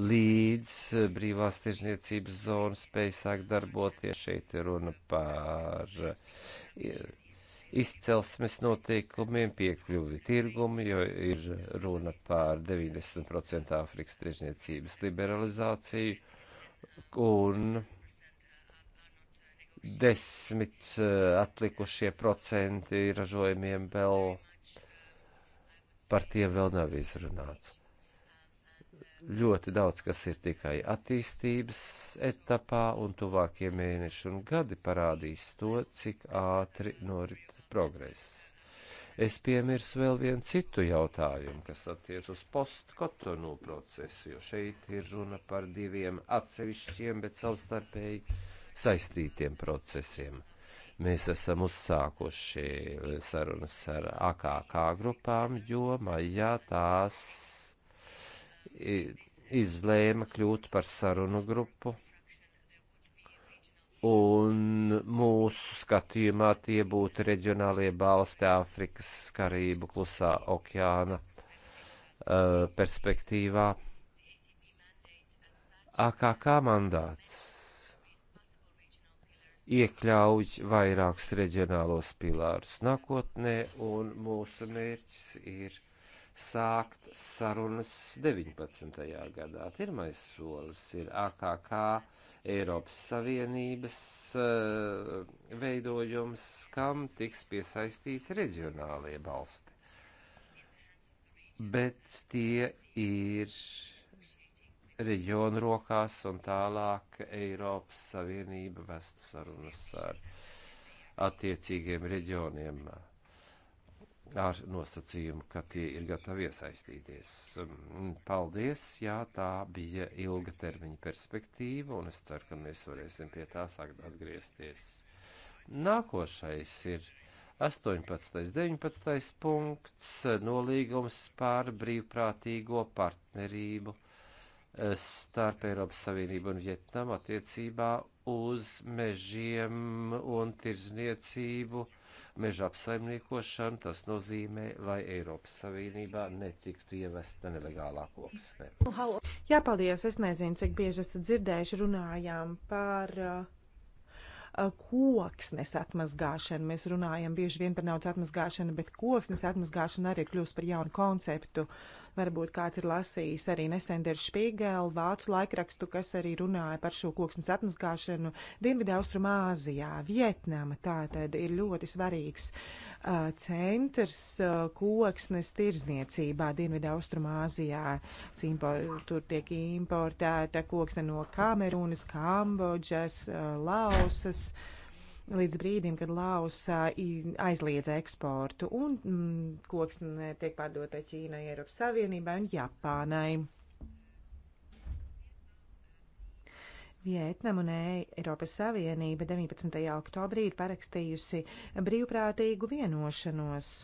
līdz eh, brīvās tiešniecības zona spēja sākt darboties. Šeit ir runa par eh, izcelsmes noteikumiem, piekļuvi tirgumu, jo ir runa par 90% Āfrikas tiešniecības liberalizāciju un desmit eh, atlikušie procenti ražojumiem vēl par tiem vēl nav izrunāts ļoti daudz, kas ir tikai attīstības etapā, un tuvākie mēneši un gadi parādīs to, cik ātri norit progress. Es piemirsu vēl vienu citu jautājumu, kas attiec uz postkotonu procesu, jo šeit ir runa par diviem atsevišķiem, bet savstarpēji saistītiem procesiem. Mēs esam uzsākuši sarunas ar AKK grupām, jo maijā tās izlēma kļūt par sarunu grupu, un mūsu skatījumā tie būtu reģionālie balsti Āfrikas, Karību, Klusā okeāna uh, perspektīvā. AKK mandāts iekļauj vairākus reģionālos pilārus nākotnē, un mūsu mērķis ir sākt sarunas 19. gadā. Pirmais solis ir AKK Eiropas Savienības uh, veidojums, kam tiks piesaistīti reģionālie balsti. Bet tie ir reģionu rokās un tālāk Eiropas Savienība vestu sarunas ar attiecīgiem reģioniem ar nosacījumu, ka tie ir gatavi iesaistīties. Mm, paldies, jā, tā bija ilga termiņa perspektīva, un es ceru, ka mēs varēsim pie tā sākt atgriezties. Nākošais ir 18. 19. punkts nolīgums par brīvprātīgo partnerību eh, starp Eiropas Savienību un Vietnamu attiecībā uz mežiem un tirzniecību meža apsaimniekošanu, tas nozīmē, lai Eiropas Savienībā netiktu ievesta nelegālā koksne. Jā, paldies. Es nezinu, cik bieži esat dzirdējuši runājām par uh, koksnes atmazgāšanu. Mēs runājam bieži vien par naudas atmazgāšanu, bet koksnes atmazgāšana arī ir kļūst par jaunu konceptu. Uh, Varbūt kāds ir lasījis arī nesen Der Spiegel vācu laikrakstu, kas arī runāja par šo koksnes atmazgāšanu Dienvidē Austrumāzijā. Vietnama tā tad ir ļoti svarīgs uh, centrs uh, koksnes tirzniecībā Dienvidē Austrumāzijā. Simpor, tur tiek importēta koksne no Kamerūnas, Kambodžas, uh, Laosas. Uh, līdz brīdim, kad lausa aizliedz eksportu un mm, koksne tiek pārdota Ķīnai, Eiropas Savienībai un Japānai. Vietnam un Eiropas Savienība 19. oktobrī ir parakstījusi brīvprātīgu vienošanos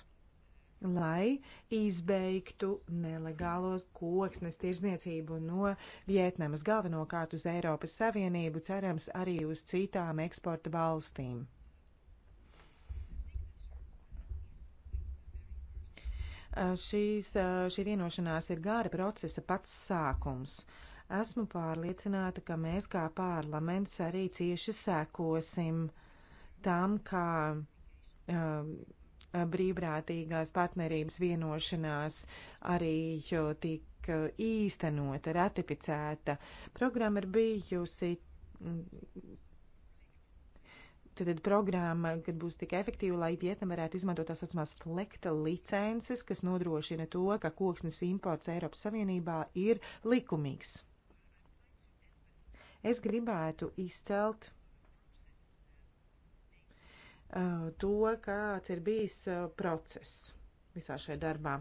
lai izbeigtu nelegālos koksnes tirzniecību no Vietnamas galvenokārt uz Eiropas Savienību, cerams arī uz citām eksporta valstīm. Šīs, šī vienošanās ir gara procesa pats sākums. Esmu pārliecināta, ka mēs kā parlaments arī cieši sekosim tam, kā uh, Eh, brīvprātīgās partnerības vienošanās arī tik eh, īstenota, ratificēta. Programma ir bijusi. Mm, tad programma, kad būs tik efektīva, lai Vietnam varētu izmantot tās saucamās flekta licences, kas nodrošina to, ka koksnes imports Eiropas Savienībā ir likumīgs. Es gribētu izcelt Uh, to, kāds ir bijis uh, process visā šajā darbā.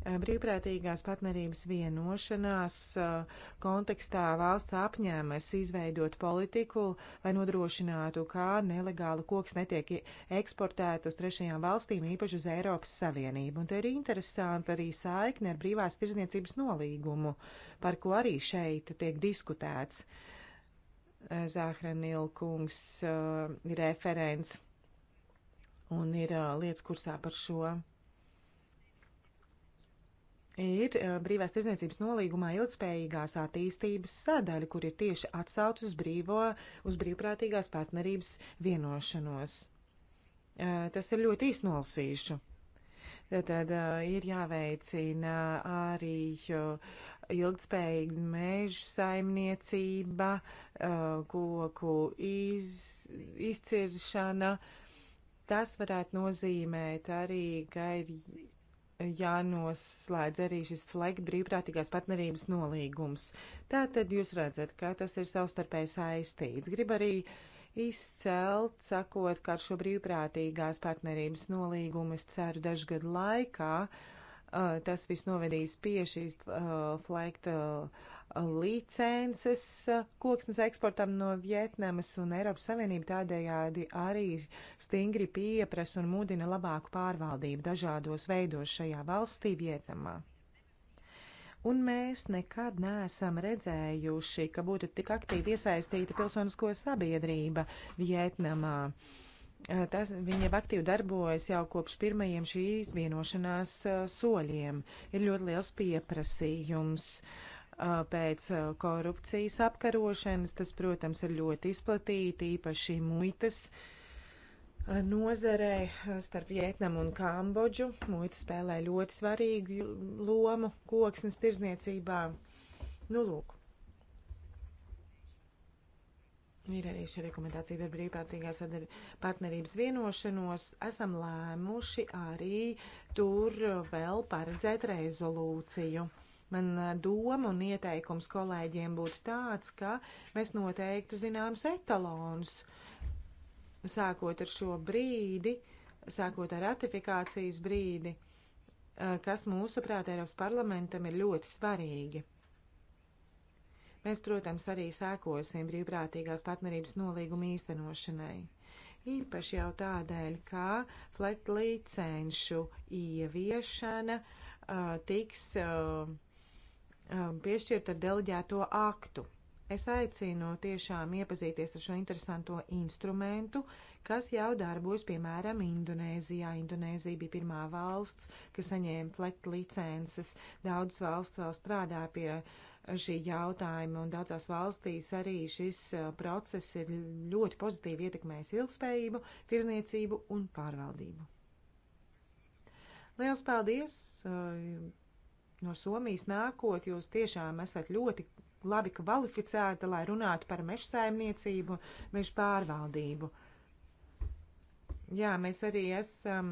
Uh, brīvprātīgās partnerības vienošanās kontekstā valsts apņēmas izveidot politiku, lai nodrošinātu, kā nelegāla koks netiek eksportēta uz trešajām valstīm, īpaši uz Eiropas Savienību. Un te ir interesanti arī saikne ar brīvās tirzniecības nolīgumu, par ko arī šeit tiek diskutēts. Uh, Zāhranilkungs uh, ir referents un ir uh, lietas kursā par šo. Ir uh, brīvās tirdzniecības nolīgumā ilgspējīgās attīstības sadaļa, kur ir tieši atsauc uz brīvo, uz brīvprātīgās partnerības vienošanos. Tas ir ļoti īsnolasīšu. Tad ir jāveicina arī ilgspējīga meža saimniecība, koku iz, izciršana. Tas varētu nozīmēt arī, ka ir jānoslēdz arī šis flekt brīvprātīgās partnerības nolīgums. Tātad jūs redzat, ka tas ir savstarpēji saistīts. Grib arī uh, izcelt, sakot, ka ar šo brīvprātīgās partnerības nolīgumu es ceru dažgadu laikā uh, tas viss novedīs pie šīs uh, flekta uh, licences uh, koksnes eksportam no Vietnamas un Eiropas Savienība tādējādi arī stingri pieprasa un mudina labāku pārvaldību dažādos veidos šajā valstī Vietnamā un mēs nekad neesam redzējuši, ka būtu tik aktīvi iesaistīta pilsonisko sabiedrība Vietnamā. Tas, viņa jau aktīvi darbojas jau kopš pirmajiem šīs vienošanās soļiem. Ir ļoti liels pieprasījums pēc korupcijas apkarošanas. Tas, protams, ir ļoti izplatīti, īpaši muitas uh, nozarē starp Vietnamu un Kambodžu. Muita spēlē ļoti svarīgu lomu koksnes tirzniecībā. Nu, lūk. Ir arī šī rekomendācija par brīvprātīgās partnerības vienošanos. Esam lēmuši arī tur vēl paredzēt rezolūciju. Man doma un ieteikums kolēģiem būtu tāds, ka mēs noteiktu zināms etalons uh, sākot ar šo brīdi, sākot ar ratifikācijas brīdi, eh, kas mūsuprāt Eiropas parlamentam ir ļoti svarīgi. Mēs, protams, arī sēkosim brīvprātīgās partnerības nolīguma īstenošanai. Īpaši jau tādēļ, ka flekt licenšu ieviešana uh, tiks uh, piešķirta ar deleģēto aktu. Es aicinu tiešām iepazīties ar šo interesanto instrumentu, kas jau darbojas, piemēram, Indonēzijā. Indonēzija bija pirmā valsts, kas saņēma flekt licences. Daudz valsts vēl strādā pie šī jautājuma, un daudzās valstīs arī šis uh, process ir ļoti pozitīvi ietekmējis ilgspējību, tirzniecību un pārvaldību. Liels paldies! Uh, no Somijas nākot, jūs tiešām esat ļoti labi kvalificēta, lai runātu par meža saimniecību, meža pārvaldību. Jā, mēs arī esam.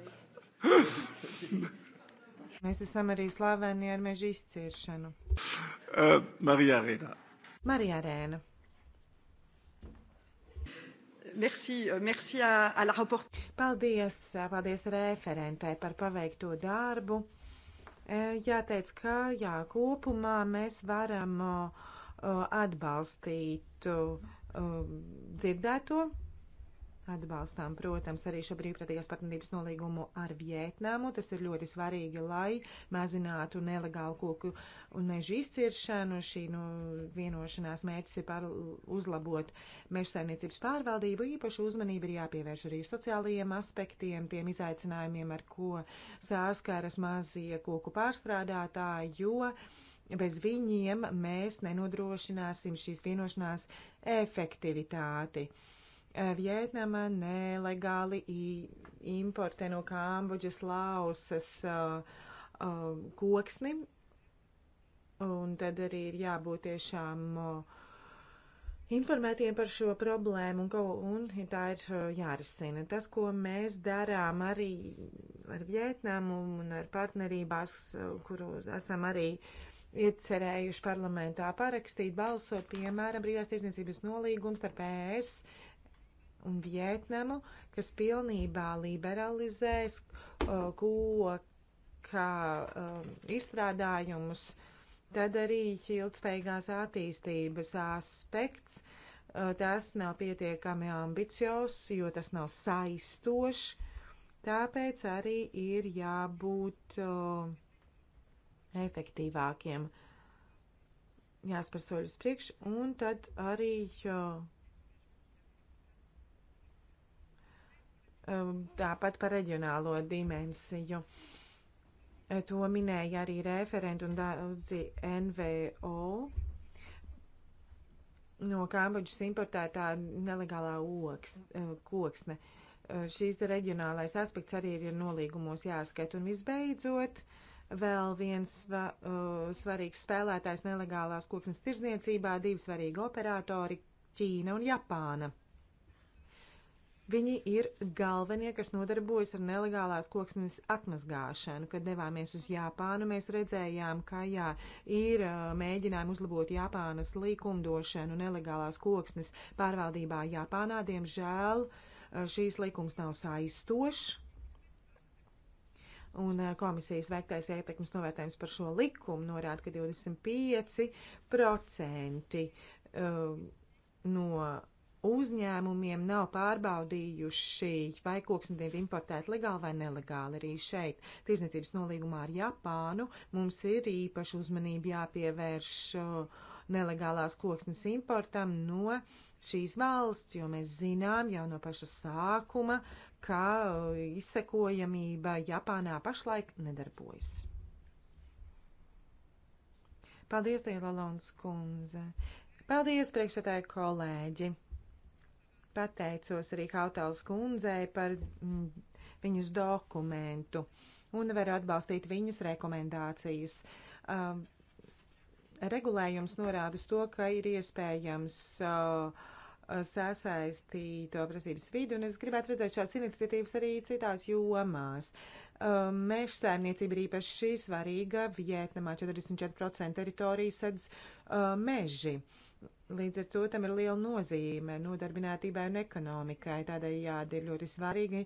mēs esam arī slaveni ar meža izciršanu. Uh, Marijā Rēna. Marijā Rēna. Merci, euh, merci à, à la rapport. Paldies, paldies referentē par paveikto darbu. E, jāteic, ka jā, kopumā mēs varam atbalstīt dzirdēto Atbalstām, protams, arī šo brīvprātīgās partnerības nolīgumu ar Vietnamu. Tas ir ļoti svarīgi, lai mazinātu nelegālu koku un mežu izciršanu. Šī nu, vienošanās mērķis ir par uzlabot meža saimniecības pārvaldību. Īpaši uzmanība ir jāpievērš arī sociālajiem aspektiem, tiem izaicinājumiem, ar ko sāskaras mazie koku pārstrādātāji, jo bez viņiem mēs nenodrošināsim šīs vienošanās efektivitāti. Vietnama nelegāli importē no Kambodžas, Lausas koksni, un tad arī ir jābūt tiešām informētiem par šo problēmu, un, ko, un tā ir jārisina. Tas, ko mēs darām arī ar Vietnamu un ar partnerībās, kuros esam arī iecerējuši parlamentā parakstīt, balsot, piemēram, brīvās tiesniecības nolīgums starp ES un Vietnamu, kas pilnībā liberalizēs uh, koka uh, izstrādājumus, tad arī ilgspējīgās attīstības aspekts. Uh, tas nav pietiekami ambiciozs, jo tas nav saistošs. Tāpēc arī ir jābūt uh, efektīvākiem, jāspēr soļus priekš, un tad arī uh, Um, tāpat par reģionālo dimensiju. E, to minēja arī referenti un daudzi NVO. No Kambodžas importētā nelegālā oks, e, koksne. E, šīs reģionālais aspekts arī ir nolīgumos jāskat. Un visbeidzot, vēl viens va, svarīgs spēlētājs nelegālās koksnes tirzniecībā, divi svarīgi operatori - Ķīna un Japāna. Viņi ir galvenie, kas nodarbojas ar nelegālās koksnes atmazgāšanu. Kad devāmies uz Japānu, mēs redzējām, ka jā, ir mēģinājumi uzlabot Japānas likumdošanu nelegālās koksnes pārvaldībā Japānā. Diemžēl šīs likums nav saistošs. Un komisijas veiktais ietekmes novērtējums par šo likumu norāda, ka 25% no uzņēmumiem nav pārbaudījuši, vai koksni tiek importēti legāli vai nelegāli. Arī šeit, tirzniecības nolīgumā ar Japānu, mums ir īpaši uzmanība jāpievērš uh, nelegālās koksnes importam no šīs valsts, jo mēs zinām jau no paša sākuma, ka uh, izsekojamība Japānā pašlaik nedarbojas. Paldies, Tēla Lons kundze! Paldies, priekšsatāji kolēģi! Pateicos arī Kautals kundzei par mm, viņas dokumentu un varu atbalstīt viņas rekomendācijas. Uh, regulējums norāda uz to, ka ir iespējams uh, sasaistīt to prasības vidu, un es gribētu redzēt šādas iniciatīvas arī citās jomās. Uh, Meža saimniecība ir īpaši svarīga. Vietnamā 44% teritorijas sedz uh, meži. Uh, Līdz ar to tam ir liela nozīme nodarbinātībai un ekonomikai. Tādējādi ir ļoti svarīgi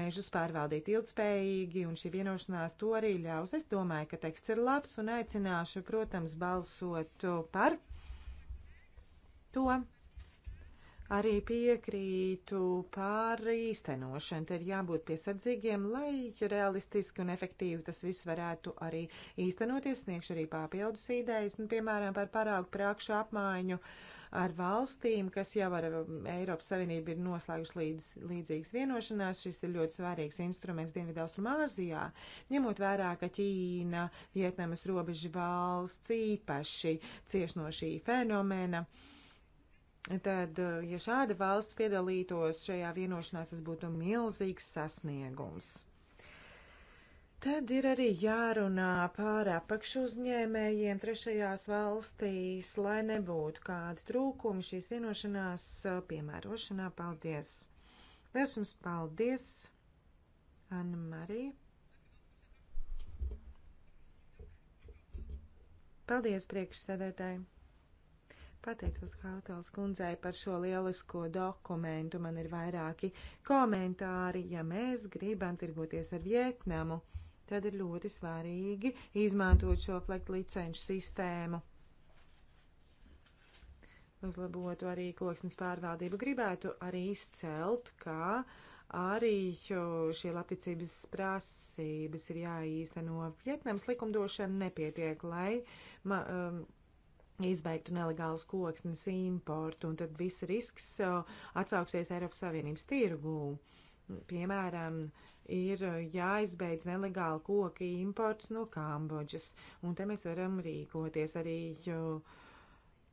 mežus pārvaldīt ilgspējīgi, un šī vienošanās to arī ļaus. Es domāju, ka teksts ir labs un aicināšu, protams, balsot par to. Arī piekrītu par īstenošanu. Te ir jābūt piesardzīgiem, lai realistiski un efektīvi tas viss varētu arī īstenoties. Sniegšu arī papildus idejas, nu, piemēram, par paraugu prākšu apmaiņu ar valstīm, kas jau ar um, Eiropas Savienību ir noslēguši līdz, līdzīgas vienošanās. Šis ir ļoti svarīgs instruments Dienvidaustrumāzijā, ņemot vērā, ka Ķīna, Vietnamas robeža valsts īpaši cieši no šī fenomena. Uh, Tad, eh, ja šāda valsts piedalītos šajā vienošanās, tas būtu milzīgs sasniegums. Tad ir arī jārunā par apakšu uzņēmējiem trešajās valstīs, lai nebūtu kādi trūkumi šīs vienošanās eh, piemērošanā. Paldies! Liels jums paldies, Anna Marija! Paldies priekšsēdētājiem! Pateicos Hautals kundzei par šo lielisko dokumentu. Man ir vairāki komentāri. Ja mēs gribam tirgoties ar Vietnamu, tad ir ļoti svarīgi izmantot šo flekt licenšu sistēmu. Uzlabotu arī koksnes pārvaldību gribētu arī izcelt, ka arī šie labticības prasības ir jāīsteno. Vietnams likumdošana nepietiek, lai. Ma, um, izbeigtu nelegālus koksnes importu, un tad viss risks atsauksies Eiropas Savienības tirgū. Piemēram, ir jāizbeidz nelegāli koki imports no Kambodžas, un te mēs varam rīkoties arī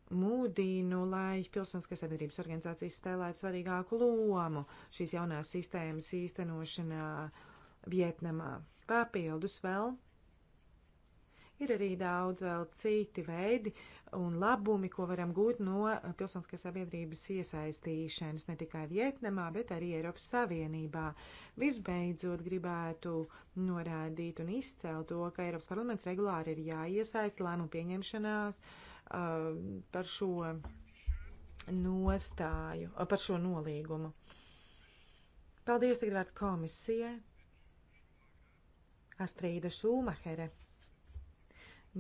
mūdīnu, lai pilsoniskās sabiedrības organizācijas spēlētu svarīgāku lomu šīs jaunās sistēmas īstenošanā Vietnamā. Papildus vēl ir arī daudz vēl citi veidi, uh, un labumi, ko varam gūt no pilsoniskās sabiedrības iesaistīšanas ne tikai Vietnamā, bet arī Eiropas Savienībā. Visbeidzot, gribētu norādīt un izcelt to, ka Eiropas parlaments regulāri ir jāiesaist lēmumu pieņemšanās uh, par šo nostāju, uh, par šo nolīgumu. Paldies, tagad vārds komisijai. Astrīda Šūmahere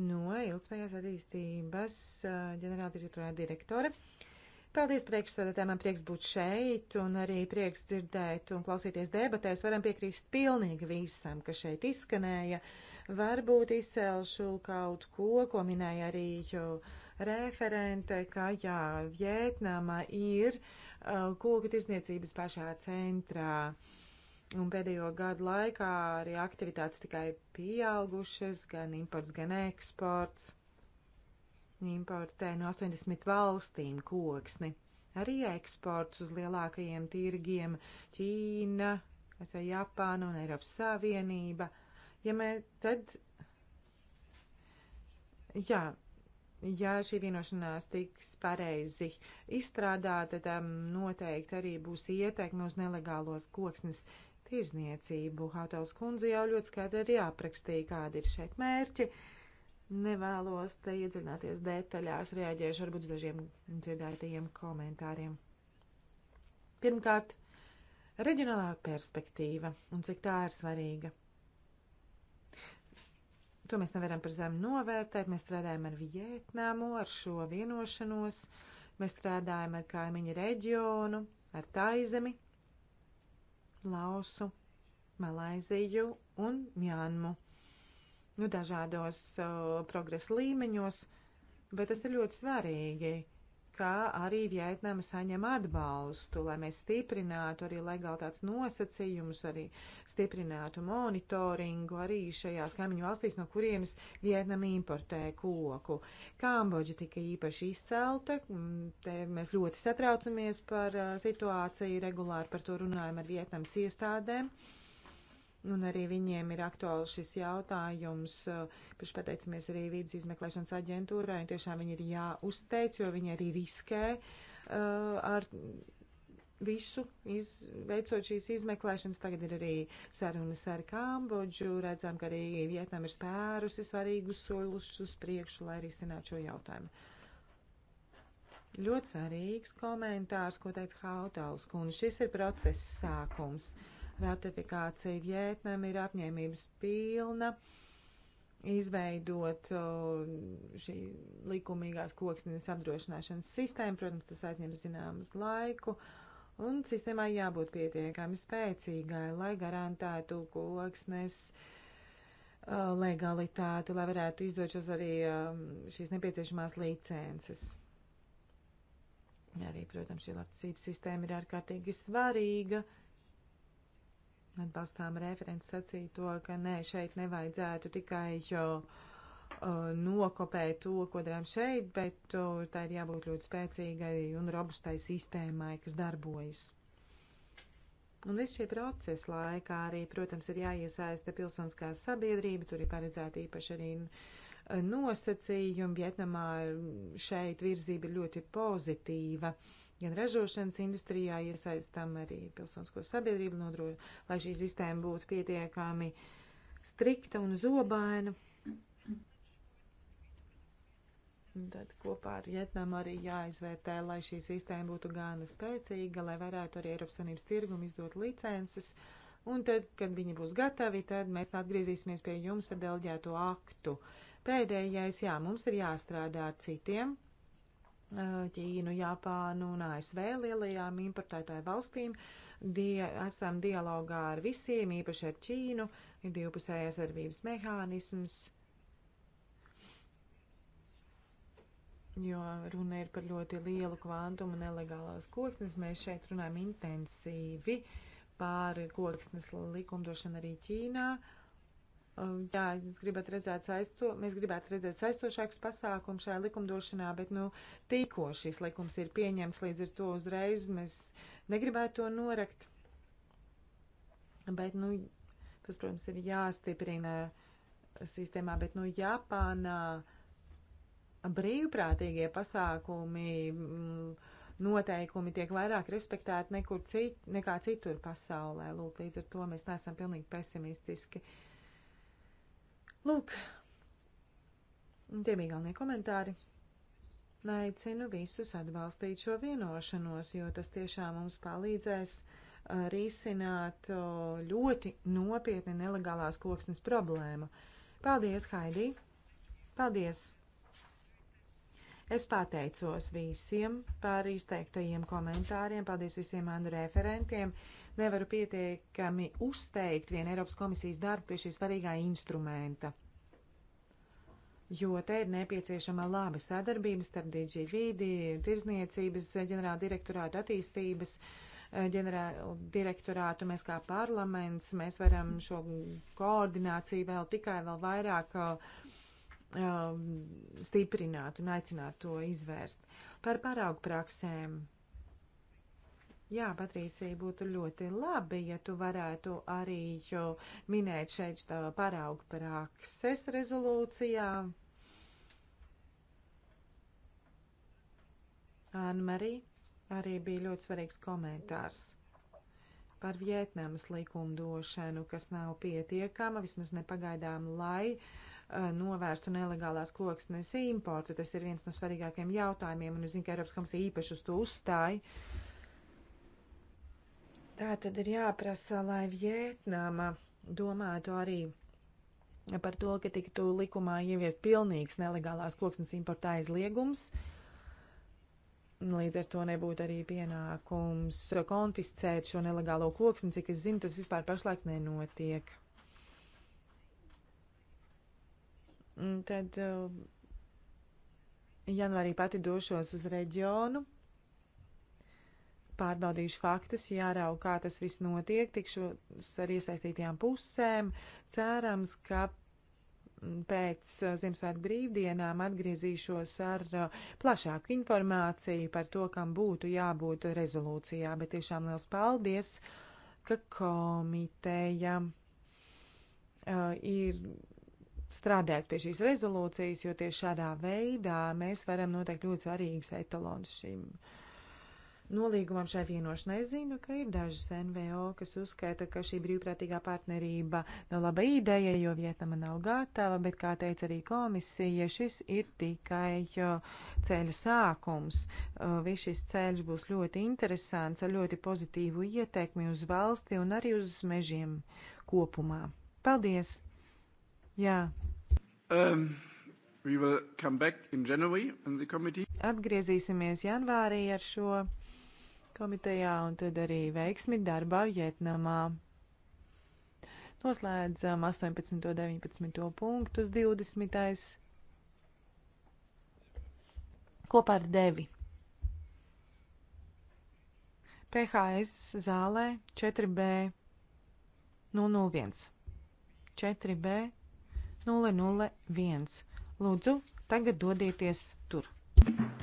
no Ilgspējās attīstības ģenerāldirektorā direktore. Paldies priekšsēdētājiem, man prieks būt šeit un arī prieks dzirdēt un klausīties debatēs. Varam piekrīst pilnīgi visam, kas šeit izskanēja. Varbūt izcelšu kaut ko, ko minēja arī referente, ka jā, Vietnama ir uh, koku tirzniecības pašā centrā. Uh, Un pēdējo gadu laikā arī aktivitātes tikai pieaugušas, gan imports, gan eksports. Importē no 80 valstīm koksni. Arī eksports uz lielākajiem tirgiem - Ķīna, ASV, Japāna un Eiropas Savienība. Ja mēs tad Jā, ja šī vienošanās tiks pareizi izstrādāta, tad um, noteikti arī būs ieteikumi uz nelegālos koksnes tirzniecību. Hautels kundze jau ļoti skaidri arī aprakstīja, kādi ir šeit mērķi. Nevēlos te iedziļināties detaļās, reaģēšu varbūt uz dažiem dzirdētajiem komentāriem. Pirmkārt, reģionālā perspektīva un cik tā ir svarīga. To mēs nevaram par zemu novērtēt. Mēs strādājam ar Vietnamu, ar šo vienošanos, mēs strādājam ar kaimiņu reģionu, ar Taizemi. Lausu, Malaiziju un Mjānmu. Nu, dažādos uh, progresa līmeņos, bet tas ir ļoti svarīgi. Uh, kā arī Vietnama saņem atbalstu, lai mēs stiprinātu arī legalitātes nosacījumus, arī stiprinātu monitoringu arī šajās kaimiņu valstīs, no kurienes Vietnama importē koku. Kambodža tika īpaši izcelta, te mēs ļoti satraucamies par situāciju, regulāri par to runājam ar Vietnamas iestādēm. Uh, Un arī viņiem ir aktuāli šis jautājums. Pirms pateicamies arī vīdas izmeklēšanas aģentūrai, un tiešām viņi ir jāuzteic, jo viņi arī riskē uh, ar visu, iz, veicot šīs izmeklēšanas. Tagad ir arī sarunas ar Kambodžu, redzam, ka arī Vietnam ir spērusi svarīgus soļus uz priekšu, lai arī sinātu šo jautājumu. Ļoti svarīgs komentārs, ko teica Hautals, un šis ir process sākums. Uh, ratifikācija Vietnam ir apņēmības pilna izveidot šī likumīgās koksnes apdrošināšanas sistēmu. Protams, tas aizņem zināmas laiku, un sistēmai jābūt pietiekami spēcīgai, lai garantētu koksnes legalitāti, lai varētu izdot šos arī šīs nepieciešamās licences. Arī, protams, šī labticības sistēma ir ārkārtīgi svarīga. Uh, atbalstām referents sacīto, ka nē, šeit nevajadzētu tikai jo, uh, nokopēt to, ko darām šeit, bet uh, tā ir jābūt ļoti spēcīgai un robustai sistēmai, kas darbojas. Un viss šī procesa laikā arī, protams, ir jāiesaista pilsoniskā sabiedrība, tur ir paredzēta īpaši arī e, nosacījumi. Vietnamā šeit virzība ir ļoti pozitīva. Uh, gan ražošanas industrijā iesaistām arī pilsonisko sabiedrību, nodro, lai šī sistēma būtu pietiekami strikta un zobaina. Tad kopā ar Vietnamu arī jāizvērtē, lai šī sistēma būtu gana spēcīga, lai varētu arī Eiropas Savienības tirgumu izdot licences. Un tad, kad viņi būs gatavi, tad mēs atgriezīsimies pie jums ar delģēto aktu. Pēdējais, jā, mums ir jāstrādā ar citiem, Ķīnu, Japānu un ASV lielajām importētāju valstīm. Die, esam dialogā ar visiem, īpaši ar Ķīnu, ir divpusējās darbības mehānisms, jo runa ir par ļoti lielu kvantumu nelegālās koksnes. Mēs šeit runājam intensīvi par koksnes likumdošanu arī Ķīnā. Uh, Um, jā, mēs gribētu redzēt, saisto, mēs gribētu redzēt saistošākus pasākumus šajā likumdošanā, bet nu, tīko šis likums ir pieņems, līdz ar to uzreiz mēs negribētu to norakt. Bet, nu, tas, protams, ir jāstiprina sistēmā, bet, nu, Japānā brīvprātīgie pasākumi, mm, noteikumi tiek vairāk respektēti nekur cit, nekā citur pasaulē. Lūk, līdz ar to mēs neesam pilnīgi pesimistiski. Uh, Lūk, tie bija galvenie komentāri. Aicinu visus atbalstīt šo vienošanos, jo tas tiešām mums palīdzēs uh, risināt uh, ļoti nopietni nelegālās koksnes problēmu. Paldies, Haidī! Paldies! Es pateicos visiem par izteiktajiem komentāriem, paldies visiem manu referentiem nevaru pietiekami uzteikt vien Eiropas komisijas darbu pie šī svarīgā instrumenta. Jo te ir nepieciešama laba sadarbība starp DG vīdi, tirzniecības ģenerāla direktorātu attīstības eh, ģenerāla direktorātu. Mēs kā parlaments, mēs varam šo koordināciju vēl tikai vēl vairāk uh, stiprināt un aicināt to izvērst. Par paraugu praksēm Jā, Patrīsija, būtu ļoti labi, ja tu varētu arī minēt šeit paraugu prakses rezolūcijā. Anmarī arī bija ļoti svarīgs komentārs par Vietnamas likumdošanu, kas nav pietiekama, vismaz nepagaidām, lai uh, novērstu nelegālās kloksnes importu. Tas ir viens no svarīgākajiem jautājumiem, un es zinu, ka Eiropas komisija īpaši uz to uzstāja. Uh, Tā tad ir jāprasa, lai Vietnama domātu arī par to, ka tiktu likumā ieviest pilnīgs nelegālās koksnes importa aizliegums. Līdz ar to nebūtu arī pienākums konfiscēt šo nelegālo koksni, cik es zinu, tas vispār pašlaik nenotiek. Un tad uh, janvārī pati došos uz reģionu pārbaudīšu faktus, jārau, kā tas viss notiek, tikšos ar iesaistītajām pusēm. Cerams, ka pēc uh, Ziemassvētku brīvdienām atgriezīšos ar uh, plašāku informāciju par to, kam būtu jābūt rezolūcijā, bet tiešām liels paldies, ka komiteja uh, ir strādājis pie šīs rezolūcijas, jo tieši šādā veidā mēs varam noteikt ļoti svarīgus etalons šim uh, nolīgumam šai vienošanai. Es zinu, ka ir dažas NVO, kas uzskata, ka šī brīvprātīgā partnerība nav laba ideja, jo Vietnama nav gatava, bet, kā teica arī komisija, šis ir tikai ceļa sākums. Viss šis ceļš būs ļoti interesants, ar ļoti pozitīvu ietekmi uz valsti un arī uz mežiem kopumā. Paldies! Jā. Um. Atgriezīsimies janvārī ar šo komitejā un tad arī veiksmi darbā Vietnamā. Noslēdzam 18. un 19. punktus 20. kopā ar devi. PHS zālē 4B 001 4B 001 Lūdzu, tagad dodieties tur. Thank you.